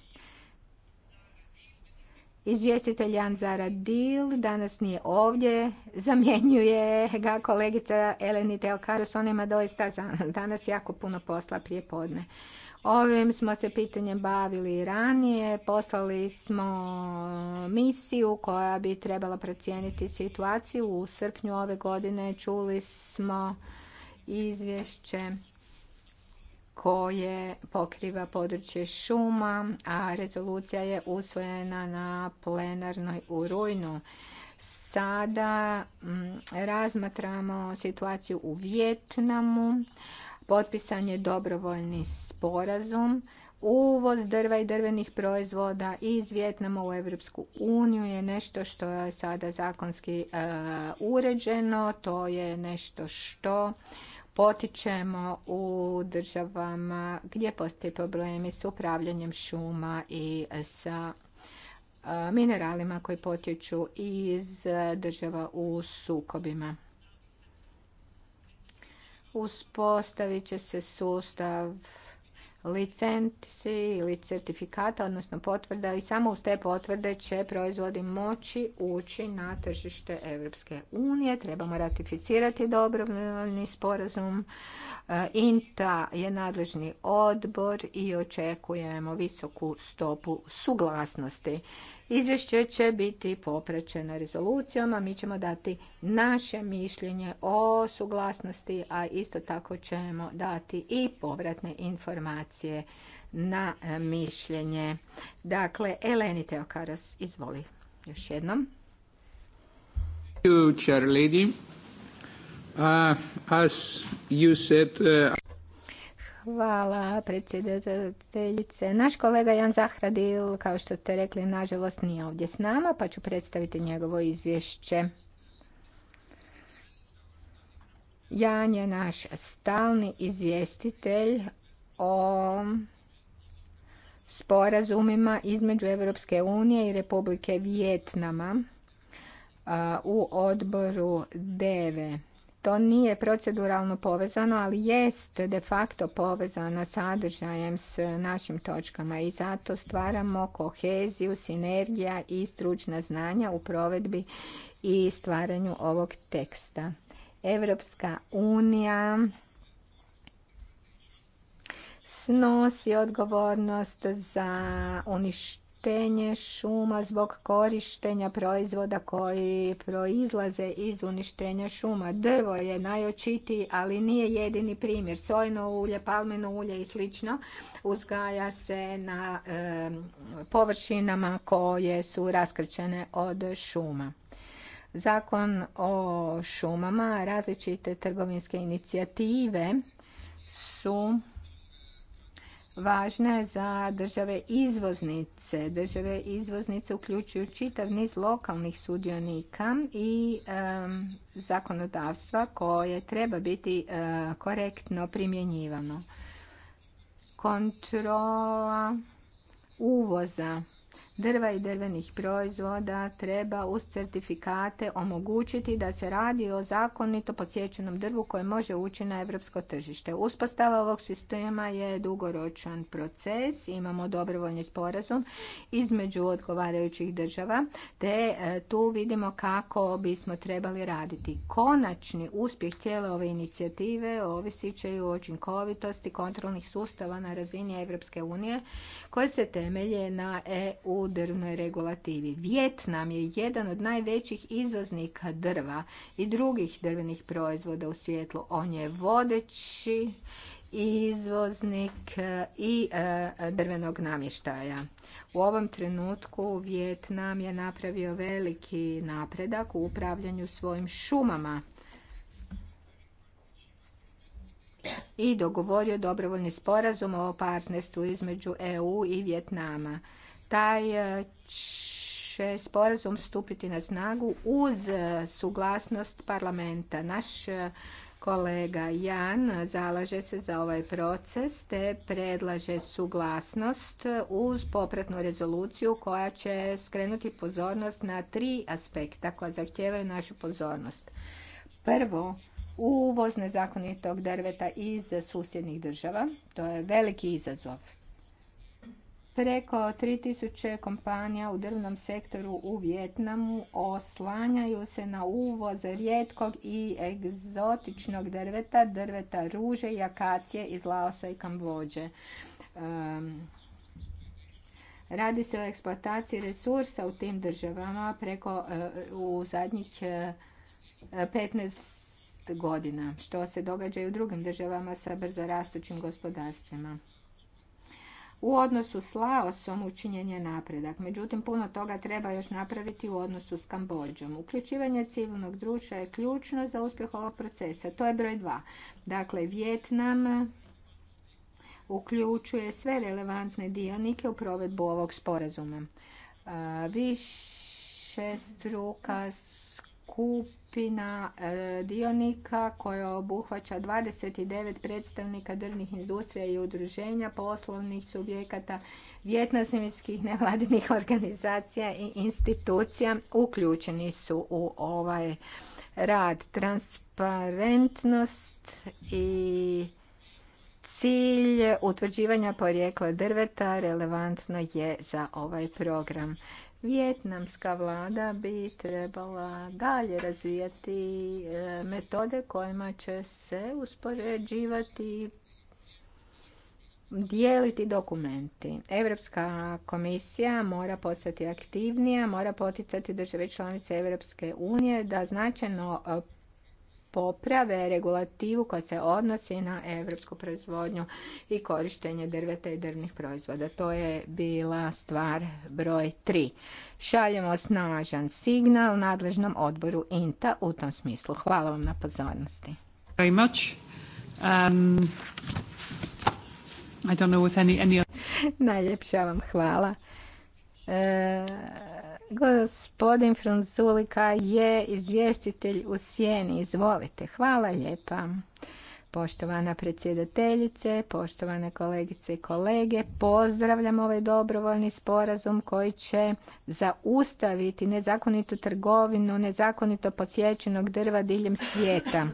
Izvjestitelj Jan Zara Dil danas nije ovdje, zamjenjuje ga kolegica Eleni Teokaros, on ima doista danas jako puno posla prije podne. Ovim smo se pitanjem bavili ranije, poslali smo misiju koja bi trebala procijeniti situaciju. U srpnju ove godine čuli smo izvješće koje pokriva područje šuma, a rezolucija je usvojena na plenarnoj u rujnu. Sada mm, razmatramo situaciju u Vjetnamu. Potpisan je dobrovoljni sporazum. Uvoz drva i drvenih proizvoda iz Vjetnama u Europsku uniju je nešto što je sada zakonski e, uređeno. To je nešto što potičemo u državama gdje postoje problemi s upravljanjem šuma i sa e, mineralima koji potječu iz država u sukobima. Uspostavit će se sustav licenci ili certifikata, odnosno potvrda i samo uz te potvrde će proizvodi moći ući na tržište Europske unije. Trebamo ratificirati dobrovoljni sporazum. E, INTA je nadležni odbor i očekujemo visoku stopu suglasnosti. Izvješće će biti poprećeno rezolucijom, a mi ćemo dati naše mišljenje o suglasnosti, a isto tako ćemo dati i povratne informacije na e, mišljenje. Dakle, Eleni Teokaros, izvoli još jednom. Thank uh, uh, Hvala predsjedateljice. Naš kolega Jan Zahradil, kao što ste rekli, nažalost nije ovdje s nama, pa ću predstaviti njegovo izvješće. Jan je naš stalni izvjestitelj o sporazumima između Europske unije i Republike Vijetnama u odboru DEVE. To nije proceduralno povezano, ali jest de facto povezano sadržajem s našim točkama i zato stvaramo koheziju, sinergija i stručna znanja u provedbi i stvaranju ovog teksta. Evropska unija snosi odgovornost za uništenje Tenje šuma zbog korištenja proizvoda koji proizlaze iz uništenja šuma. Drvo je najočitiji, ali nije jedini primjer. Sojno ulje, palmeno ulje i slično uzgaja se na površinama koje su raskrčene od šuma. Zakon o šumama, različite trgovinske inicijative su važna za države izvoznice. Države izvoznice uključuju čitav niz lokalnih sudionika i zakonodavstva koje treba biti e, korektno primjenjivano. Kontrola uvoza drva i drvenih proizvoda treba uz certifikate omogućiti da se radi o zakonito posjećenom drvu koje može ući na europsko tržište. Uspostava ovog sistema je dugoročan proces, imamo dobrovoljni sporazum između odgovarajućih država, te e, tu vidimo kako bismo trebali raditi. Konačni uspjeh cijele ove inicijative ovisit će i o učinkovitosti kontrolnih sustava na razini Europske unije koje se temelje na EU drvnoj regulativi. Vjetnam je jedan od najvećih izvoznika drva i drugih drvenih proizvoda u svijetlu. On je vodeći izvoznik e, i e, drvenog namještaja. U ovom trenutku Vjetnam je napravio veliki napredak u upravljanju svojim šumama i dogovorio dobrovoljni sporazum o partnerstvu između EU i Vjetnama taj e, će sporazum stupiti na snagu uz e, suglasnost parlamenta. Naš e, kolega Jan zalaže se za ovaj proces te predlaže suglasnost uz popratnu rezoluciju koja će skrenuti pozornost na tri aspekta koja zahtijevaju našu pozornost. Prvo, uvoz nezakonitog drveta iz susjednih država. To je veliki izazov preko 3000 kompanija u drvnom sektoru u Vjetnamu oslanjaju se na uvoz rijetkog i egzotičnog drveta, drveta ruže i akacije iz Laosa i Kambođe. Radi se o eksploataciji resursa u tim državama preko e, u zadnjih 15 e, godina, što se događa i u drugim državama sa brzo rastućim gospodarstvima. U odnosu s Laosom učinjen je napredak, međutim puno toga treba još napraviti u odnosu s Kambodžom. Uključivanje civilnog društva je ključno za uspjeh ovog procesa. To je broj dva. Dakle, Vjetnam uključuje sve relevantne dionike u provedbu ovog sporazuma. Više struka skupa skupina e, dionika koja obuhvaća 29 predstavnika drvnih industrija i udruženja, poslovnih subjekata, vjetnozemijskih nevladinih (laughs) organizacija i institucija uključeni su u ovaj rad. Transparentnost i cilj utvrđivanja porijekla drveta relevantno je za ovaj program. Vjetnamska vlada bi trebala dalje razvijati e, metode kojima će se uspoređivati dijeliti dokumenti. Europska komisija mora postati aktivnija, mora poticati države članice Europske unije da značajno e, poprave regulativu koja se odnosi na evropsku proizvodnju i korištenje drveta i drvnih proizvoda. To je bila stvar broj 3. Šaljemo snažan signal nadležnom odboru INTA u tom smislu. Hvala vam na pozornosti. Very um, I Najljepša vam hvala. E, Gospodin Franzulika je izvjestitelj u sjeni. Izvolite. Hvala lijepa. Poštovana predsjedateljice, poštovane kolegice i kolege, pozdravljam ovaj dobrovoljni sporazum koji će zaustaviti nezakonitu trgovinu, nezakonito posjećenog drva diljem svijeta.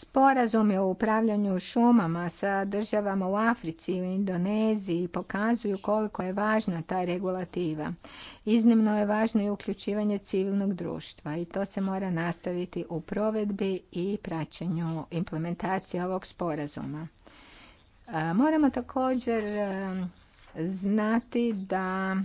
Sporazumi o upravljanju šumama sa državama u Africi i u Indoneziji pokazuju koliko je važna ta regulativa. Iznimno je važno i uključivanje civilnog društva i to se mora nastaviti u provedbi i praćenju implementacije ovog sporazuma. Moramo također znati da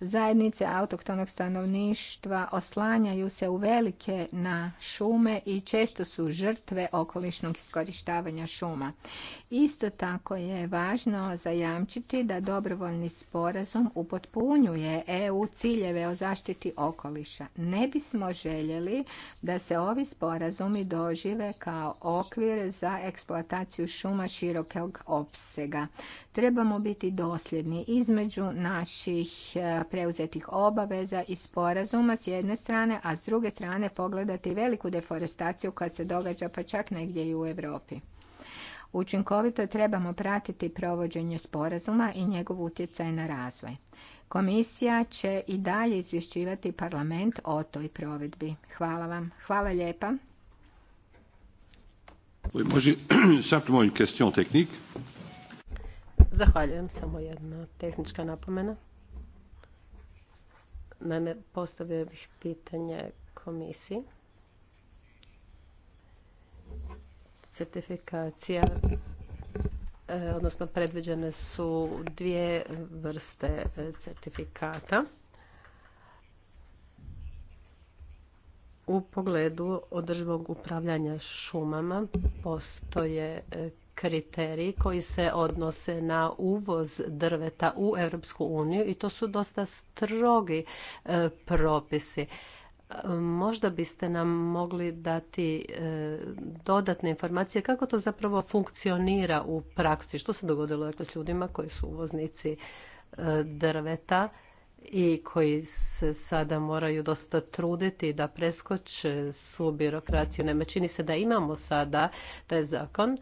Zajednice autoktonog stanovništva oslanjaju se u velike na šume i često su žrtve okolišnog iskorištavanja šuma. Isto tako je važno zajamčiti da dobrovoljni sporazum upotpunjuje EU ciljeve o zaštiti okoliša. Ne bismo željeli da se ovi sporazumi dožive kao okvir za eksploataciju šuma širokog opsega. Trebamo biti dosljedni između naših preuzetih obaveza i sporazuma s jedne strane, a s druge strane pogledati veliku deforestaciju koja se događa pa čak negdje i u Europi. Učinkovito trebamo pratiti provođenje sporazuma i njegov utjecaj na razvoj. Komisija će i dalje izvješćivati parlament o toj provedbi. Hvala vam. Hvala lijepa. (clears throat) Zahvaljujem, samo jedna tehnička napomena. Naime, postavio bih pitanje komisiji. Certifikacija, e, odnosno predviđene su dvije vrste e, certifikata. u pogledu održivog upravljanja šumama postoje e, kriteriji koji se odnose na uvoz drveta u Europsku uniju i to su dosta strogi e, propisi. E, možda biste nam mogli dati e, dodatne informacije kako to zapravo funkcionira u praksi, što se dogodilo s ljudima koji su uvoznici drveta i koji se sada moraju dosta truditi da preskoče svu birokraciju. Naime, čini se da imamo sada taj zakon,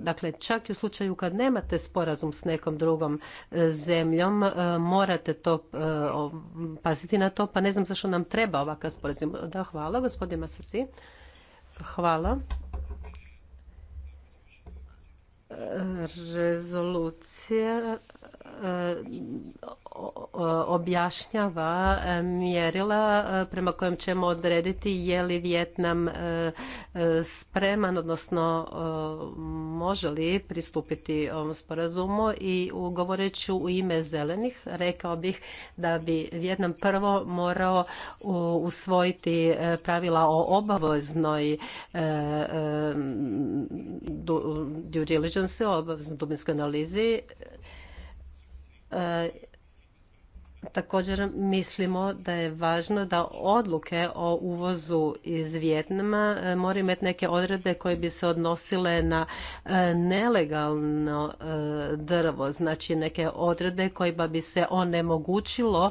dakle, čak i u slučaju kad nemate sporazum s nekom drugom e, zemljom, e, morate to e, paziti na to, pa ne znam zašto nam treba ovakav sporazum. Da, hvala, gospodine Masrci. Hvala. Rezolucija E, objašnjava e, mjerila e, prema kojem ćemo odrediti je li Vjetnam spreman, odnosno može li pristupiti ovom sporazumu i govoreći u ime zelenih rekao bih da bi Vjetnam prvo morao usvojiti pravila o obaveznoj due diligence, obaveznoj dubinskoj analizi e Također mislimo da je važno da odluke o uvozu iz Vjetnama e, moraju imati neke odredbe koje bi se odnosile na e, nelegalno e, drvo, znači neke odredbe kojima bi se onemogućilo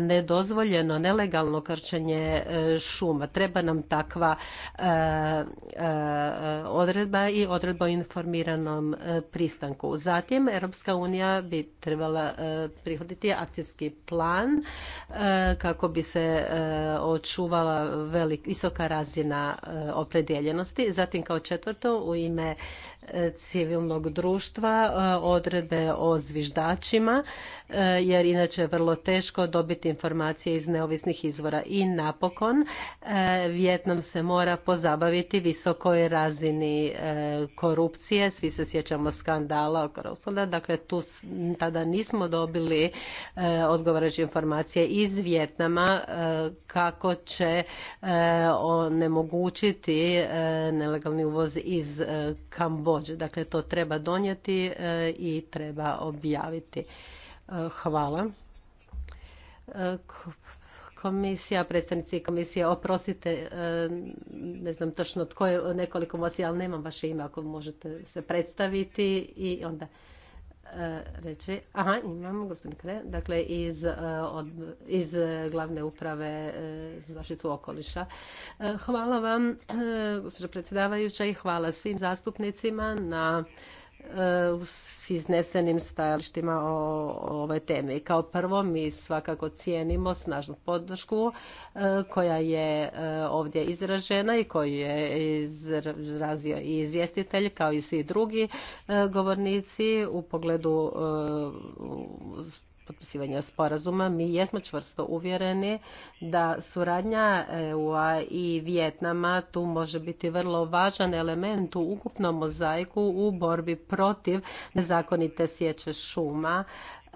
nedozvoljeno nelegalno krčenje šuma. Treba nam takva odredba i odredba o informiranom pristanku. Zatim Europska unija bi trebala prihoditi akcijski plan e, kako bi se e, očuvala visoka razina e, opredjeljenosti. Zatim kao četvrto u ime E, civilnog društva, e, odredbe o zviždačima, e, jer inače je vrlo teško dobiti informacije iz neovisnih izvora. I napokon, Vjetnam se mora pozabaviti visokoj razini korupcije. Svi se sjećamo skandala o Dakle, tu tada nismo dobili odgovarajuće informacije iz Vjetnama kako će onemogućiti nelegalni uvoz iz Kambodža dođe Dakle, to treba donijeti e, i treba objaviti. E, hvala. E, komisija, predstavnici komisije, oprostite, ne znam točno tko je, nekoliko vas, ali nemam vaše ime, ako možete se predstaviti i onda... E, reći. Aha, imamo gospodin Kre, dakle iz, e, od, iz glavne uprave e, za zaštitu okoliša. Hvala vam, gospođo predsjedavajuća, i hvala svim zastupnicima na E, s iznesenim stajalištima o ovoj temi. Kao prvo, mi svakako cijenimo snažnu podršku e, koja je e, ovdje izražena i koju je izrazio i izvjestitelj kao i svi drugi govornici u pogledu potpisivanja sporazuma. Mi jesmo čvrsto uvjereni da suradnja EU-a i Vjetnama tu može biti vrlo važan element u ukupnom mozaiku u borbi protiv nezakonite sječe šuma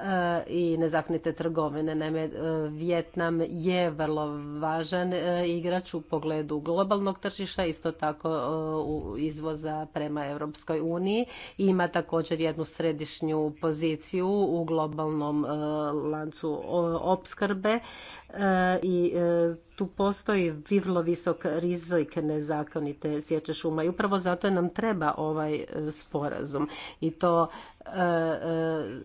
E, i nezakonite trgovine. Naime, e, Vjetnam je vrlo važan e, igrač u pogledu globalnog tržišta, isto tako u izvoza prema Europskoj uniji. Ima također jednu središnju poziciju u globalnom lancu opskrbe i tu postoji vrlo visok rizik nezakonite sječe šuma i upravo zato nam treba ovaj e, sporazum i to e, e,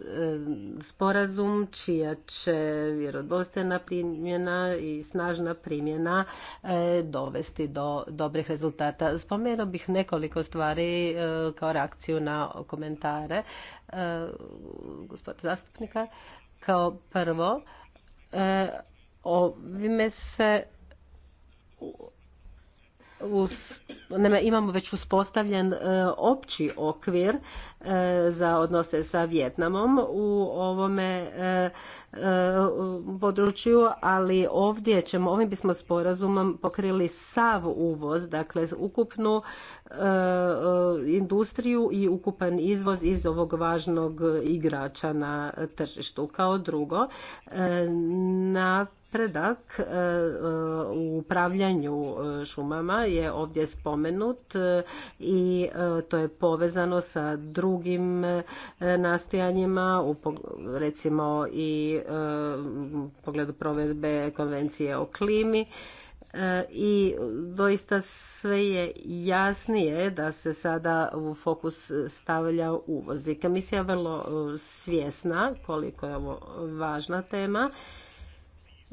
sporazum čija će vjerodostojna primjena i snažna primjena dovesti do dobrih rezultata. Spomenuo bih nekoliko stvari kao reakciju na komentare gospodina zastupnika. Kao prvo, Ovime se uz, imamo već uspostavljen e, opći okvir e, za odnose sa Vjetnamom u ovome e, području, ali ovdje ćemo, ovim bismo sporazumom pokrili sav uvoz, dakle ukupnu industriju i ukupan izvoz iz ovog važnog igrača na tržištu. Kao drugo, na napredak e, e, u upravljanju e, šumama je ovdje spomenut i to je povezano sa drugim nastojanjima, recimo i u pogledu provedbe konvencije o klimi i doista sve je jasnije da se sada u fokus stavlja uvoz. komisija je vrlo svjesna koliko je ovo važna tema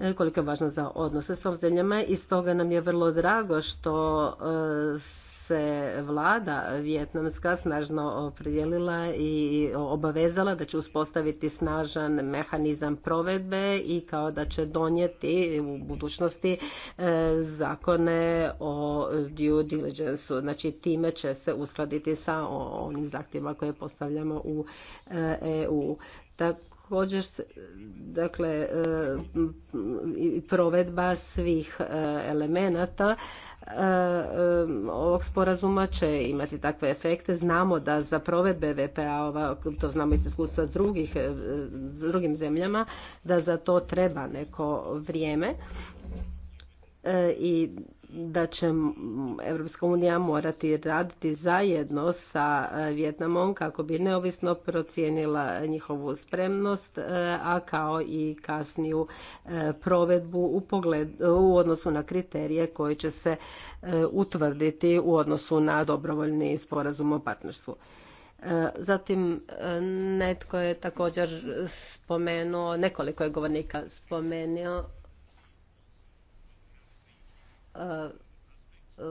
E, koliko je važno za odnose s ovim zemljama i stoga nam je vrlo drago što e, se vlada vjetnamska snažno opredijelila i obavezala da će uspostaviti snažan mehanizam provedbe i kao da će donijeti u budućnosti e, zakone o due diligence Znači time će se uskladiti sa onim zahtjevima koje postavljamo u EU također dakle e, provedba svih e, elemenata e, ovog sporazuma će imati takve efekte. Znamo da za provedbe VPA, to znamo iz iskustva s drugim zemljama, da za to treba neko vrijeme i da će Europska unija morati raditi zajedno sa e, Vjetnamom kako bi neovisno procijenila njihovu spremnost, e, a kao i kasniju e, provedbu u, u odnosu na kriterije koji će se utvrditi u odnosu na dobrovoljni sporazum o partnerstvu. Zatim netko je također spomenuo, nekoliko je govornika spomenuo E, e,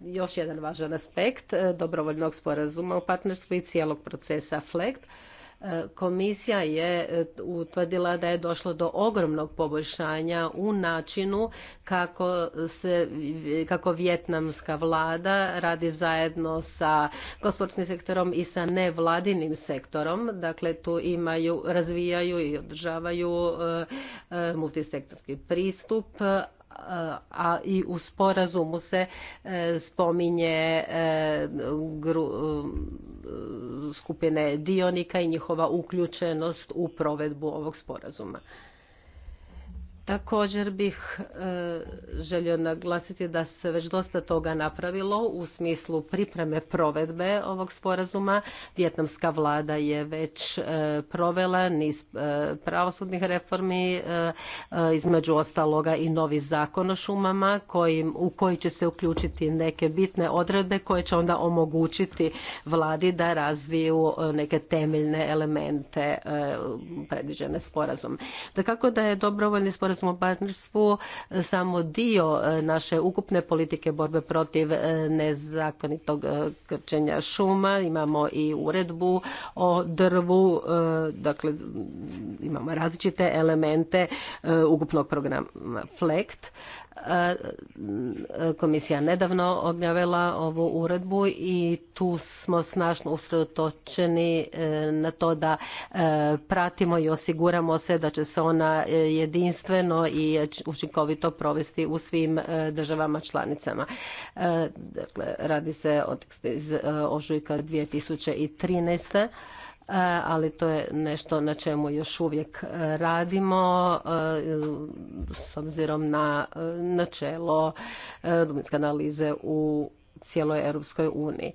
još jedan važan aspekt e, dobrovoljnog sporazuma u partnerstvu i cijelog procesa FLECT. Komisija je utvrdila da je došlo do ogromnog poboljšanja u načinu kako, se, kako vjetnamska vlada radi zajedno sa gospodarskim sektorom i sa nevladinim sektorom. Dakle, tu imaju, razvijaju i održavaju multisektorski pristup, a i u sporazumu se e, spominje e, e, skupine dionika i njihova uključenost u provedbu ovog sporazuma. Također bih e, želio naglasiti da se već dosta toga napravilo u smislu pripreme provedbe ovog sporazuma. Vjetnamska vlada je već e, provela niz e, pravosudnih reformi, između ostaloga i novi zakon o šumama u koji će se uključiti neke bitne odredbe koje će onda omogućiti vladi da razviju neke temeljne elemente predviđene sporazum. kako da je dobrovoljni sporazum sporazum partnerstvu samo dio e, naše ukupne politike borbe protiv e, nezakonitog e, krčenja šuma. Imamo i uredbu o drvu, dakle imamo različite elemente ukupnog programa FLECT. E, komisija nedavno objavila ovu uredbu i tu smo snažno usredotočeni e, na to da e, pratimo i osiguramo se da će se ona jedinstveno i učinkovito provesti u svim državama članicama. Dakle, radi se od ožujka 2013 E, ali to je nešto na čemu još uvijek e, radimo e, s obzirom na načelo dubinske analize u cijeloj Europskoj uniji.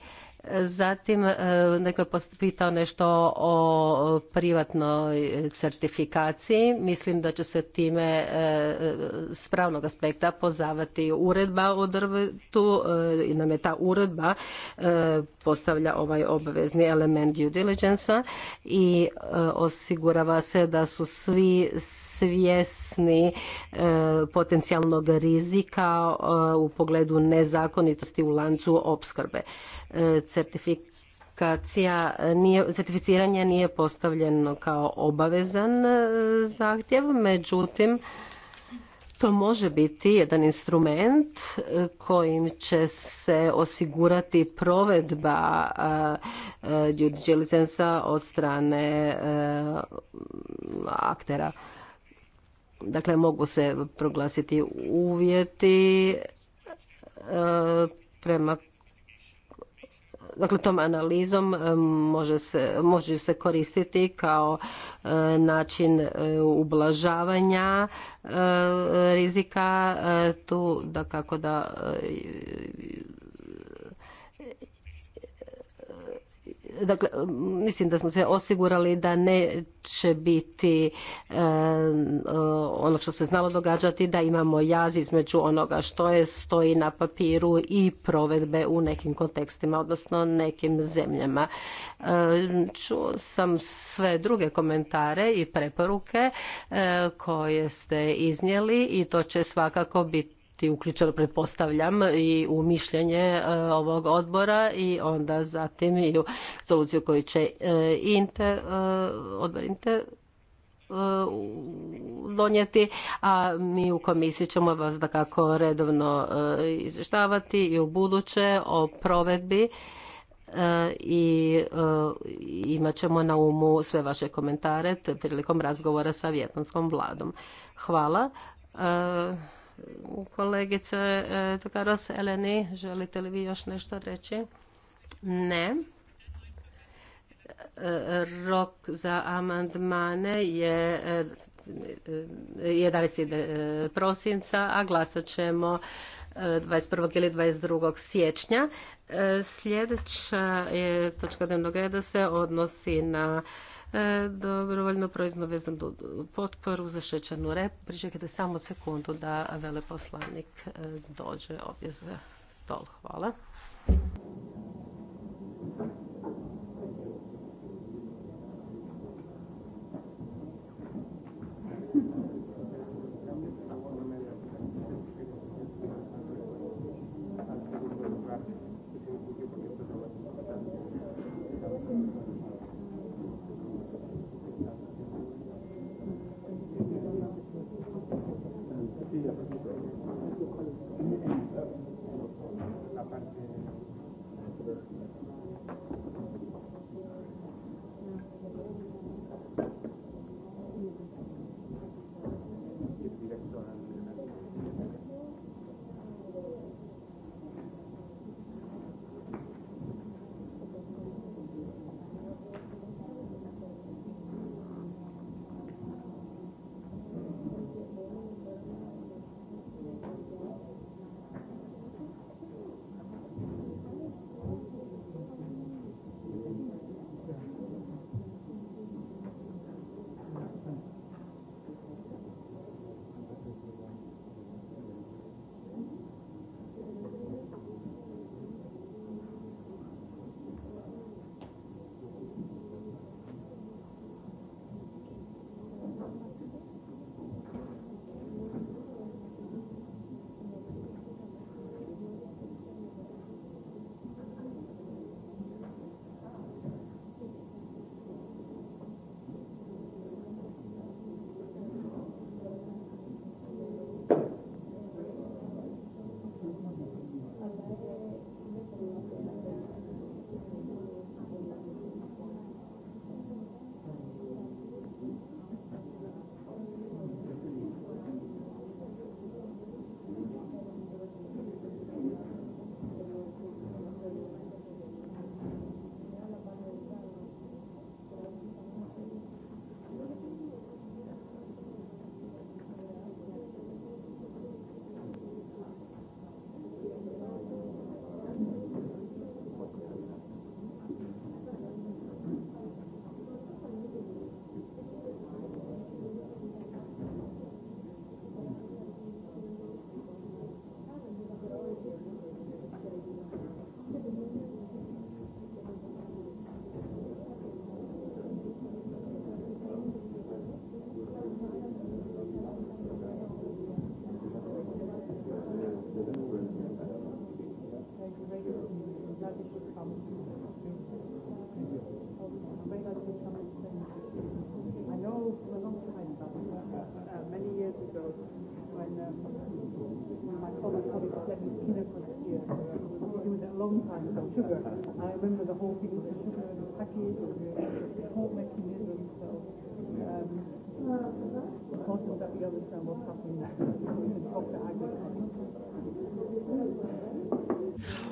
Zatim e, neko je pitao nešto o privatnoj certifikaciji. Mislim da će se time e, s pravnog aspekta pozavati uredba o drvetu e, i nam je ta uredba postavlja ovaj obvezni element due diligence i osigurava se da su svi svjesni e, potencijalnog rizika e, u pogledu nezakonitosti u lancu opskrbe. E, certifikacija nije, certificiranje nije postavljeno kao obavezan zahtjev, međutim to može biti jedan instrument kojim će se osigurati provedba due od strane aktera. Dakle, mogu se proglasiti uvjeti e, prema Dakle, tom analizom e, može se, može se koristiti kao e, način ublažavanja rizika. Tu da kako da dakle, mislim da smo se osigurali da neće biti e, e, ono što se znalo događati, da imamo jaz između onoga što je stoji na papiru i provedbe u nekim kontekstima, odnosno nekim zemljama. E, čuo sam sve druge komentare i preporuke e, koje ste iznijeli i to će svakako biti biti uključeno, pretpostavljam, i u mišljenje e, ovog odbora i onda zatim i u soluciju koju će e, Inte, e, odbor Inte donijeti, a mi u komisiji ćemo vas da kako redovno izvještavati i u buduće o provedbi i imat ćemo na umu sve vaše komentare prilikom razgovora sa vjetnamskom vladom. Hvala. Kolegice e, Tokaros Eleni, želite li vi još nešto reći? Ne. E, rok za amandmane je 11. E, prosinca, a glasat ćemo 21. ili 22. siječnja. Sljedeća točka dnevnog reda se odnosi na E, dobrovoljno proizno do potporu za šećernu rep. Pričekajte samo sekundu da veleposlanik e, dođe ovdje za stol. Hvala.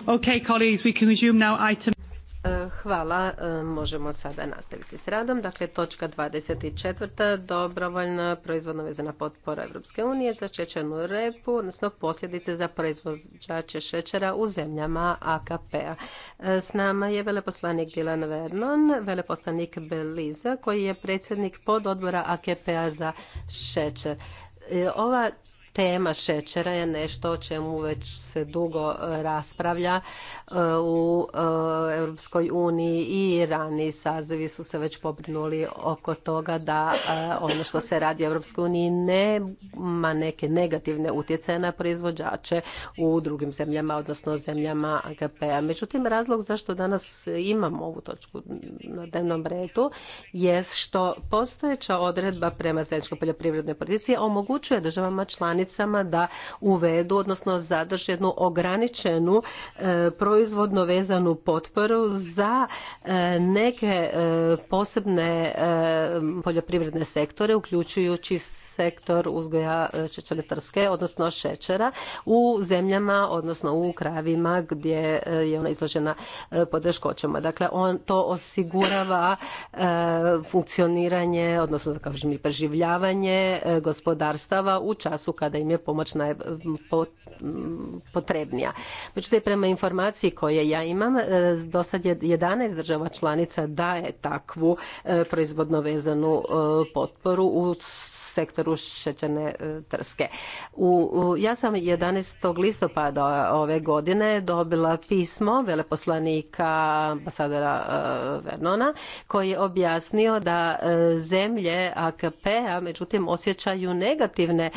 Okay, colleagues, we can resume now item. Hvala, e, možemo sada nastaviti s radom. Dakle, točka 24. Dobrovoljna proizvodno vezana potpora Europske unije za šećernu repu, odnosno posljedice za proizvođače šećera u zemljama AKP-a. E, s nama je veleposlanik Dilan Vernon, veleposlanik Beliza, koji je predsjednik pododbora AKP-a za šećer. E, ova tema šećera je nešto o čemu već se dugo e, raspravlja e, u e, Europskoj uniji i rani sazivi su se već pobrinuli oko toga da ono što se radi u Europskoj uniji nema neke negativne utjecaje na proizvođače u drugim zemljama, odnosno zemljama AKP-a. Međutim, razlog zašto danas imamo ovu točku na dnevnom redu je što postojeća odredba prema zajedničkoj poljoprivrednoj politici omogućuje državama članicama članicama da uvedu, odnosno zadrži jednu ograničenu e, proizvodno vezanu potporu za e, neke e, posebne poljoprivredne sektore, uključujući sektor uzgoja trske odnosno šećera u zemljama, odnosno u krajevima gdje je ona izložena poteškoćama. Dakle, on to osigurava funkcioniranje, odnosno da kažem i preživljavanje gospodarstava u času kada da im je pomoć najpotrebnija. Međutim, prema informaciji koje ja imam, e, do sad je 11 država članica daje takvu e, proizvodno vezanu e, potporu u sektoru šećerne e, trske. U, ja sam 11. listopada ove godine dobila pismo veleposlanika ambasadora e, Vernona koji je objasnio da e, zemlje AKP-a međutim osjećaju negativne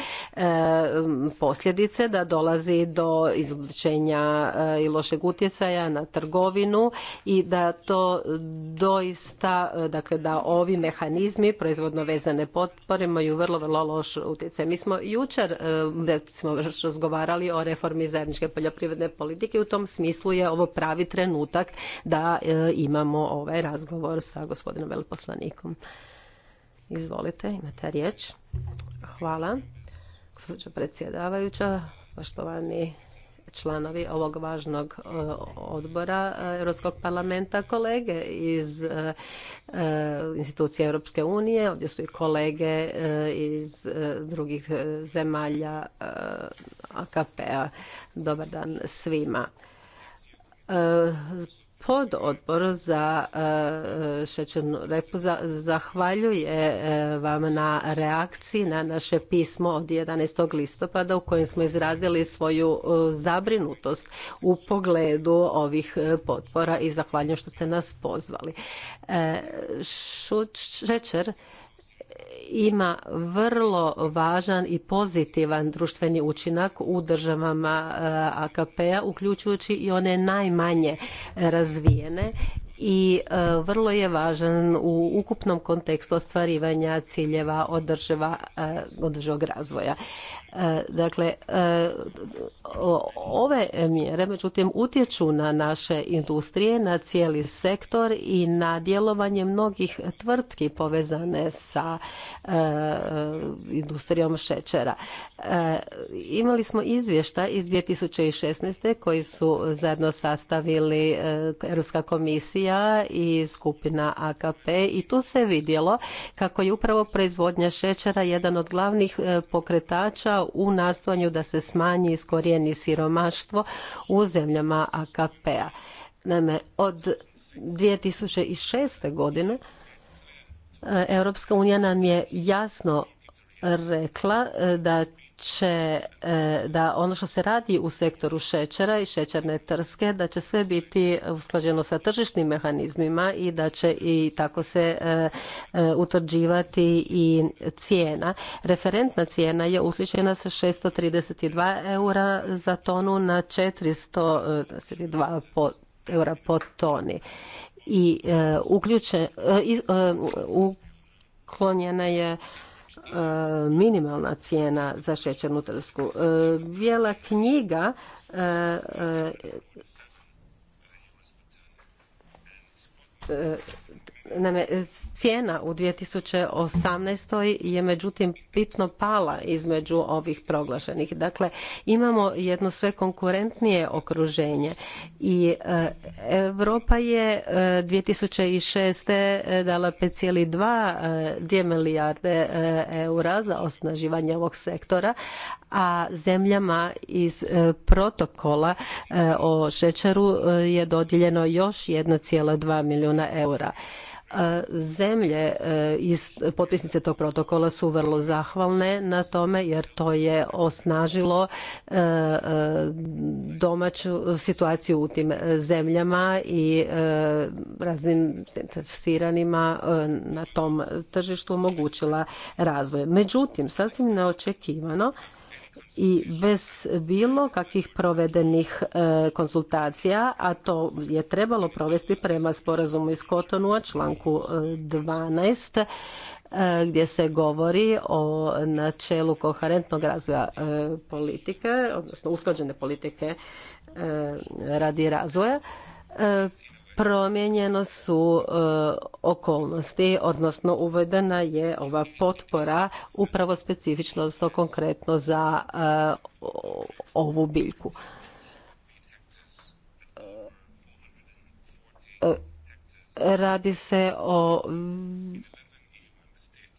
posljedice da dolazi do izlučenja i lošeg utjecaja na trgovinu i da to doista dakle da ovi mehanizmi proizvodno vezane potpore imaju vrlo vrlo, vrlo loš utjecaj. Mi smo jučer e, recimo razgovarali o reformi zajedničke poljoprivredne politike i u tom smislu je ovo pravi trenutak da e, imamo ovaj razgovor sa gospodinom veleposlanikom. Izvolite, imate riječ. Hvala. Gospođo predsjedavajuća, poštovani članovi ovog važnog e, odbora e, Europskog parlamenta, kolege iz e, institucije Europske unije, ovdje su i kolege iz drugih zemalja AKP-a. Dobar dan svima pododbor za eh, šećernu repu zahvaljuje eh, vam na reakciji na naše pismo od 11. listopada u kojem smo izrazili svoju eh, zabrinutost u pogledu ovih potpora i zahvaljujem što ste nas pozvali. Šećer ima vrlo važan i pozitivan društveni učinak u državama e, AKP-a, uključujući i one najmanje razvijene i e, vrlo je važan u ukupnom kontekstu ostvarivanja ciljeva e, održivog razvoja. E, dakle, e, ove mjere međutim utječu na naše industrije, na cijeli sektor i na djelovanje mnogih tvrtki povezane sa e, industrijom šećera. Imali smo izvješta iz 2016. koji su zajedno sastavili Europska komisija i skupina AKP i tu se vidjelo kako je upravo proizvodnja šećera jedan od glavnih pokretača u nastojanju da se smanji iskorijeni siromaštvo u zemljama AKP-a. Naime, od 2006. godine e, Europska unija nam je jasno rekla e, da će e, da ono što se radi u sektoru šećera i šećerne trske da će sve biti usklađeno sa tržišnim mehanizmima i da će i tako se e, e, utvrđivati i cijena. Referentna cijena je uključena sa 632 eura za tonu na četiristo po, eura po toni i uključe, uklonjena je E, minimalna cijena za šećernu trsku. E, bijela knjiga e, Naime, e, cijena u 2018. je međutim bitno pala između ovih proglašenih. Dakle, imamo jedno sve konkurentnije okruženje i Europa je 2006. E, e, dala 5,2 milijarde eura za osnaživanje ovog sektora, a zemljama iz protokola o šećeru je dodijeljeno još 1,2 milijuna eura Zemlje e, iz potpisnice tog protokola su vrlo zahvalne na tome jer to je osnažilo e, e, domaću situaciju u tim zemljama i raznim zainteresiranima na tom tržištu omogućila razvoj. Međutim, sasvim neočekivano i bez bilo kakvih provedenih e, konsultacija, a to je trebalo provesti prema sporazumu iz Kotonua članku 12 e, e, gdje se govori o načelu koherentnog razvoja politike, odnosno usklađene politike radi razvoja promijenjeno su e, okolnosti, odnosno uvedena je ova potpora upravo specifično, konkretno za e, ovu biljku. E, radi se o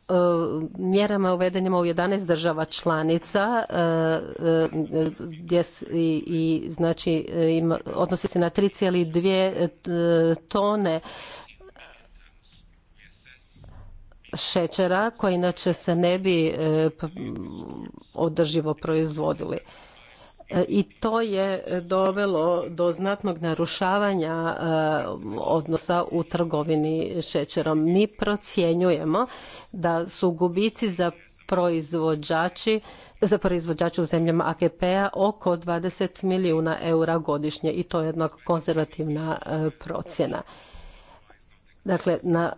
E, mjerama uvedenima u 11 država članica e, e, gdje i, znači ima, odnosi se na 3,2 tone šećera koji inače se ne bi održivo proizvodili. E, i to je dovelo do znatnog narušavanja e, odnosa u trgovini šećerom. Mi procjenjujemo da su gubici za proizvođači za proizvođače u zemljama AKP-a oko 20 milijuna eura godišnje i to je jedna konzervativna e, procjena. Dakle, na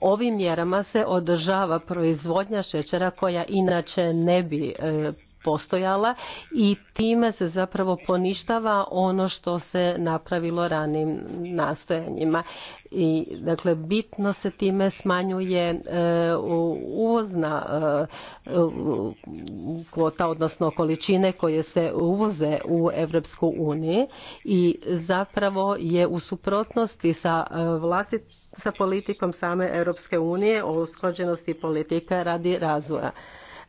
ovim mjerama se održava proizvodnja šećera koja inače ne bi postojala i time se zapravo poništava ono što se napravilo ranim nastojanjima. I, dakle, bitno se time smanjuje e, uvozna e, kvota, odnosno količine koje se uvoze u Europsku uniju i zapravo je u suprotnosti sa e, vlastitim sa politikom same Europske unije o usklađenosti politika radi razvoja.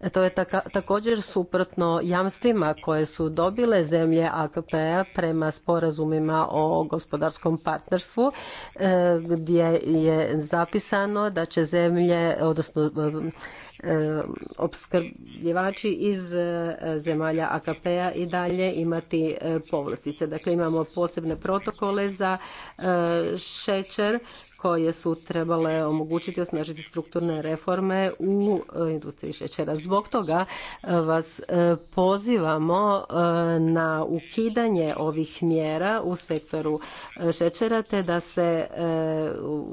E, to je također suprotno jamstvima koje su dobile zemlje AKP-a prema sporazumima o gospodarskom partnerstvu e, gdje je zapisano da će zemlje, odnosno e, opskrbljivači iz zemalja AKP-a i dalje imati povlastice. Dakle, imamo posebne protokole za šećer koje su trebale omogućiti osnažiti strukturne reforme u e, industriji šećera. Zbog toga e, vas e, pozivamo na ukidanje ovih mjera u sektoru šećera te da se u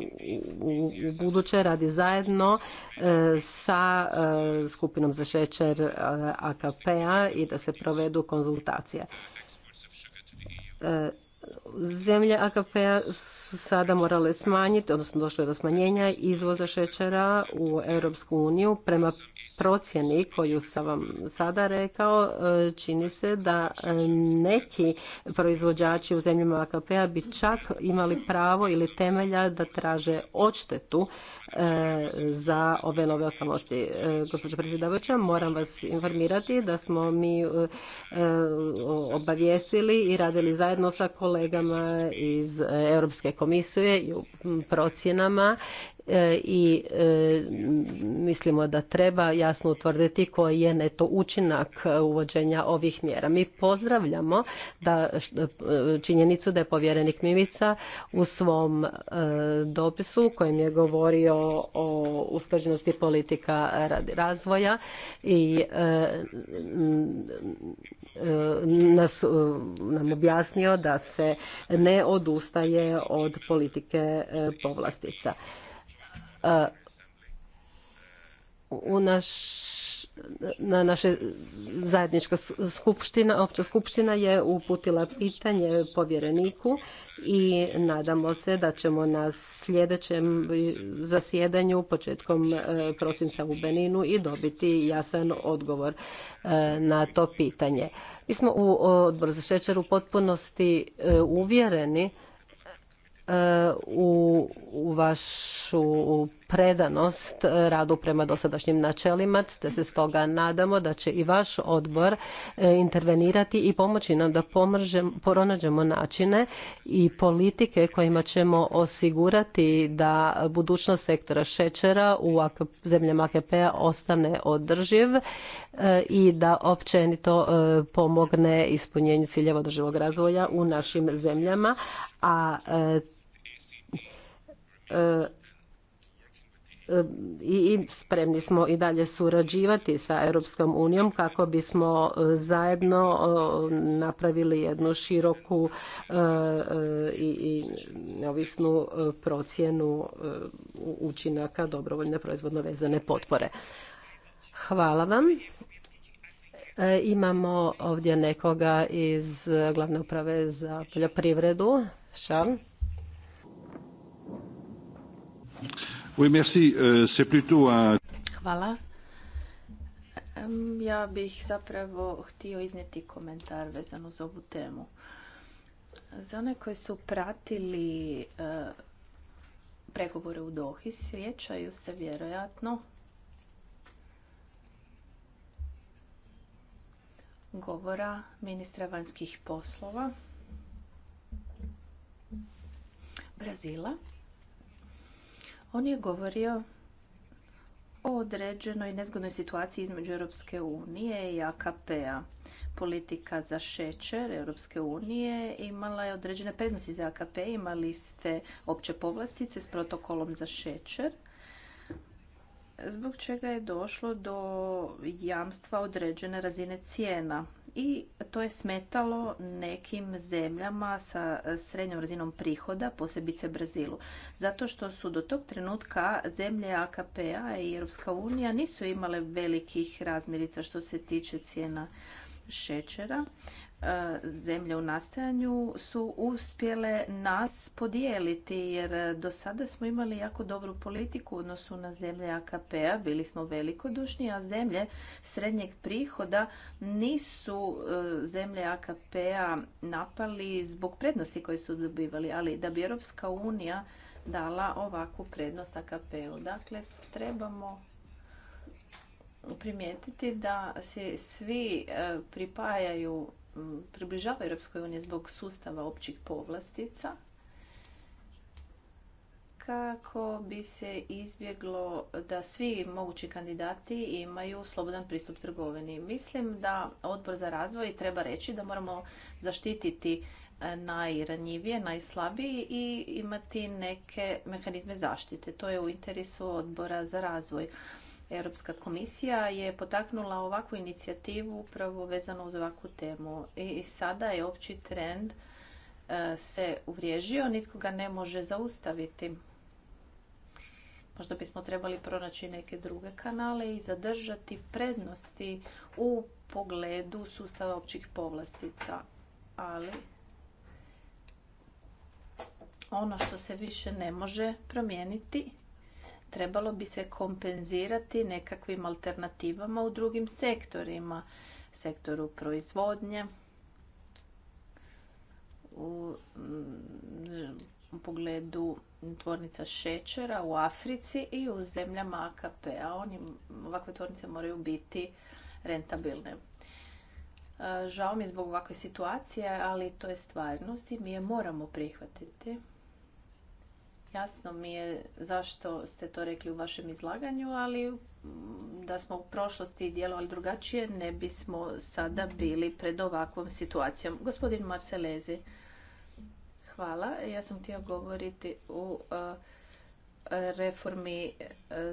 buduće radi zajedno sa skupinom za šećer AKP-a i da se provedu konzultacije Zemlje AKP-a su sada morale smanjiti, odnosno došlo je do smanjenja izvoza šećera u Europsku uniju prema procjeni koju sam vam sada rekao, e, čini se da e, neki proizvođači u zemljama AKP-a bi čak imali pravo ili temelja da traže odštetu e, za ove nove okolnosti. Gospođo predsjedavajuća, moram vas informirati da smo mi obavijestili i radili zajedno sa kolegama iz Europske komisije i u procjenama E, i e, mislimo da treba jasno utvrditi koji je neto učinak e, uvođenja ovih mjera. Mi pozdravljamo da činjenicu da je povjerenik Mimica u svom dopisu kojem je govorio o usklađenosti politika razvoja i nas, nam objasnio da se ne odustaje od politike povlastica u naš na naše zajednička skupština, opća skupština je uputila pitanje povjereniku i nadamo se da ćemo na sljedećem zasjedanju početkom e, prosinca u Beninu i dobiti jasan odgovor e, na to pitanje. Mi smo u odboru za šećer u potpunosti e, uvjereni u, vašu predanost e, radu prema dosadašnjim načelima, te se stoga nadamo da će i vaš odbor e, intervenirati i pomoći nam da pronađemo načine i politike kojima ćemo osigurati da budućnost sektora šećera u zemljama AKP-a ostane održiv e, i da općenito pomogne ispunjenju ciljeva održivog razvoja u našim zemljama, a E, i spremni smo i dalje surađivati sa Europskom unijom kako bismo e, zajedno e, napravili jednu široku i neovisnu procjenu učinaka dobrovoljne proizvodno vezane potpore. Hvala vam. Imamo ovdje nekoga iz glavne uprave za poljoprivredu merci. Euh, Hvala. Ja bih zapravo htio iznijeti komentar vezano uz ovu temu. Za one koji su pratili e, pregovore u Dohi, sjećaju se vjerojatno govora ministra vanjskih poslova Brazila on je govorio o određenoj nezgodnoj situaciji između Europske unije i AKP-a. Politika za šećer Europske unije imala je određene prednosti za AKP, imali ste opće povlastice s protokolom za šećer, zbog čega je došlo do jamstva određene razine cijena i to je smetalo nekim zemljama sa srednjom razinom prihoda, posebice Brazilu, zato što su do tog trenutka zemlje AKP-a i Europska unija nisu imale velikih razmirica što se tiče cijena šećera E, zemlje u nastajanju su uspjele nas podijeliti jer e, do sada smo imali jako dobru politiku u odnosu na zemlje AKP-a, bili smo velikodušni, a zemlje srednjeg prihoda nisu e, zemlje AKP-a napali zbog prednosti koje su dobivali, ali da bi Europska unija dala ovakvu prednost AKP-u. Dakle, trebamo primijetiti da se svi pripajaju približava Europskoj uniji zbog sustava općih povlastica kako bi se izbjeglo da svi mogući kandidati imaju slobodan pristup trgovini. Mislim da odbor za razvoj treba reći da moramo zaštititi e, najranjivije, najslabije i imati neke mehanizme zaštite. To je u interesu odbora za razvoj. Europska komisija je potaknula ovakvu inicijativu upravo vezano uz ovakvu temu. I sada je opći trend e, se uvriježio, nitko ga ne može zaustaviti. Možda bismo trebali pronaći neke druge kanale i zadržati prednosti u pogledu sustava općih povlastica. Ali ono što se više ne može promijeniti trebalo bi se kompenzirati nekakvim alternativama u drugim sektorima, sektoru proizvodnje, u mm, pogledu tvornica šećera u Africi i u zemljama AKP-a. Ovakve tvornice moraju biti rentabilne. E, žao mi je zbog ovakve situacije, ali to je stvarnost i mi je moramo prihvatiti. Jasno mi je zašto ste to rekli u vašem izlaganju, ali mm, da smo u prošlosti djelovali drugačije, ne bismo sada bili pred ovakvom situacijom. Gospodin Marcelezi, hvala. Ja sam htio govoriti u reformi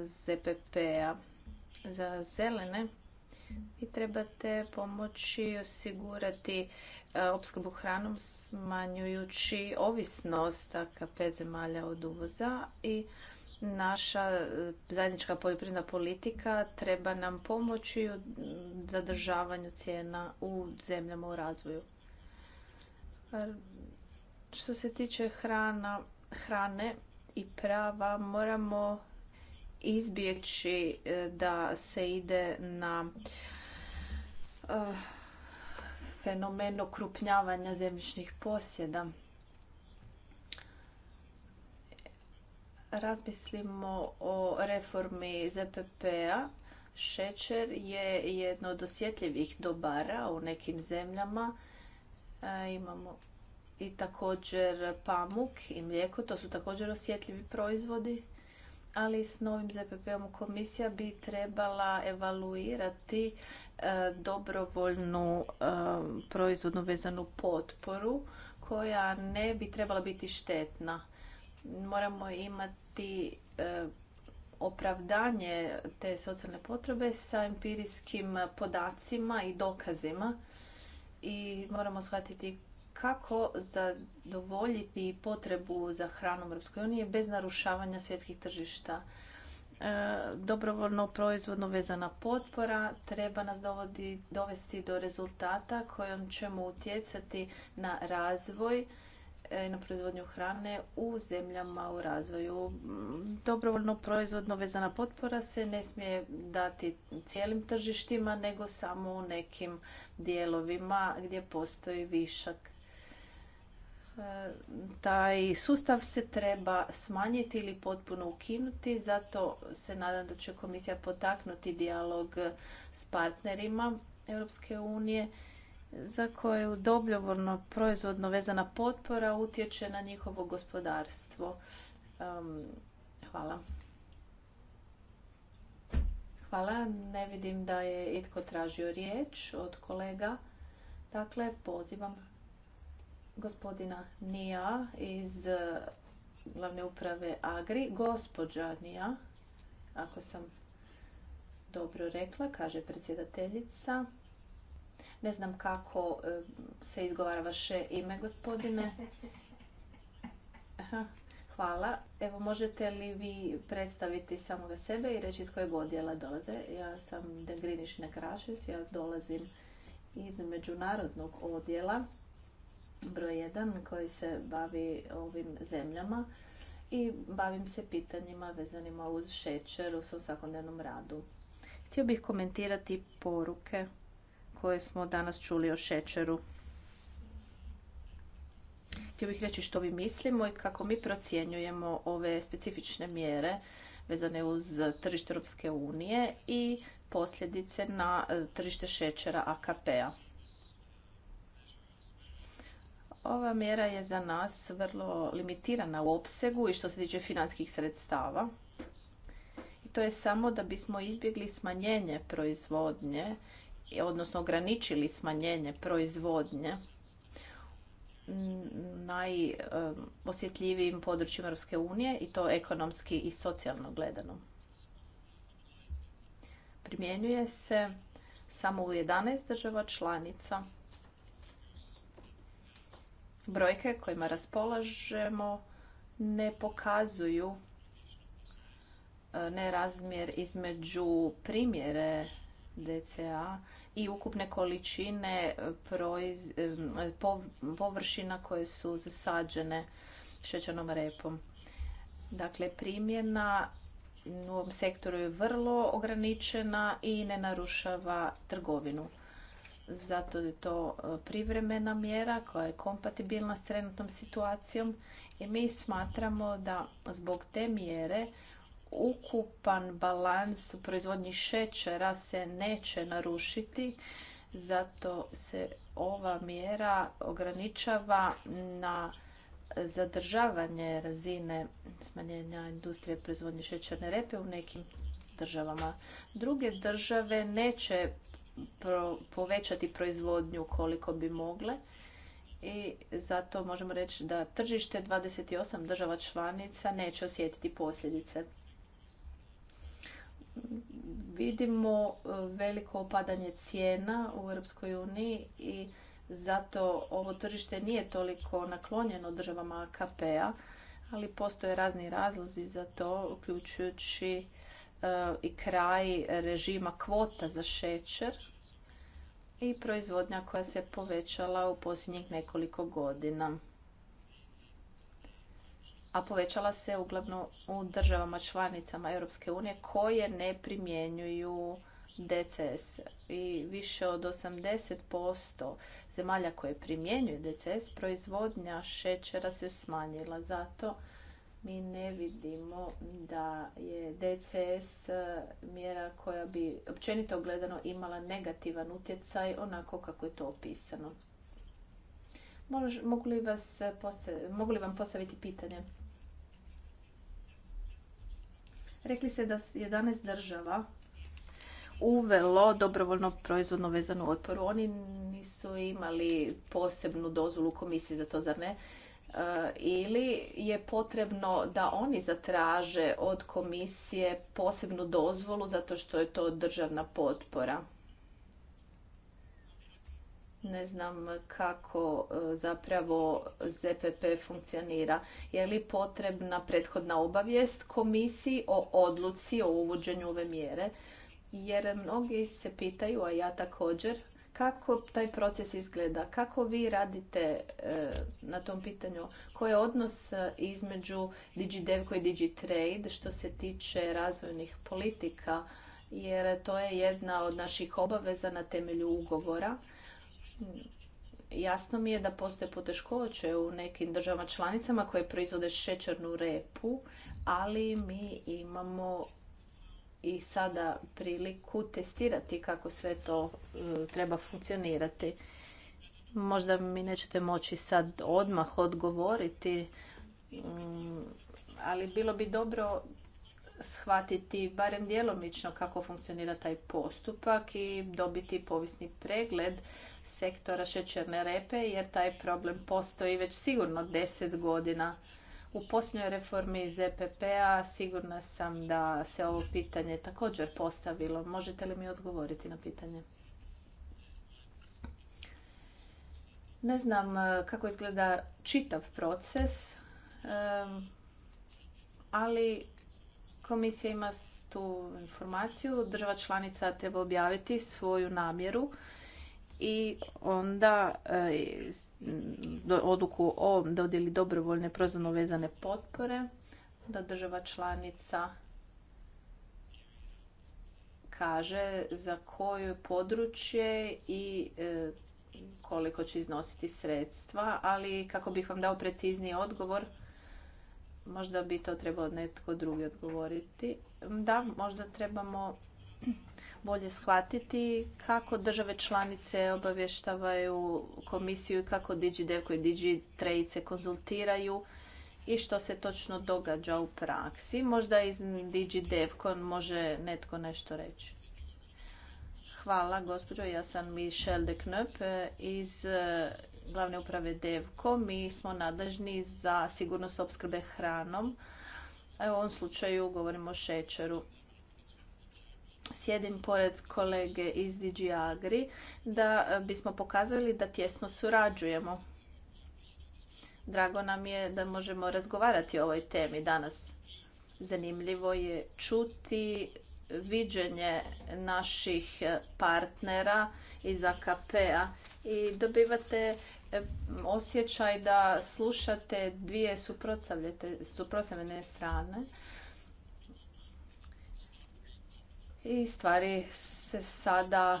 ZPP-a za zelene. Vi trebate pomoći osigurati opskrbu hranom smanjujući ovisnost AKP zemalja od uvoza i naša zajednička poljoprivredna politika treba nam pomoći u zadržavanju cijena u zemljama u razvoju. Što se tiče hrana, hrane i prava, moramo izbjeći eh, da se ide na eh, fenomen okrupnjavanja zemljišnih posjeda. Razmislimo o reformi ZPP-a. Šećer je jedno od osjetljivih dobara u nekim zemljama. E, imamo i također pamuk i mlijeko, to su također osjetljivi proizvodi ali s novim ZPP-om komisija bi trebala evaluirati e, dobrovoljnu e, proizvodnu vezanu potporu koja ne bi trebala biti štetna. Moramo imati e, opravdanje te socijalne potrebe sa empirijskim podacima i dokazima i moramo shvatiti kako zadovoljiti potrebu za hranom EU bez narušavanja svjetskih tržišta. E, dobrovoljno proizvodno vezana potpora treba nas dovesti do rezultata kojom ćemo utjecati na razvoj e, na proizvodnju hrane u zemljama u razvoju. Mm, dobrovoljno proizvodno vezana potpora se ne smije dati cijelim tržištima, nego samo u nekim dijelovima gdje postoji višak taj sustav se treba smanjiti ili potpuno ukinuti, zato se nadam da će komisija potaknuti dijalog s partnerima Europske unije za koju dobrovoljno proizvodno vezana potpora utječe na njihovo gospodarstvo. hvala. Hvala. Ne vidim da je itko tražio riječ od kolega. Dakle, pozivam gospodina Nija iz eh, glavne uprave Agri, gospođa Nija, ako sam dobro rekla, kaže predsjedateljica. Ne znam kako eh, se izgovara vaše ime, gospodine. Hvala. Evo, možete li vi predstaviti samoga sebe i reći iz kojeg odjela dolaze? Ja sam Degriniš Nekrašić, ja dolazim iz međunarodnog odjela broj jedan koji se bavi ovim zemljama i bavim se pitanjima vezanima uz šećer u svom svakodnevnom radu. Htio bih komentirati poruke koje smo danas čuli o šećeru. Htio bih reći što mi mislimo i kako mi procjenjujemo ove specifične mjere vezane uz tržište Europske unije i posljedice na e, tržište šećera AKP-a. Ova mjera je za nas vrlo limitirana u opsegu i što se tiče finanskih sredstava. I to je samo da bismo izbjegli smanjenje proizvodnje, odnosno ograničili smanjenje proizvodnje najosjetljivijim područjima Europske unije i to ekonomski i socijalno gledano. Primjenjuje se samo u 11 država članica brojke kojima raspolažemo ne pokazuju e, nerazmjer između primjere DCA i ukupne količine e, e, površina koje su zasađene šećernom repom. Dakle, primjena u ovom sektoru je vrlo ograničena i ne narušava trgovinu zato je to e, privremena mjera koja je kompatibilna s trenutnom situacijom i mi smatramo da zbog te mjere ukupan balans u proizvodnji šećera se neće narušiti zato se ova mjera ograničava na zadržavanje razine smanjenja industrije proizvodnje šećerne repe u nekim državama. Druge države neće povećati proizvodnju koliko bi mogle i zato možemo reći da tržište 28 država članica neće osjetiti posljedice. Vidimo e, veliko opadanje cijena u Europskoj uniji i zato ovo tržište nije toliko naklonjeno državama AKP-a, ali postoje razni razlozi za to, uključujući E, i kraj režima kvota za šećer i proizvodnja koja se povećala u posljednjih nekoliko godina. A povećala se uglavnom u državama članicama Europske unije koje ne primjenjuju DCS i više od 80% zemalja koje primjenjuju DCS proizvodnja šećera se smanjila. Zato mi ne vidimo da je DCS eh, mjera koja bi općenito gledano imala negativan utjecaj onako kako je to opisano. Eh, mogu li, vam postaviti pitanje? Rekli ste da 11 država uvelo dobrovoljno proizvodno vezanu otporu. Oni nisu imali posebnu dozvolu komisije za to, zar ne? E, ili je potrebno da oni zatraže od komisije posebnu dozvolu zato što je to državna potpora. Ne znam kako e, zapravo ZPP funkcionira. Je li potrebna prethodna obavijest komisiji o odluci o uvođenju ove mjere? Jer mnogi se pitaju, a ja također, kako taj proces izgleda, kako vi radite e, na tom pitanju, koji je odnos e, između DigiDevko i DigiTrade što se tiče razvojnih politika, jer to je jedna od naših obaveza na temelju ugovora. Jasno mi je da postoje poteškoće u nekim državama članicama koje proizvode šećernu repu, ali mi imamo i sada priliku testirati kako sve to e, treba funkcionirati. Možda mi nećete moći sad odmah odgovoriti, mm, ali bilo bi dobro shvatiti barem djelomično kako funkcionira taj postupak i dobiti povisni pregled sektora šećerne repe jer taj problem postoji već sigurno 10 godina u posljednjoj reformi ZPP-a e sigurna sam da se ovo pitanje također postavilo. Možete li mi odgovoriti na pitanje? Ne znam e, kako izgleda čitav proces, e, ali komisija ima tu informaciju. Država članica treba objaviti svoju namjeru i onda e, odluku o dodjeli dobrovoljne prozorno vezane potpore da država članica kaže za koje područje i e, koliko će iznositi sredstva, ali kako bih vam dao precizniji odgovor, možda bi to trebao netko drugi odgovoriti. Da, možda trebamo bolje shvatiti kako države članice obavještavaju komisiju i kako DigiDevko i DigiTrade se konzultiraju i što se točno događa u praksi. Možda iz DigiDevko može netko nešto reći. Hvala gospođo, ja sam Michelle de e, iz e, glavne uprave Devko. Mi smo nadležni za sigurnost opskrbe hranom. U ovom slučaju govorimo o šećeru sjedim pored kolege iz DG Agri, da e, bismo pokazali da tjesno surađujemo. Drago nam je da možemo razgovarati o ovoj temi danas. Zanimljivo je čuti viđenje naših e, partnera iz AKP-a i dobivate e, osjećaj da slušate dvije suprotstavljene strane i stvari se sada e,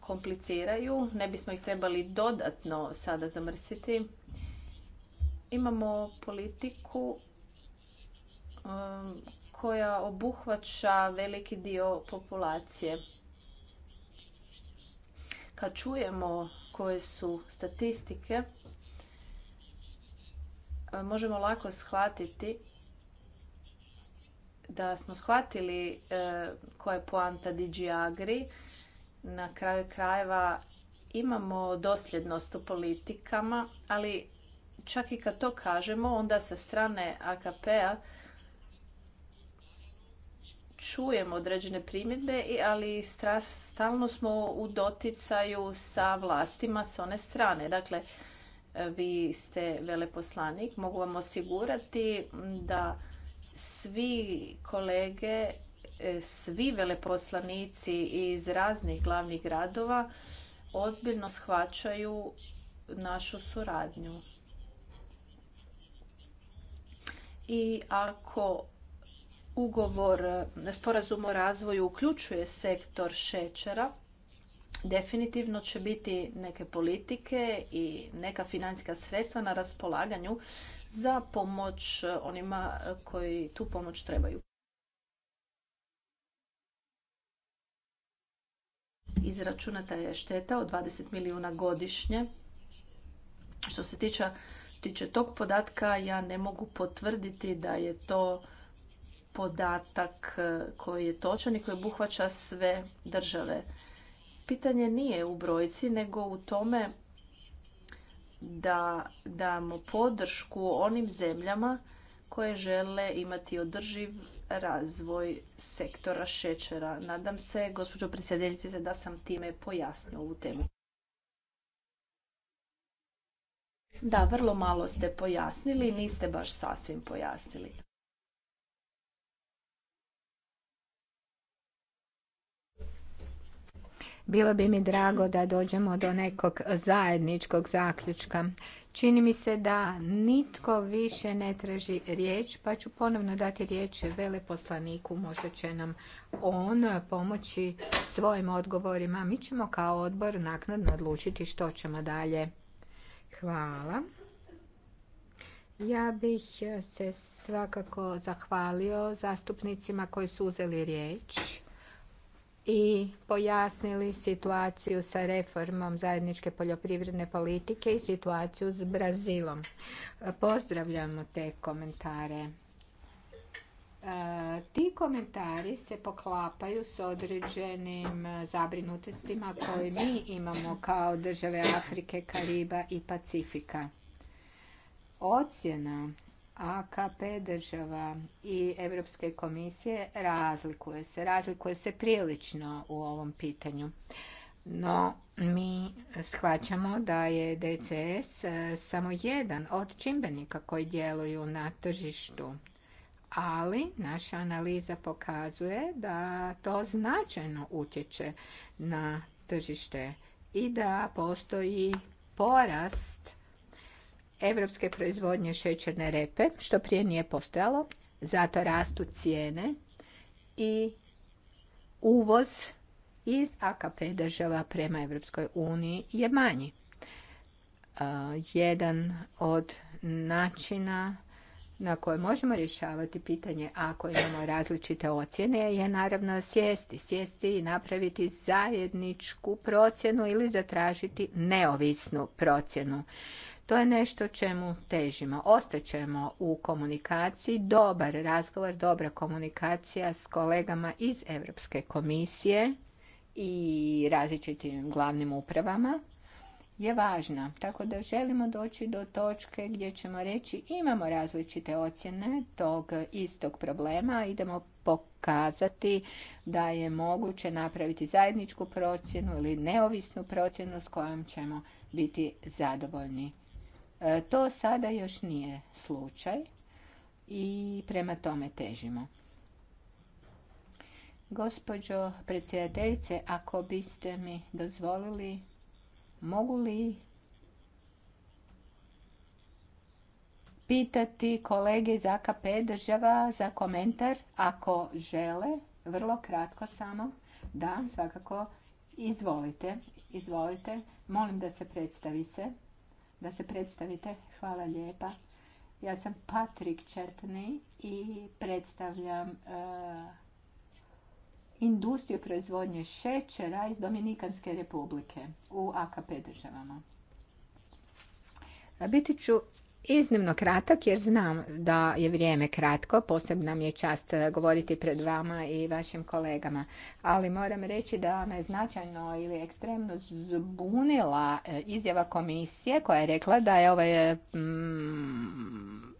kompliciraju. Ne bismo ih trebali dodatno sada zamrsiti. Imamo politiku e, koja obuhvaća veliki dio populacije. Kad čujemo koje su statistike, e, možemo lako shvatiti da smo shvatili e, koja je poanta Digi Agri. Na kraju krajeva imamo dosljednost u politikama, ali čak i kad to kažemo, onda sa strane AKP-a čujemo određene primjedbe, ali stalno smo u doticaju sa vlastima s one strane. Dakle, e, vi ste veleposlanik, mogu vam osigurati da svi kolege, e, svi veleposlanici iz raznih glavnih gradova ozbiljno shvaćaju našu suradnju. I ako ugovor, sporazum o razvoju uključuje sektor šećera, definitivno će biti neke politike i neka financijska sredstva na raspolaganju za pomoć e, onima e, koji tu pomoć trebaju. Izračunata je šteta od 20 milijuna godišnje. Što se tiče, tiče tog podatka, ja ne mogu potvrditi da je to podatak e, koji je točan i koji obuhvaća sve države. Pitanje nije u brojci, nego u tome da damo podršku onim zemljama koje žele imati održiv razvoj sektora šećera. Nadam se, gospođo predsjedeljice, da sam time pojasnila ovu temu. Da, vrlo malo ste pojasnili, niste baš sasvim pojasnili. Bilo bi mi drago da dođemo do nekog zajedničkog zaključka. Čini mi se da nitko više ne traži riječ, pa ću ponovno dati riječ veleposlaniku. Možda će nam on pomoći svojim odgovorima. Mi ćemo kao odbor naknadno odlučiti što ćemo dalje. Hvala. Ja bih se svakako zahvalio zastupnicima koji su uzeli riječ i pojasnili situaciju sa reformom zajedničke poljoprivredne politike i situaciju s Brazilom. Pozdravljamo te komentare. E, ti komentari se poklapaju s određenim zabrinutostima koje mi imamo kao države Afrike, Kariba i Pacifika. Ocjena AKP država i Europske komisije razlikuje se. Razlikuje se prilično u ovom pitanju. No, mi shvaćamo da je DCS e, samo jedan od čimbenika koji djeluju na tržištu. Ali naša analiza pokazuje da to značajno utječe na tržište i da postoji porast Europske proizvodnje šećerne repe, što prije nije postojalo. Zato rastu cijene i uvoz iz AKP država prema Europskoj uniji je manji. Jedan od načina na koje možemo rješavati pitanje ako imamo različite ocjene je naravno sjesti. Sjesti i napraviti zajedničku procjenu ili zatražiti neovisnu procjenu. To je nešto čemu težimo. Ostaćemo u komunikaciji. Dobar razgovor, dobra komunikacija s kolegama iz Europske komisije i različitim glavnim upravama je važna. Tako da želimo doći do točke gdje ćemo reći imamo različite ocjene tog istog problema, idemo pokazati da je moguće napraviti zajedničku procjenu ili neovisnu procjenu s kojom ćemo biti zadovoljni. E, to sada još nije slučaj i prema tome težimo. Gospođo predsjedateljice, ako biste mi dozvolili, mogu li pitati kolege iz AKP država za komentar ako žele, vrlo kratko samo. Da, svakako, izvolite, izvolite, molim da se predstavi se da se predstavite. Hvala lijepa. Ja sam Patrik Čertni i predstavljam e, industriju proizvodnje šećera iz Dominikanske republike u AKP državama. Biti ću iznimno kratak jer znam da je vrijeme kratko. posebno mi je čast eh, govoriti pred vama i vašim kolegama. Ali moram reći da me značajno ili ekstremno zbunila eh, izjava komisije koja je rekla da je ovaj eh, mm,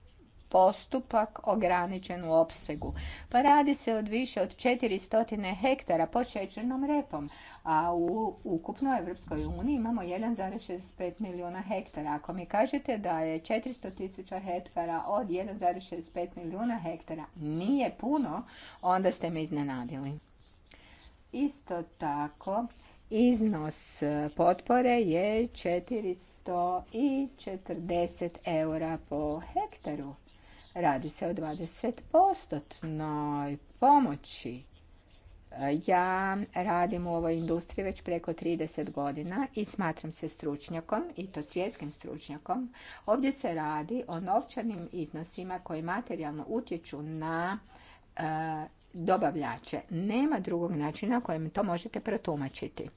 postupak ograničen u opsegu. Pa radi se od više od 400 hektara pod šećernom repom, a u ukupnoj Evropskoj uniji imamo 1,65 milijuna hektara. Ako mi kažete da je 400 tisuća hektara od 1,65 milijuna hektara nije puno, onda ste me iznenadili. Isto tako, iznos e, potpore je 440 eura po hektaru. Radi se o 20% pomoći. Ja radim u ovoj industriji već preko 30 godina i smatram se stručnjakom i to svjetskim stručnjakom. Ovdje se radi o novčanim iznosima koji materijalno utječu na e, dobavljače. Nema drugog načina kojem to možete protumačiti.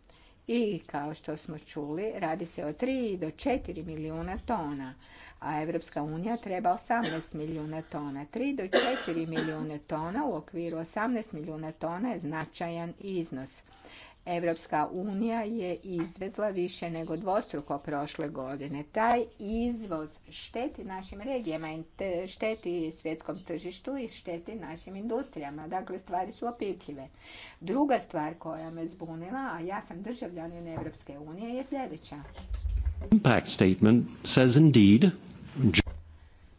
I kao što smo čuli, radi se o 3 do 4 milijuna tona a Evropska unija treba 18 milijuna tona. 3 do 4 milijune tona u okviru 18 milijuna tona je značajan iznos. Evropska unija je izvezla više nego dvostruko prošle godine. Taj izvoz šteti našim regijama, šteti svjetskom tržištu i šteti našim industrijama. Dakle, stvari su opipljive. Druga stvar koja me zbunila, a ja sam državljanin Evropske unije, je sljedeća.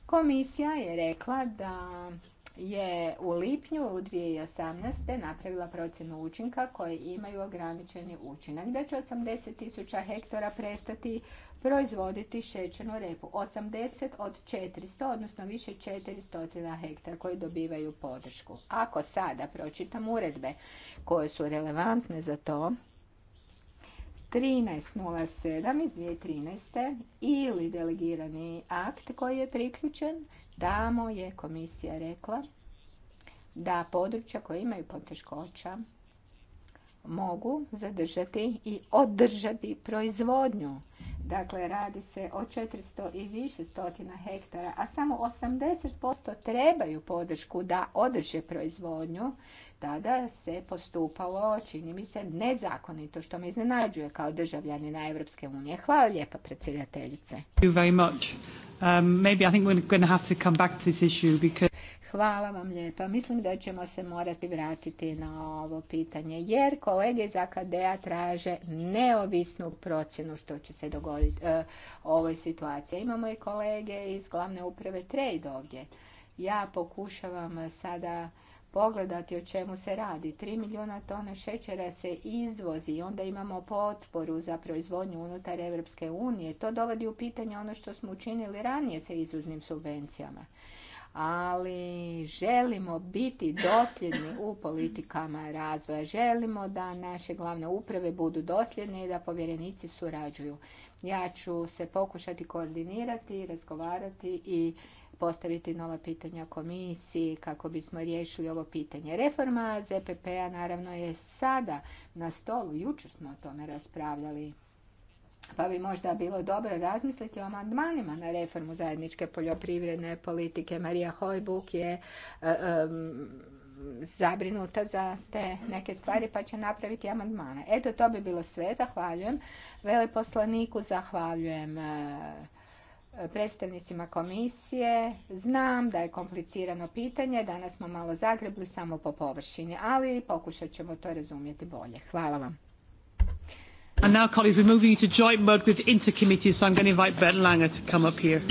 Komisija je rekla da je u lipnju 2018. napravila procjenu učinka koje imaju ograničeni učinak, da će 80 tisuća hektara prestati proizvoditi šećernu repu. 80 od 400, odnosno više 400 hektara koji dobivaju podršku. Ako sada pročitam uredbe koje su relevantne za to, 1307 iz 2013. ili delegirani akt koji je priključen, tamo je komisija rekla da područja koje imaju poteškoća mogu zadržati i održati proizvodnju Dakle, radi se o 400 i više stotina hektara, a samo 80% trebaju podršku da održe proizvodnju. Tada se postupalo, čini mi se, nezakonito, što me iznenađuje kao državljanina Evropske unije. Hvala lijepa, predsjedateljice. Hvala vam lijepa. Mislim da ćemo se morati vratiti na ovo pitanje jer kolege iz AKD-a traže neovisnu procjenu što će se dogoditi e, u ovoj situaciji. Imamo i kolege iz glavne uprave Trade ovdje. Ja pokušavam sada pogledati o čemu se radi. 3 milijuna tona šećera se izvozi i onda imamo potporu za proizvodnju unutar EU. unije. To dovodi u pitanje ono što smo učinili ranije sa izvoznim subvencijama ali želimo biti dosljedni u politikama razvoja. Želimo da naše glavne uprave budu dosljedne i da povjerenici surađuju. Ja ću se pokušati koordinirati, razgovarati i postaviti nova pitanja komisiji kako bismo riješili ovo pitanje. Reforma ZPP-a naravno je sada na stolu, jučer smo o tome raspravljali pa bi možda bilo dobro razmisliti o amandmanima na reformu zajedničke poljoprivredne politike. Marija Hojbuk je e, e, zabrinuta za te neke stvari pa će napraviti amandmane. Eto, to bi bilo sve. Zahvaljujem veleposlaniku, zahvaljujem e, predstavnicima komisije. Znam da je komplicirano pitanje, danas smo malo zagrebli samo po površini, ali pokušat ćemo to razumjeti bolje. Hvala vam. And now, colleagues, we're moving to joint mode with Intercommittee, so I'm going to invite Bert Langer to come up here.